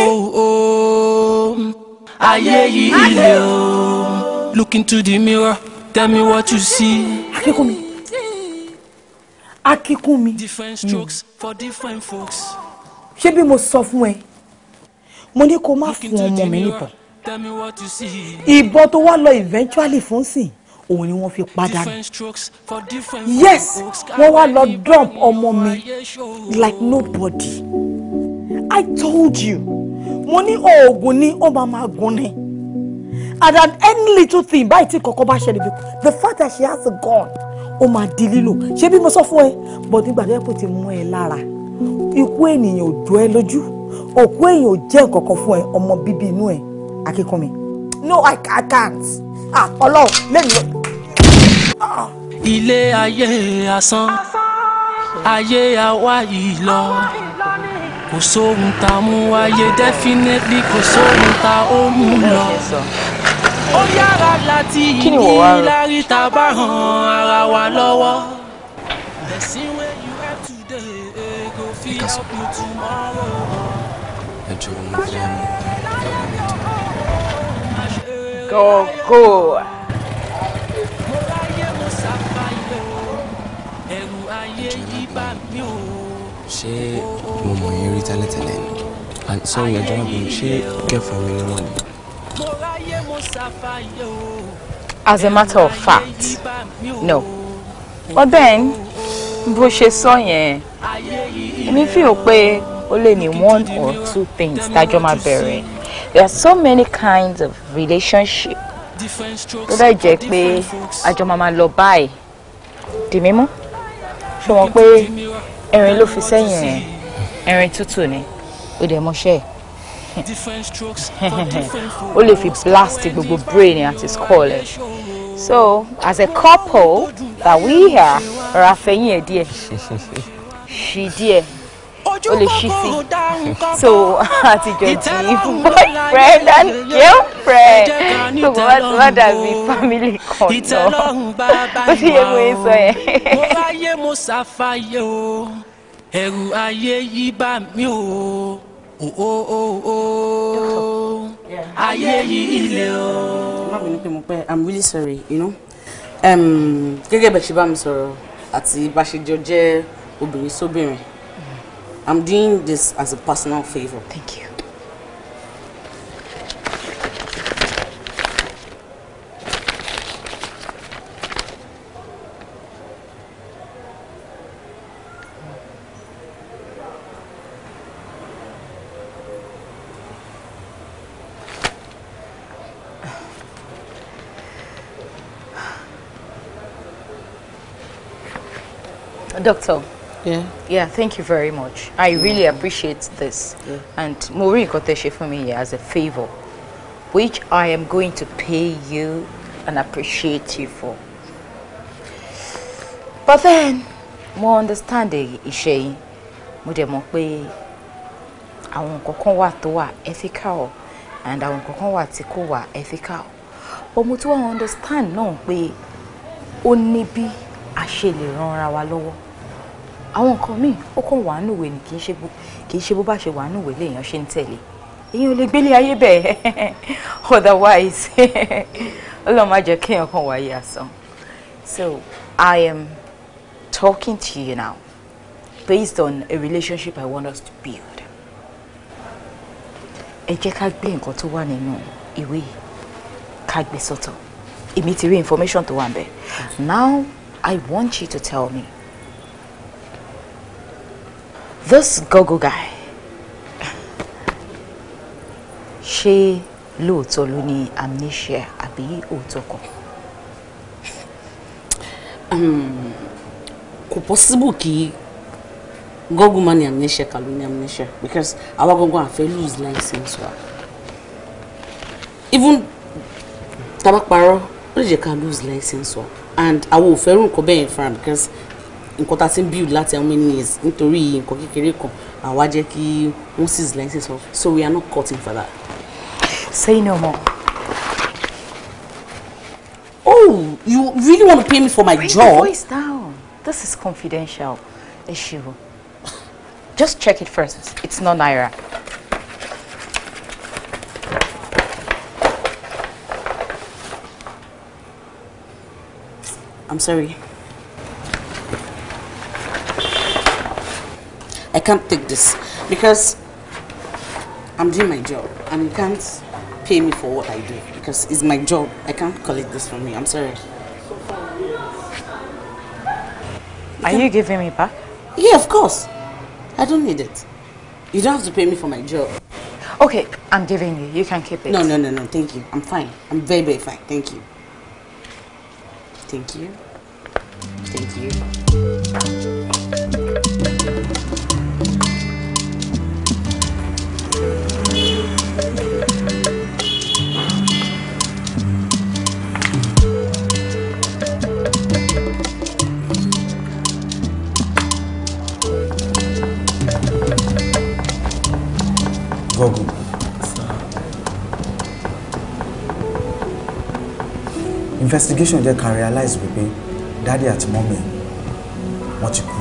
S1: Ayé yí ilé o. Look into the mirror, tell me what you see. Akin kú mi. Akin kú mi. Different strokes for different folks. Ṣé bí mo sọ
S2: fún ẹ? Mo ní kó má fún ọmọ mi nìbọn. Ìbọn tó wá lọ eventually fún sìn òun ni wọ́n fi padà
S1: nù yes wọ́n wá lọ
S2: dump ọmọ mi like nobody i told you mo ní oògùn ní ó máa máa gun ni and at any little thing báyìí tí kọ̀ọ̀kan bá ṣẹlẹ̀ bí the fact that she has a gun ó máa di lílò ṣé bí mo sọ fún ẹ but nígbà tó yẹ kó ti mú ẹ lára ikú ènìyàn ò jọ ẹ lójú òkú èèyàn ò jẹ́ nǹkan kan fún ẹ ọmọ bíbí inú ẹ akíkanmi no i, I
S1: can't ọlọ́run lẹ́yìn lọ. ilé ayé asán ayé àwa yìí lọ kò sóhun tá a mú wáyé definitely kò sóhun tá a ó mú lọ ó yára láti ìdí lárí tá a bá hàn ara wa lọ́wọ́.
S4: ẹ jọ̀wọ́ mo fẹ́ mọ.
S2: kókó.
S4: ṣé mo mọ̀ yín rí tẹ́lẹ̀tẹ́lẹ̀ ni and sorry ẹjọ́ mi ṣé girlfriend mi ni wọ́n ni.
S2: as a matter of fact no but then bó ṣe sọ yẹn èmi fi hàn pé ó lè ní one or two things tájọ́ máa bẹ̀rẹ̀ there are so many kinds of relationship
S1: tó dẹ̀ jẹ́ pé
S2: àjọ màmá lọ báyìí di mímú ṣé wọn pé ẹ̀rín ló fi sẹ́yìn rẹ̀ ẹ̀rín tútù ni ó dẹ̀ mọ́ṣẹ́
S1: ó lè
S2: fi blast gbogbo brain àti skull ẹ̀ so as a couple that we are rafẹ́yìn ẹ̀ díẹ̀ ṣì díẹ̀ o lè ṣí sí so àtijọ́ boyfriend and girlfriend so bàbá tí
S9: wọ́n dàbí family kan náà ó sì yẹ mo sọ
S1: yẹn. mo mo ṣàfàyè o ẹ̀rù ayé yìí bá mi o o o o o ayé yìí le o.
S2: má bínú pé mo pẹ́ i'm really sorry you know gẹ́gẹ́ bẹ́ẹ̀ ṣe bá mi sọ̀rọ̀ àti bá ṣe jọ jẹ́ obìnrin sóbìnrin. I'm doing this as a personal favor. Thank you. Doctor, Yeah. Yeah, thank you very much. I yeah. really appreciate this. Yeah. And mo rí nǹkan tẹ́ ṣe as a favor, which I am going to pay you and appreciate you for. But then, more understanding iṣẹ́ e, yín. Mo dẹ̀ mọ̀ pé àwọn nǹkan ethical and àwọn nǹkan kan wà tí kò ethical. But mo tún understand no, we only be bí a ṣe lè ran ara àwọn nǹkan míì ó kàn wà nù wẹ̀ ni kì í ṣe bó bá ṣe wà nù wẹ̀ léèyàn ṣe ń tẹ̀lé èyàn ò lè gbélé ayé bẹ́ẹ̀ otherwise ọlọ́run má jẹ́ kéèyàn kàn wáyé asán so I am talking to you now based on a relationship I want us to build ẹ jẹ́ ká gbé nǹkan tó wà nínú ìwé ká gbé sọ́tọ̀ èmi ti rí information tó wà ń bẹ̀ now I want you to tell me this gogo guy ṣé lóòótọ́ ló ní amnesia àbí òótọ́ kan. Hmm, kò possible kí gogo ma ní amnesia ká ló ní amnesia because àwa gangan àfẹ́ lose license wa even tabaparo ó lè jẹ́ ká lose license wa and àwọn ò fẹ́ràn nǹkan bẹ́ẹ̀ yẹn fara because nǹkan tá a ti ń build láti how many years nítorí nǹkan kékeré kan àwa jẹ́ kí wọ́n seize license off so we are not cutting for that. say no more. oh you really want to pay me for my Bring job. voice down this is confidential issue just check it first it's not naira.
S6: I'm sorry. I can't take this because
S2: I'm doing my job and you can't pay me for what I do because it's my job. I can't collect this from you. I'm sorry. Are you giving me back? Yeah, of course. I don't need it. You don't have to pay me for my job. Okay, I'm giving you. You can keep it. No, no, no, no. Thank you. I'm fine. I'm very, very fine. Thank you. Thank you. Thank you.
S3: all good.
S4: investigation jẹ́ ká realize wípé dáàdì àti mọ́mì wọ́n ti kú.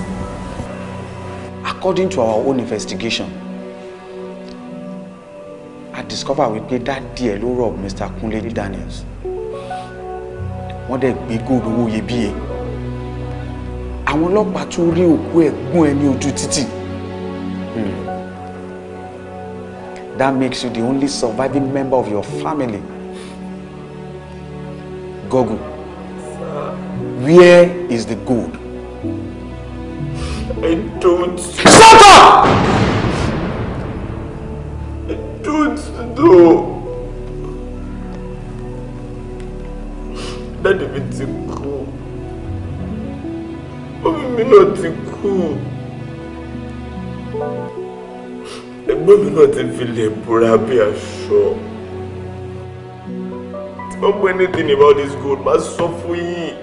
S3: according to our own investigation i discover wípé dáàdì ẹ̀ ló rob mr kunle daniels wọ́n dẹ̀ gbé góòlù owó iyebíye àwọn ọlọ́pàá tún rí òkú ẹ̀gbọ́n ẹ̀ ní ojú títì. Hmm. That makes you the only surviving member of your family. Gogu, where is the good?
S9: I don't. Shut up!
S3: fi lè búra bí show, Don't know anything about this gold. Má sọ fún yín.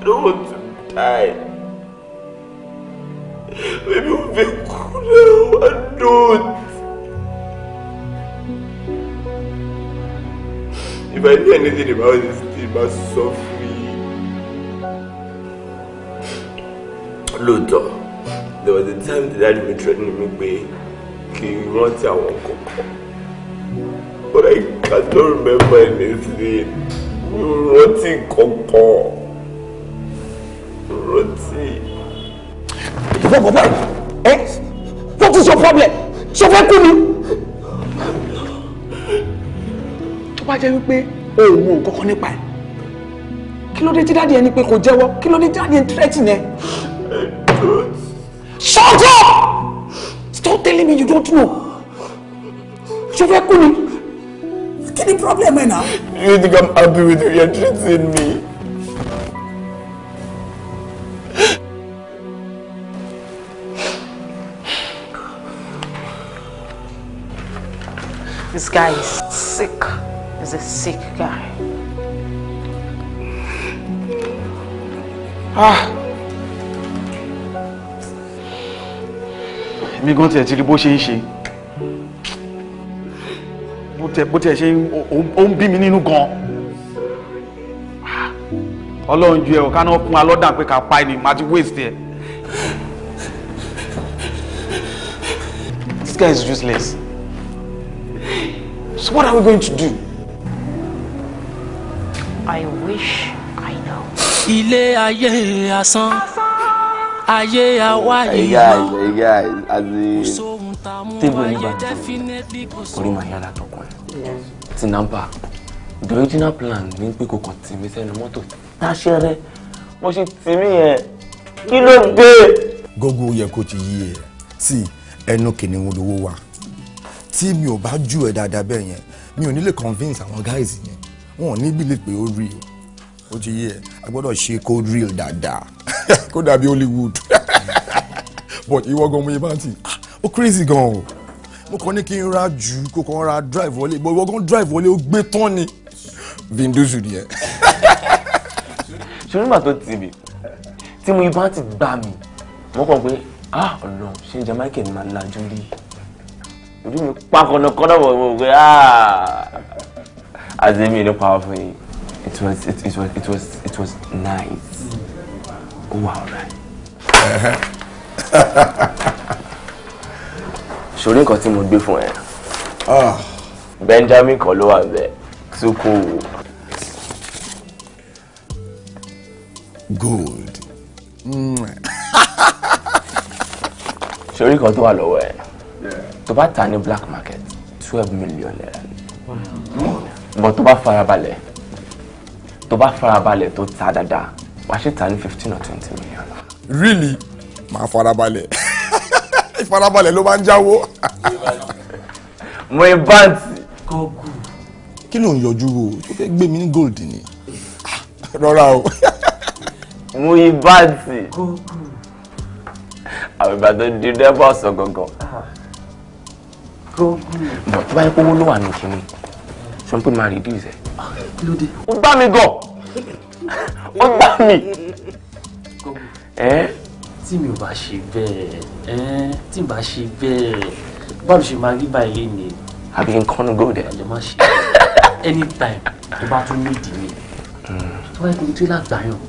S3: I don't want to die. Baby, ó fẹ́ kú náà. I don't. If I knew anything about this thing, má sọ fún yín. Lóòótọ́, there was a time that dad mi threatened me pé kí n rántí àwọn kọ̀ọ̀kan but I, I remember anything mi ò rántí kọ̀ọ̀kan rántí. ìfọ̀ bàbá ẹ what is your problem ṣe fẹ́ kú ni. tó bá jẹ́ wípé o ò mọ nǹkan kan nípa ẹ̀ kí ló dé tí dáàdi ẹni pé kò jẹ́wọ́ kí ló dé tí dáàdi ẹni tírẹ́tì yẹn. Shut up! Stop telling me you don't know. Ṣé fẹ́ kú ni? Kí ni problem ẹ̀ náà? You think I'm happy with you? You're treating me.
S2: This guy is sick. He's a sick guy.
S3: Ah. èmi gan tiẹ̀ ti rí bó ṣe ń ṣe bó tiẹ̀ ṣe ó ń bí mi nínú gan ọlọ́run ju ẹ̀ ọ̀ká fún wa lọ́dà pé ká pa ẹni màá ti waste ẹ̀. This guy is useless.
S1: So what are we going to do? I wish I know. Ilé ayé asán ayé àwa yìí
S3: tébù ní bàjẹ́
S4: orí màá yára tọkùn ẹ̀ tí nàbà the original plan ní pé kò kàn tì mí sẹ́nu mọ́tò táṣẹ́ rẹ mo ṣe tì mí yẹn kí ló dé.
S3: gógó yẹ kó ti yí ẹ tí ẹnu kìnìún lówó wa tí mi ò bá jù ẹ dáadáa bẹ́ẹ̀ yẹn mi ò ní lè convince àwọn guys yẹn wọn ò ní believe pé ó rí o ó ti yé ẹ a gbọ́dọ̀ ṣe cold drill dáadáa kó dàbí Hollywood but ìwọ gan mo yẹ bá ti ah, ó crazy gan o mo kàn ní kí n ra jù kó kàn ra drive wọlé but ìwọ gan drive wọlé ó gbé tán ni vindozu nìyẹn. ṣé nígbà tó ti bì tí mo ibà ti gbà mí mo kàn pé ah Ọlọ́run ṣé Jamaican ni màá lajú rí ojú mi pa kọ̀nàkọ̀nà wọ̀ wọ̀ pé ah àzẹ́mi ló pa wá fún yìí. It was it, it was it was it was nice. Ó wà ọ̀rẹ́. Ṣorí nǹkan tí mo gbé fún ẹ. Ah. Benjamin kan ló wà bẹ́ẹ̀ tó kò wò. Gold. Ṣorí kan tó wà lọ́wọ́ ẹ. Tó bá ta ní black market twelve million naira. Bọ̀ tó bá farabalẹ̀ tó bá farabalẹ̀ tó ta dáadáa wàá ṣe ta ní fifteen or twenty million. really máa farabalẹ̀ ìfarabalẹ̀ ló máa ń jáwó. mo ń báǹtì. kí ló ń yọjú o tó fẹ́ gbé mi ní gold ni rọra o. mo ń báǹtì. àwọn ìbàdàn di dẹ́bọ̀ ọ̀sán gangan. bọ̀ tó bá yẹ kó wọ́n ló wà nù kí ni sọ pé máa reduce ẹ̀
S9: kí ló dé. ó gbá
S3: mi gọ̀ ó gbá mi.
S1: tí mi ò bá ṣe bẹ́ẹ̀ tí mi bá ṣe bẹ́ẹ̀ báwo ṣe máa rí báyìí ni.
S3: àbí nǹkan ní gòdè. àjọ
S1: máa ṣe anytime tó bá tún ní ìdí mi
S3: mm. tó bá yẹ kí n tún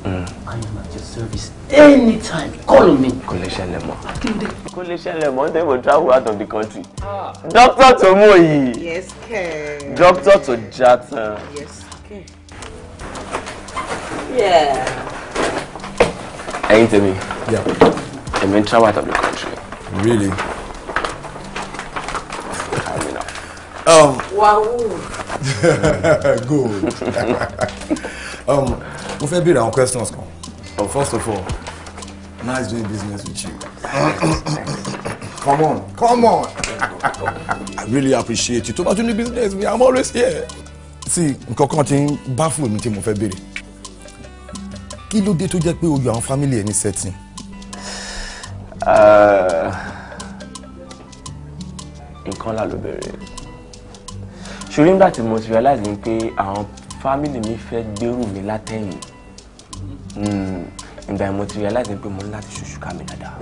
S3: mm. I am at your service
S1: anytime call
S3: on me. kò lè ṣẹlẹ̀ mọ́
S4: kò lè ṣẹlẹ̀ mọ́ nítorí mo travel out of the country.
S1: Ah. doctor
S2: tó mú òyì. yes kẹ́ẹ̀.
S3: doctor tó já tán. yes ẹ̀yin tèmi èmi ń travel out of the country. really. Um, Wow. good. um, mo a bit of questions kan. first of all, nice doing business with you. come on, come on. I really appreciate you. Tó bá doing business mi, I'm always here sí nǹkan kan tí ń bá fún mi tí mo fẹ́ béèrè kí ló dé tó jẹ́ pé o àwọn fámìlì ẹ ní setting. nǹkan là ló bẹ̀rẹ̀ ṣòrí nígbà tí mo ti realize ni pé àwọn fámìlì mi fẹ́ gbèrú mi látẹ̀yìn hmm, ìgbà mo ti realize ni pé mo ní láti ṣoṣù ká mi dáadáa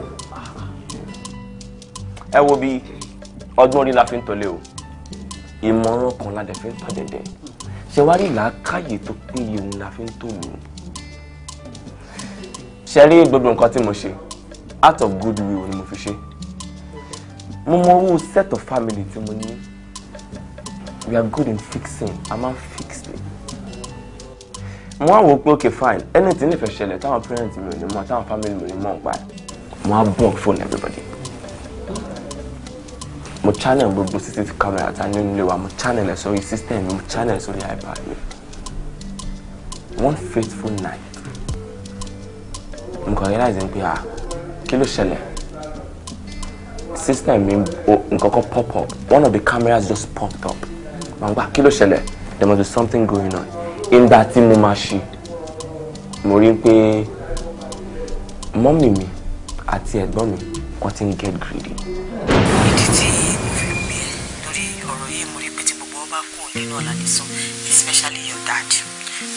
S3: ẹ wo bí ọgbọ́n orí la fi ń tọ́lé o ìmọ̀ràn kan la dẹ̀ fi ń tọ́ dẹ̀dẹ̀ ṣe wá rí làákàyè tó péye òun la fi ń tò lù ṣe rí gbogbo nǹkan tí mo ṣe out of good will ni mo fi ṣe mo mọ owó set of family tí mo ní we are good in fixing a máa ń fix it mo wá wò pé okay fine anything lè fẹ́ ṣẹlẹ̀ táwọn parents mi ò ní mọ̀ táwọn family mi ò ní mọ̀ nípa ẹ̀ mo wá block phone everybody mo channel gbogbo cctv camera ta nínú ilé wa mo channel ẹ sórí system mi mo channel ẹ sórí ipad mi one faithful night mo kàn realize pé ah kí ló ṣẹlẹ̀ system mi nǹkan kan pop up one of the cameras just popped up gbangba kí ló ṣẹlẹ̀ there must be something going on ìgbà tí mo máa ṣe mo rí pé mọ́mì mi àti ẹ̀gbọ́n mi wọ́n ti ń get greedy.
S2: Ọlánísùn especially your dad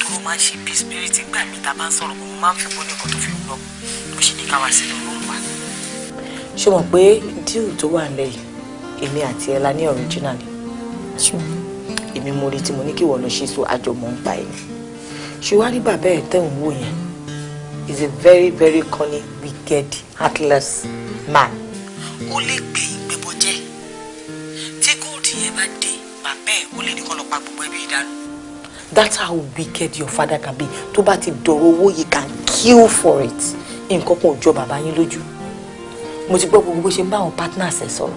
S2: tó o máa ń ṣe bí spirit gbà mí tá a bá ń sọ̀rọ̀ mo máa ń fi bó nìkan tó fi ń lọ mo ṣe ní káwá sínú ló ń ṣé o pé díù tó wà ń lẹ́yìn èmi àti ẹ̀la ní original ni èmi mo rí tí mo ní kí wọ́n lọ ṣe so àjọmọ̀ ń pa ẹ̀yìn ṣé wàá rí bàbá ẹ̀ wò yẹn is a very very cunning wicked heartless man. ó lè gbé that's how wicked your father can be To bá ti dọ̀rọ̀ owó you can kill for it In kan ò jọ bàbá yín lójú mo ti gbọ́ gbogbo bó partners ẹ̀ sọ̀rọ̀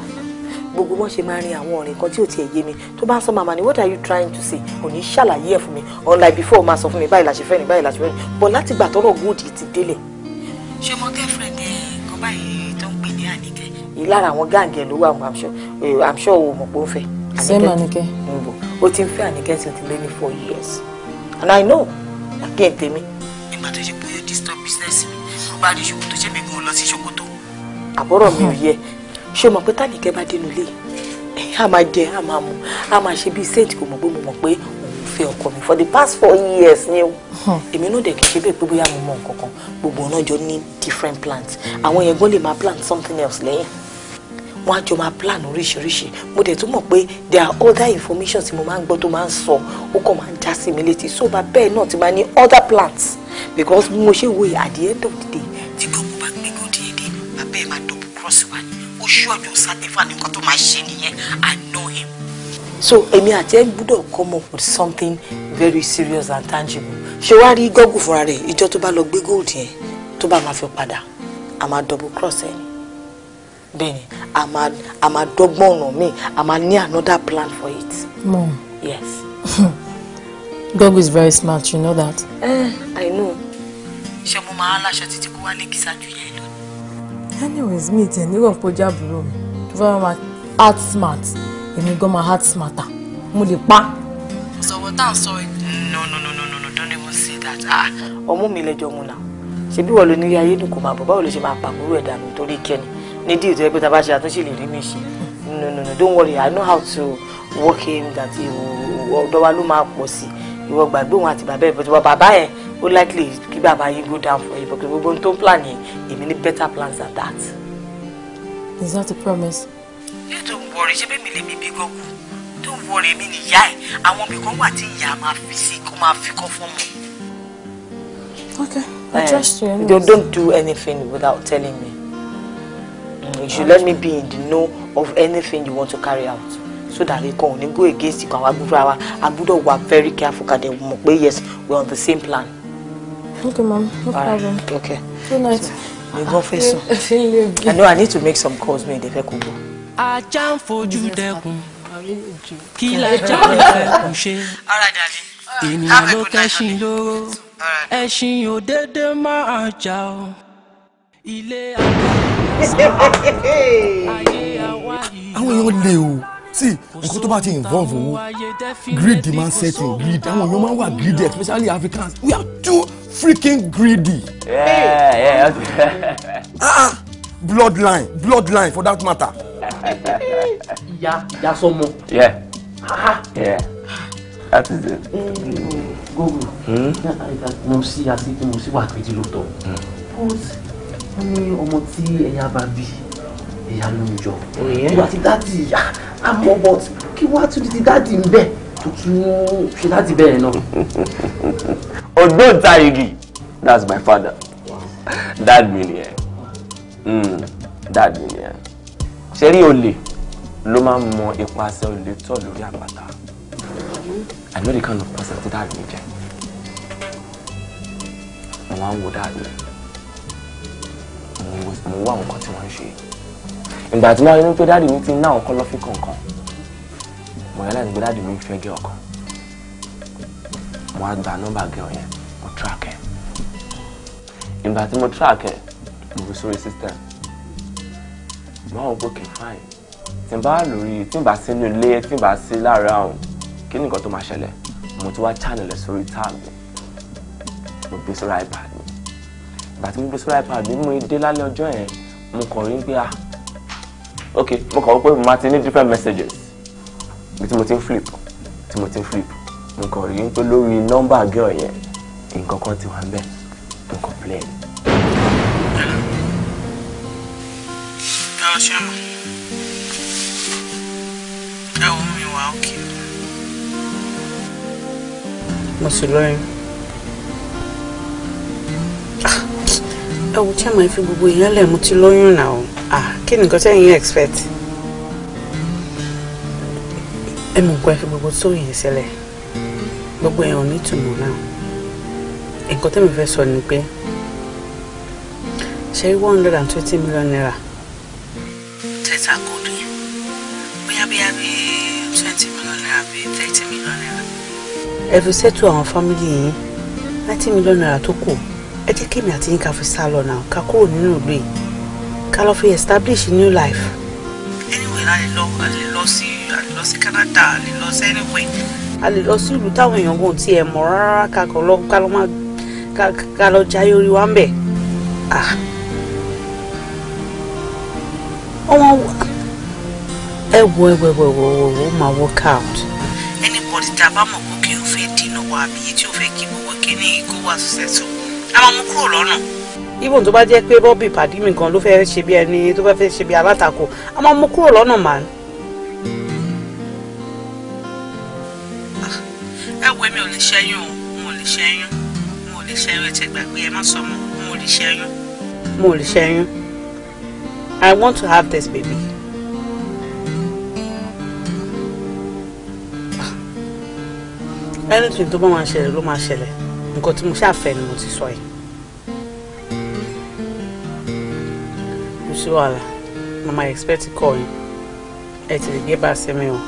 S2: gbogbo wọn ṣe máa rin àwọn ọ̀rìn kan tí ò tiẹ̀ yé mi tó bá ń sọ what are you trying to say kò ní hear from me. mi unlike before mass of me mi báyìí la ṣe fẹ́ ni la ṣe fẹ́ but láti gbà tọ́rọ̀ good it's délẹ̀.
S5: ṣé mo girlfriend ẹ kan
S2: báyìí tó ń pè ní Àníkẹ́. ìlara àwọn gáàngẹ ló wà I'm sure eh, I'm sure o mọ̀ pé Same Anike. Nbo. O ti ń fẹ́ Anike ti ti lé ní four years. And I know. Akin tèmi. Nígbà tó ṣe pé yóò disturb business mi, ó bá di ṣòkòtò ṣé mi gan lọ sí ṣòkòtò. Àbúrò here. Show my Ṣé o mọ̀ pé tánìkẹ́ bá dénú lé? A máa jẹ, a máa mu, a máa ṣe bíi Saint kò mọ̀ pé mo mọ̀ pé òun fẹ́ ọkọ mi for the past four years ni o. Hmm. Èmi náà dẹ̀ kì í ṣe bẹ́ẹ̀ pé bóyá mo mọ nǹkan kan. Gbogbo ọ̀nà jọ ní different plans. plant something else wọ́n á jọ máa plan oríṣiríṣi mo dẹ̀ tún mọ̀ pé there are other information tí mo máa ń gbọ́ tó máa ń sọ ó kàn máa ń já sí mi létí so bá bẹ́ẹ̀ náà ti máa ní other plans because mo ṣe wo at the end of the day tí gbọ́ mo bá gbẹ́gàn díẹ̀ díẹ̀ bàbá ẹ̀ máa double cross wa ni ó ṣú ọ̀dọ̀ sátẹ́fà ní nǹkan tó máa ṣe nìyẹn I know him. so èmi àti ẹ gbúdọ̀ come up with something very serious and tangible ṣé wàá rí gọ́gù fúnra rẹ̀ ìjọ tó bá lọ gbé gold yẹn tó bá máa fi padà a double cross ẹni. I'm a I'm a máa on me. I'm a near another plan for it. mom yes. dog is very smart you know that. Eh, i know. ṣé mo máa láṣọ títí kó wá lè kí ṣáájú yẹn lọ. anyways mi tẹ̀ ní ròǹpọ̀ heart smart You gan máa heart smarter mo lè pa. sọ̀rọ̀ tá à ń sọ no no no no no don't even say that. Ah, ọmú mi lẹjọ mu Sebi ṣebí wọ́n lo nílé ayé dùn kò máa bọ̀ báwo ló ṣe máa Need you to help pé tá a bá ṣe
S8: no no no don't
S2: worry i know how to work him that ọ̀dọ́ wa ló máa pọ̀ sí ìwọ gbàgbé òun àti bàbá ẹ̀ bọ́tọ̀ bàbá yẹn ó likely kí bàbá you go down for you because ohun tó ń plan yẹn èmi better plans than that. is that a promise. you don't worry ṣé bẹ́ẹ̀ mi lè mi bí don't worry èmi nìyá ẹ̀ àwọn ibì kan wà tí ìyá máa fi sí kó máa okay i eh, trust you. Anyways. don't do anything without telling me you should let me be in the know of anything you want to carry out so that we can only go against the àwọn agbúrò àwa agbúrò wa very careful kàdé mọ̀ pé yes we are on the same plan.
S1: okay mom, no problem. Right. okay good night.
S2: mi gbọ́n fẹ́ i know i need to make some calls mi ò dé fẹ́ kó gbọ́.
S1: ajá ń fojú dẹkùn kí lajá ń fẹ́ kù ilé àwọn èèyàn
S3: lè o sí nǹkan tó bá ti involve owó greed demand setting greed àwọn èèyàn máa ń wà greedy especially Africans we are too freaking greedy.
S1: Yeah, yeah. Ah, ah,
S3: bloodline bloodline for that matter.
S1: ìyá ìyá sọmọ. yeah yeah that is it. Eh, Google. Hmm? mo sí àti mo sí wà péjú lóòótọ́ hmm wọ́n ní ọmọ tí ẹ̀yà bá bí ìyá ló ń jọ ìwà tí dáàdì ìyá àmọ́ but kí wọ́n á tún ti dáàdì ń bẹ̀ tó tún ṣe dáàdì bẹ́ẹ̀ náà.
S3: ògbóǹtarìgì that's my father dad mi nìyẹn hmm, dad mi nìyẹn ṣe rí olè ló máa ń mọ ipasẹ̀ olè tọ̀ lórí àpáta I know the kind of person tí dad mi jẹ́ mo máa ń wo dad mi mo wá nǹkan tí wọ́n ń ṣe ìgbà tí wọ́n rí pé dáàdì mi ti ná àwọn kọ́lọ́fín kọ̀ọ̀kan mo yẹ láti gbé dáàdì mi fẹ́ gé ọkàn mo á gba nọ́mbà gẹ́ọ̀ yẹn mo track ẹ̀ ìgbà tí mo track ẹ̀ mo fi sórí system mo á wọ pé kìí fáìn tí n bá lórí tí n bá sí inú ilé tí n bá sí láàárọ̀ àwọn kí ni nǹkan tó máa ṣẹlẹ̀ mo ti wá channel ẹ̀ sórí tab mo gbé sórí ipad ìgbà tí mo gbé sórí ipad mi mo dé lálẹ́ ọjọ́ yẹn mo kàn rí pé ah ok mo kàn wọ́n pé mo ti ní different messages bí tí mo ti ń flip tí mo ti ń flip mo kàn rí pé lórí nọ́mbà girl yẹn nǹkan kan ti wà ń bẹ̀ mo kàn play ẹ̀.
S2: ẹ tí a máa fi gbogbo èèyàn lẹ̀ mo ti lóyún náà o ah kí ni nǹkan tẹ́yìn expect
S6: ẹ mọ̀ nǹkan ẹ fi gbogbo tó yẹn sílẹ̀ gbogbo ẹ̀ ò ní ìtumọ̀ náà nǹkan tẹ́mi fẹ́ sọ ni pé ṣe one hundred and twenty million naira
S1: tẹ̀sà kóòdù yẹn bóyá bóyá bíi
S2: twenty million naira bíi thirty million naira.
S6: ẹ fi ṣètò àwọn fámìlì yìí
S2: ninety million naira tó kù. Cool ẹ jẹ́ kí èmi àti yín ká fi sá lọ náà ká kúrò nínú ìlú yìí ká lọ fi establish new life.
S6: Anyway, a lè lọ a lè lọ sí a lè lọ sí Canada a lè lọ sí anywhere.
S2: a lè lọ sí ìlú táwọn èèyàn gùn tí ẹ mọ̀ rárá ká kọ lọ ká lọ má ká lọ jayé orí wa ń bẹ. ọmọ ẹ wo ẹ wo ẹ wo máa work out. anybody tá a bá mọ̀ pé kí o fẹ́ dínà wá àbí tí o fẹ́ kí gbogbo kíní kó wá successful la máa kúrò lọ́nà. even tó bá jẹ́ pé bọ́bì pàdí mi kan ló fẹ́ ṣe bí ẹni tó fẹ́ ṣe bí alátakò a máa kúrò lọ́nà màá.
S6: Ah, ẹ wo mi ò lè ṣẹ́yún o mo lè ṣẹ́yún mo lè ṣẹ́yún ẹ gbàgbé ẹ má sọ mọ́ mo lè ṣẹ́yún. mo lè ṣẹ́yún
S2: I want to have this baby. Ah. anything tó bá máa ṣẹlẹ̀ ló máa ṣẹlẹ̀ nǹkan tí mo ṣàfẹ́ ni mo ti sọ yìí
S6: kò sí wàhálà mama expect call yín ẹ ti lè gé bá a sẹ́mi o.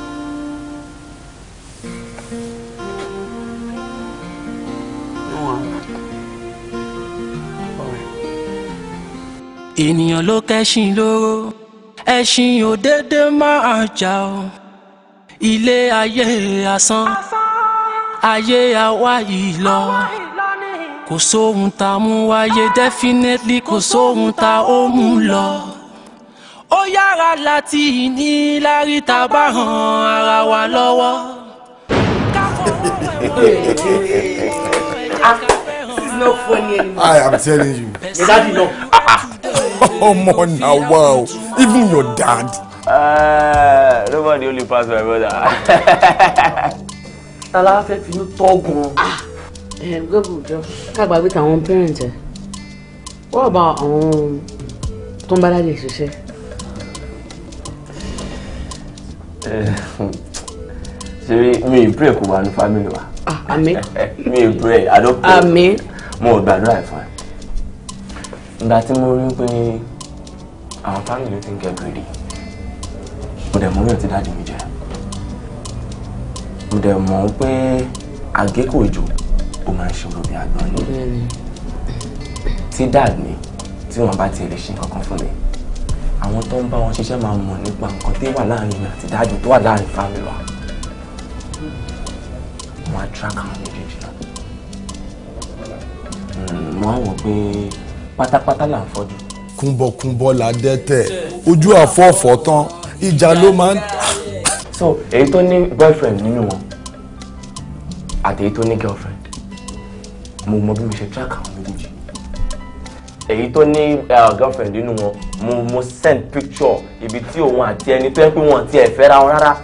S1: ènìyàn ló kẹ́sìn lóró ẹ̀sìn òdédé máa jà ọ́ ilé ayé asán. asán ayé àwa yìí lọ kò sóhun tá a mú wáyé definitely kò sóhun tá a ó mú lọ ó yára láti ní lárí tá a bá hàn ara wa lọ́wọ́.
S3: Ah, funny anymore. I am telling you. Your daddy no. Omo
S1: na wow. Even
S3: your dad. Uh, nobody only passed my brother.
S1: ta la fẹ́ finú tọ́ gan. ẹ gbẹ́bù jọ
S2: kágbàgbé tàwọn parent ẹ wọ́n ọba àwọn tó ń bá dáadé ṣiṣẹ́.
S3: ṣe mi ì pray kò wà ní family wa.
S4: Ah, àmín.
S3: mi pray i don pray. àmín. mo
S4: ò gbàdúrà ẹ̀ fún ẹ. ìgbà tí mo rí pé àwọn family ti ń gẹ̀ gèrè
S3: mo dẹ̀ mú mi ò ti dáàdì mi mo dẹ̀ mọ̀ pé àgékò ìjò ó máa ń ṣe olóbi àgbọn ni tí dad mi tí wọ́n bá ti lè ṣe kankan fún mi àwọn tó ń bá wọn ṣiṣẹ́ máa mọ̀ nípa nǹkan tí wà láàrin mi àti dájú tó wà láàrin fámìlì wa
S1: wọ́n á track àwọn méjèèjì náà
S3: hmm, wọ́n á wọ̀ pé pátápátá là ń fọ́jú. kúnbọ̀kúnbọ̀ là dẹ́tẹ̀ ojú àfọ̀fọ̀ tán ìjà ló máa ń so èyí tó ní boyfriend nínú wọn àti èyí tó ní girlfriend mo mọ bí mo ṣe track àwọn méjèèjì èyí tó ní eh, girlfriend nínú wọn mo mo send picture ibi tí òun àti ẹni tó yẹ pé wọn ti ẹ̀ fẹ́ra wọn rárá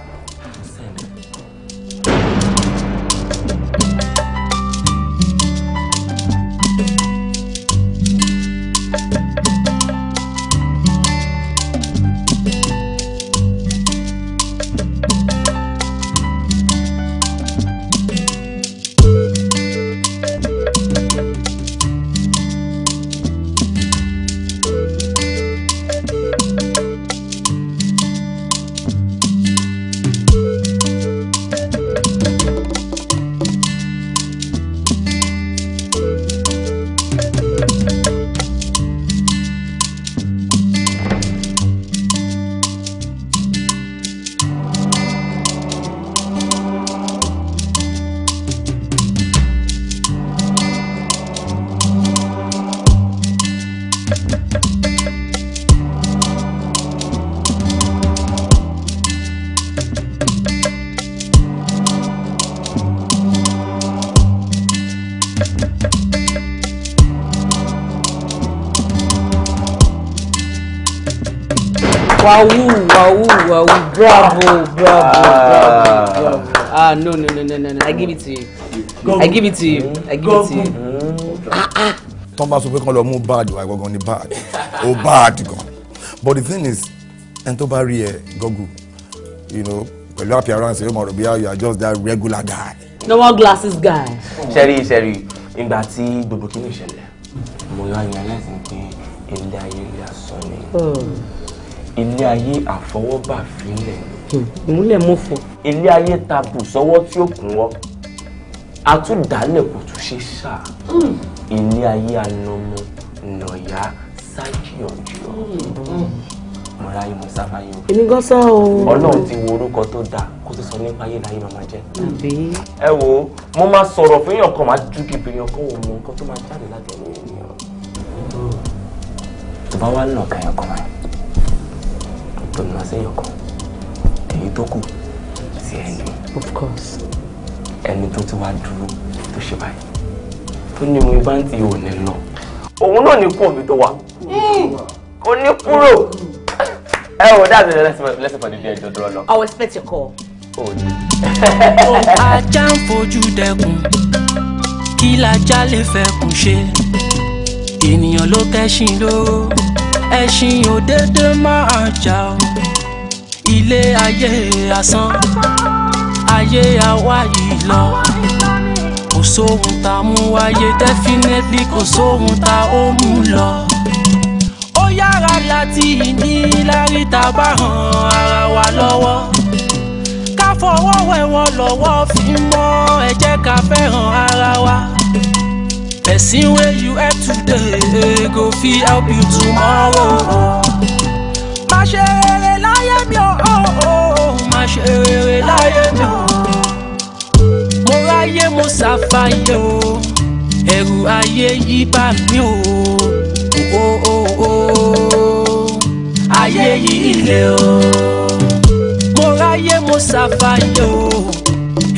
S6: Wahoo, wahoo, wahoo. Bravo, bravo, bravo, ah. bravo. Ah, no, no, no, no, no, no. I give it to you. I give it to you. I give it to
S3: you. Tọ́ bá sọ pé kán lọ mú bad wá gangan ni bad. O bad gan. But the thing is, ẹni tó bá rí ẹ gọ́gù, you know, pẹ̀lú appearance yóò mọ̀ rò bí you are just that regular guy.
S2: Normal glasses guy. Ṣẹ́rí
S3: ṣẹ́rí, ìgbà tí gbogbo kí ni ìṣẹ̀lẹ̀, mo yọ àyàn aláìsàn pé ilé ayé ilé asán ni. Oh ilé ayé àfọwọ́bà fílẹ̀. Hmm, ìmúlẹ̀ mọ́fọ. ilé ayé ta bù sọ́wọ́ tí ó kún wọ́ àtúndálẹ̀ kò tún ṣe sà hmm. ilé ayé anamọ nọ̀yà ṣáàkìyànjú mọ̀ra ayé mọ̀ hmm. sáfáyé o. èmi
S4: gan sá o. ọlọ́run ti
S3: wo orúkọ tó dáa kó tó sọ nípa ayé láyé màmá jẹ́. ẹ wo mo máa sọ̀rọ̀ fún èèyàn kan máa ju kìbì èèyàn kan wò mọ nǹkan tó máa jáde láti ẹ̀mí ènìyàn. tó bá wà lọ́ọ̀kan èèyàn kan máa tọ̀nà sẹ́yìn kan èyí tó kù sí ẹni. of course. ẹni tó ti wá dúró tó to báyìí tó ní mo ibà ń ti ò ní lọ òun náà ní kú òbí tó wà kò ní kúrò ẹ ò dáàbò lẹ́sìn pàdé bí ẹjọ́ dúró lọ. I
S2: will expect your call.
S3: Oh.
S1: ní. ajá ń fojú dẹkùn kí lajá lè fẹ́ kùn ṣe ènìyàn ló kẹ́sìn ẹṣin ò dédé máa jà o ilé ayé asán ayé àwa yìí lọ kò sóhun tá a mú wáyé definitely kò sóhun tá a ó mú lọ ó yára láti ní lárí bá hàn ara wa lọ́wọ́ ká fọwọ́ wẹ̀wọ̀ lọ́wọ́ fi mọ́ ẹ jẹ́ ká fẹ́ràn ara wa. Person where you at today eh, go fit help you tomorrow. Má ṣe rere láyé mi o, oh, oh. má ṣe rere láyé mi o. Mo ráyé mo ṣàfàyè o, ẹ̀rù ayé yí bá mi o. o, oh, o, Ayé yìí le o. Mo ráyé mo ṣàfàyè o,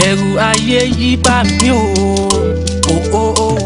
S1: ẹ̀rù ayé yí bá mi o.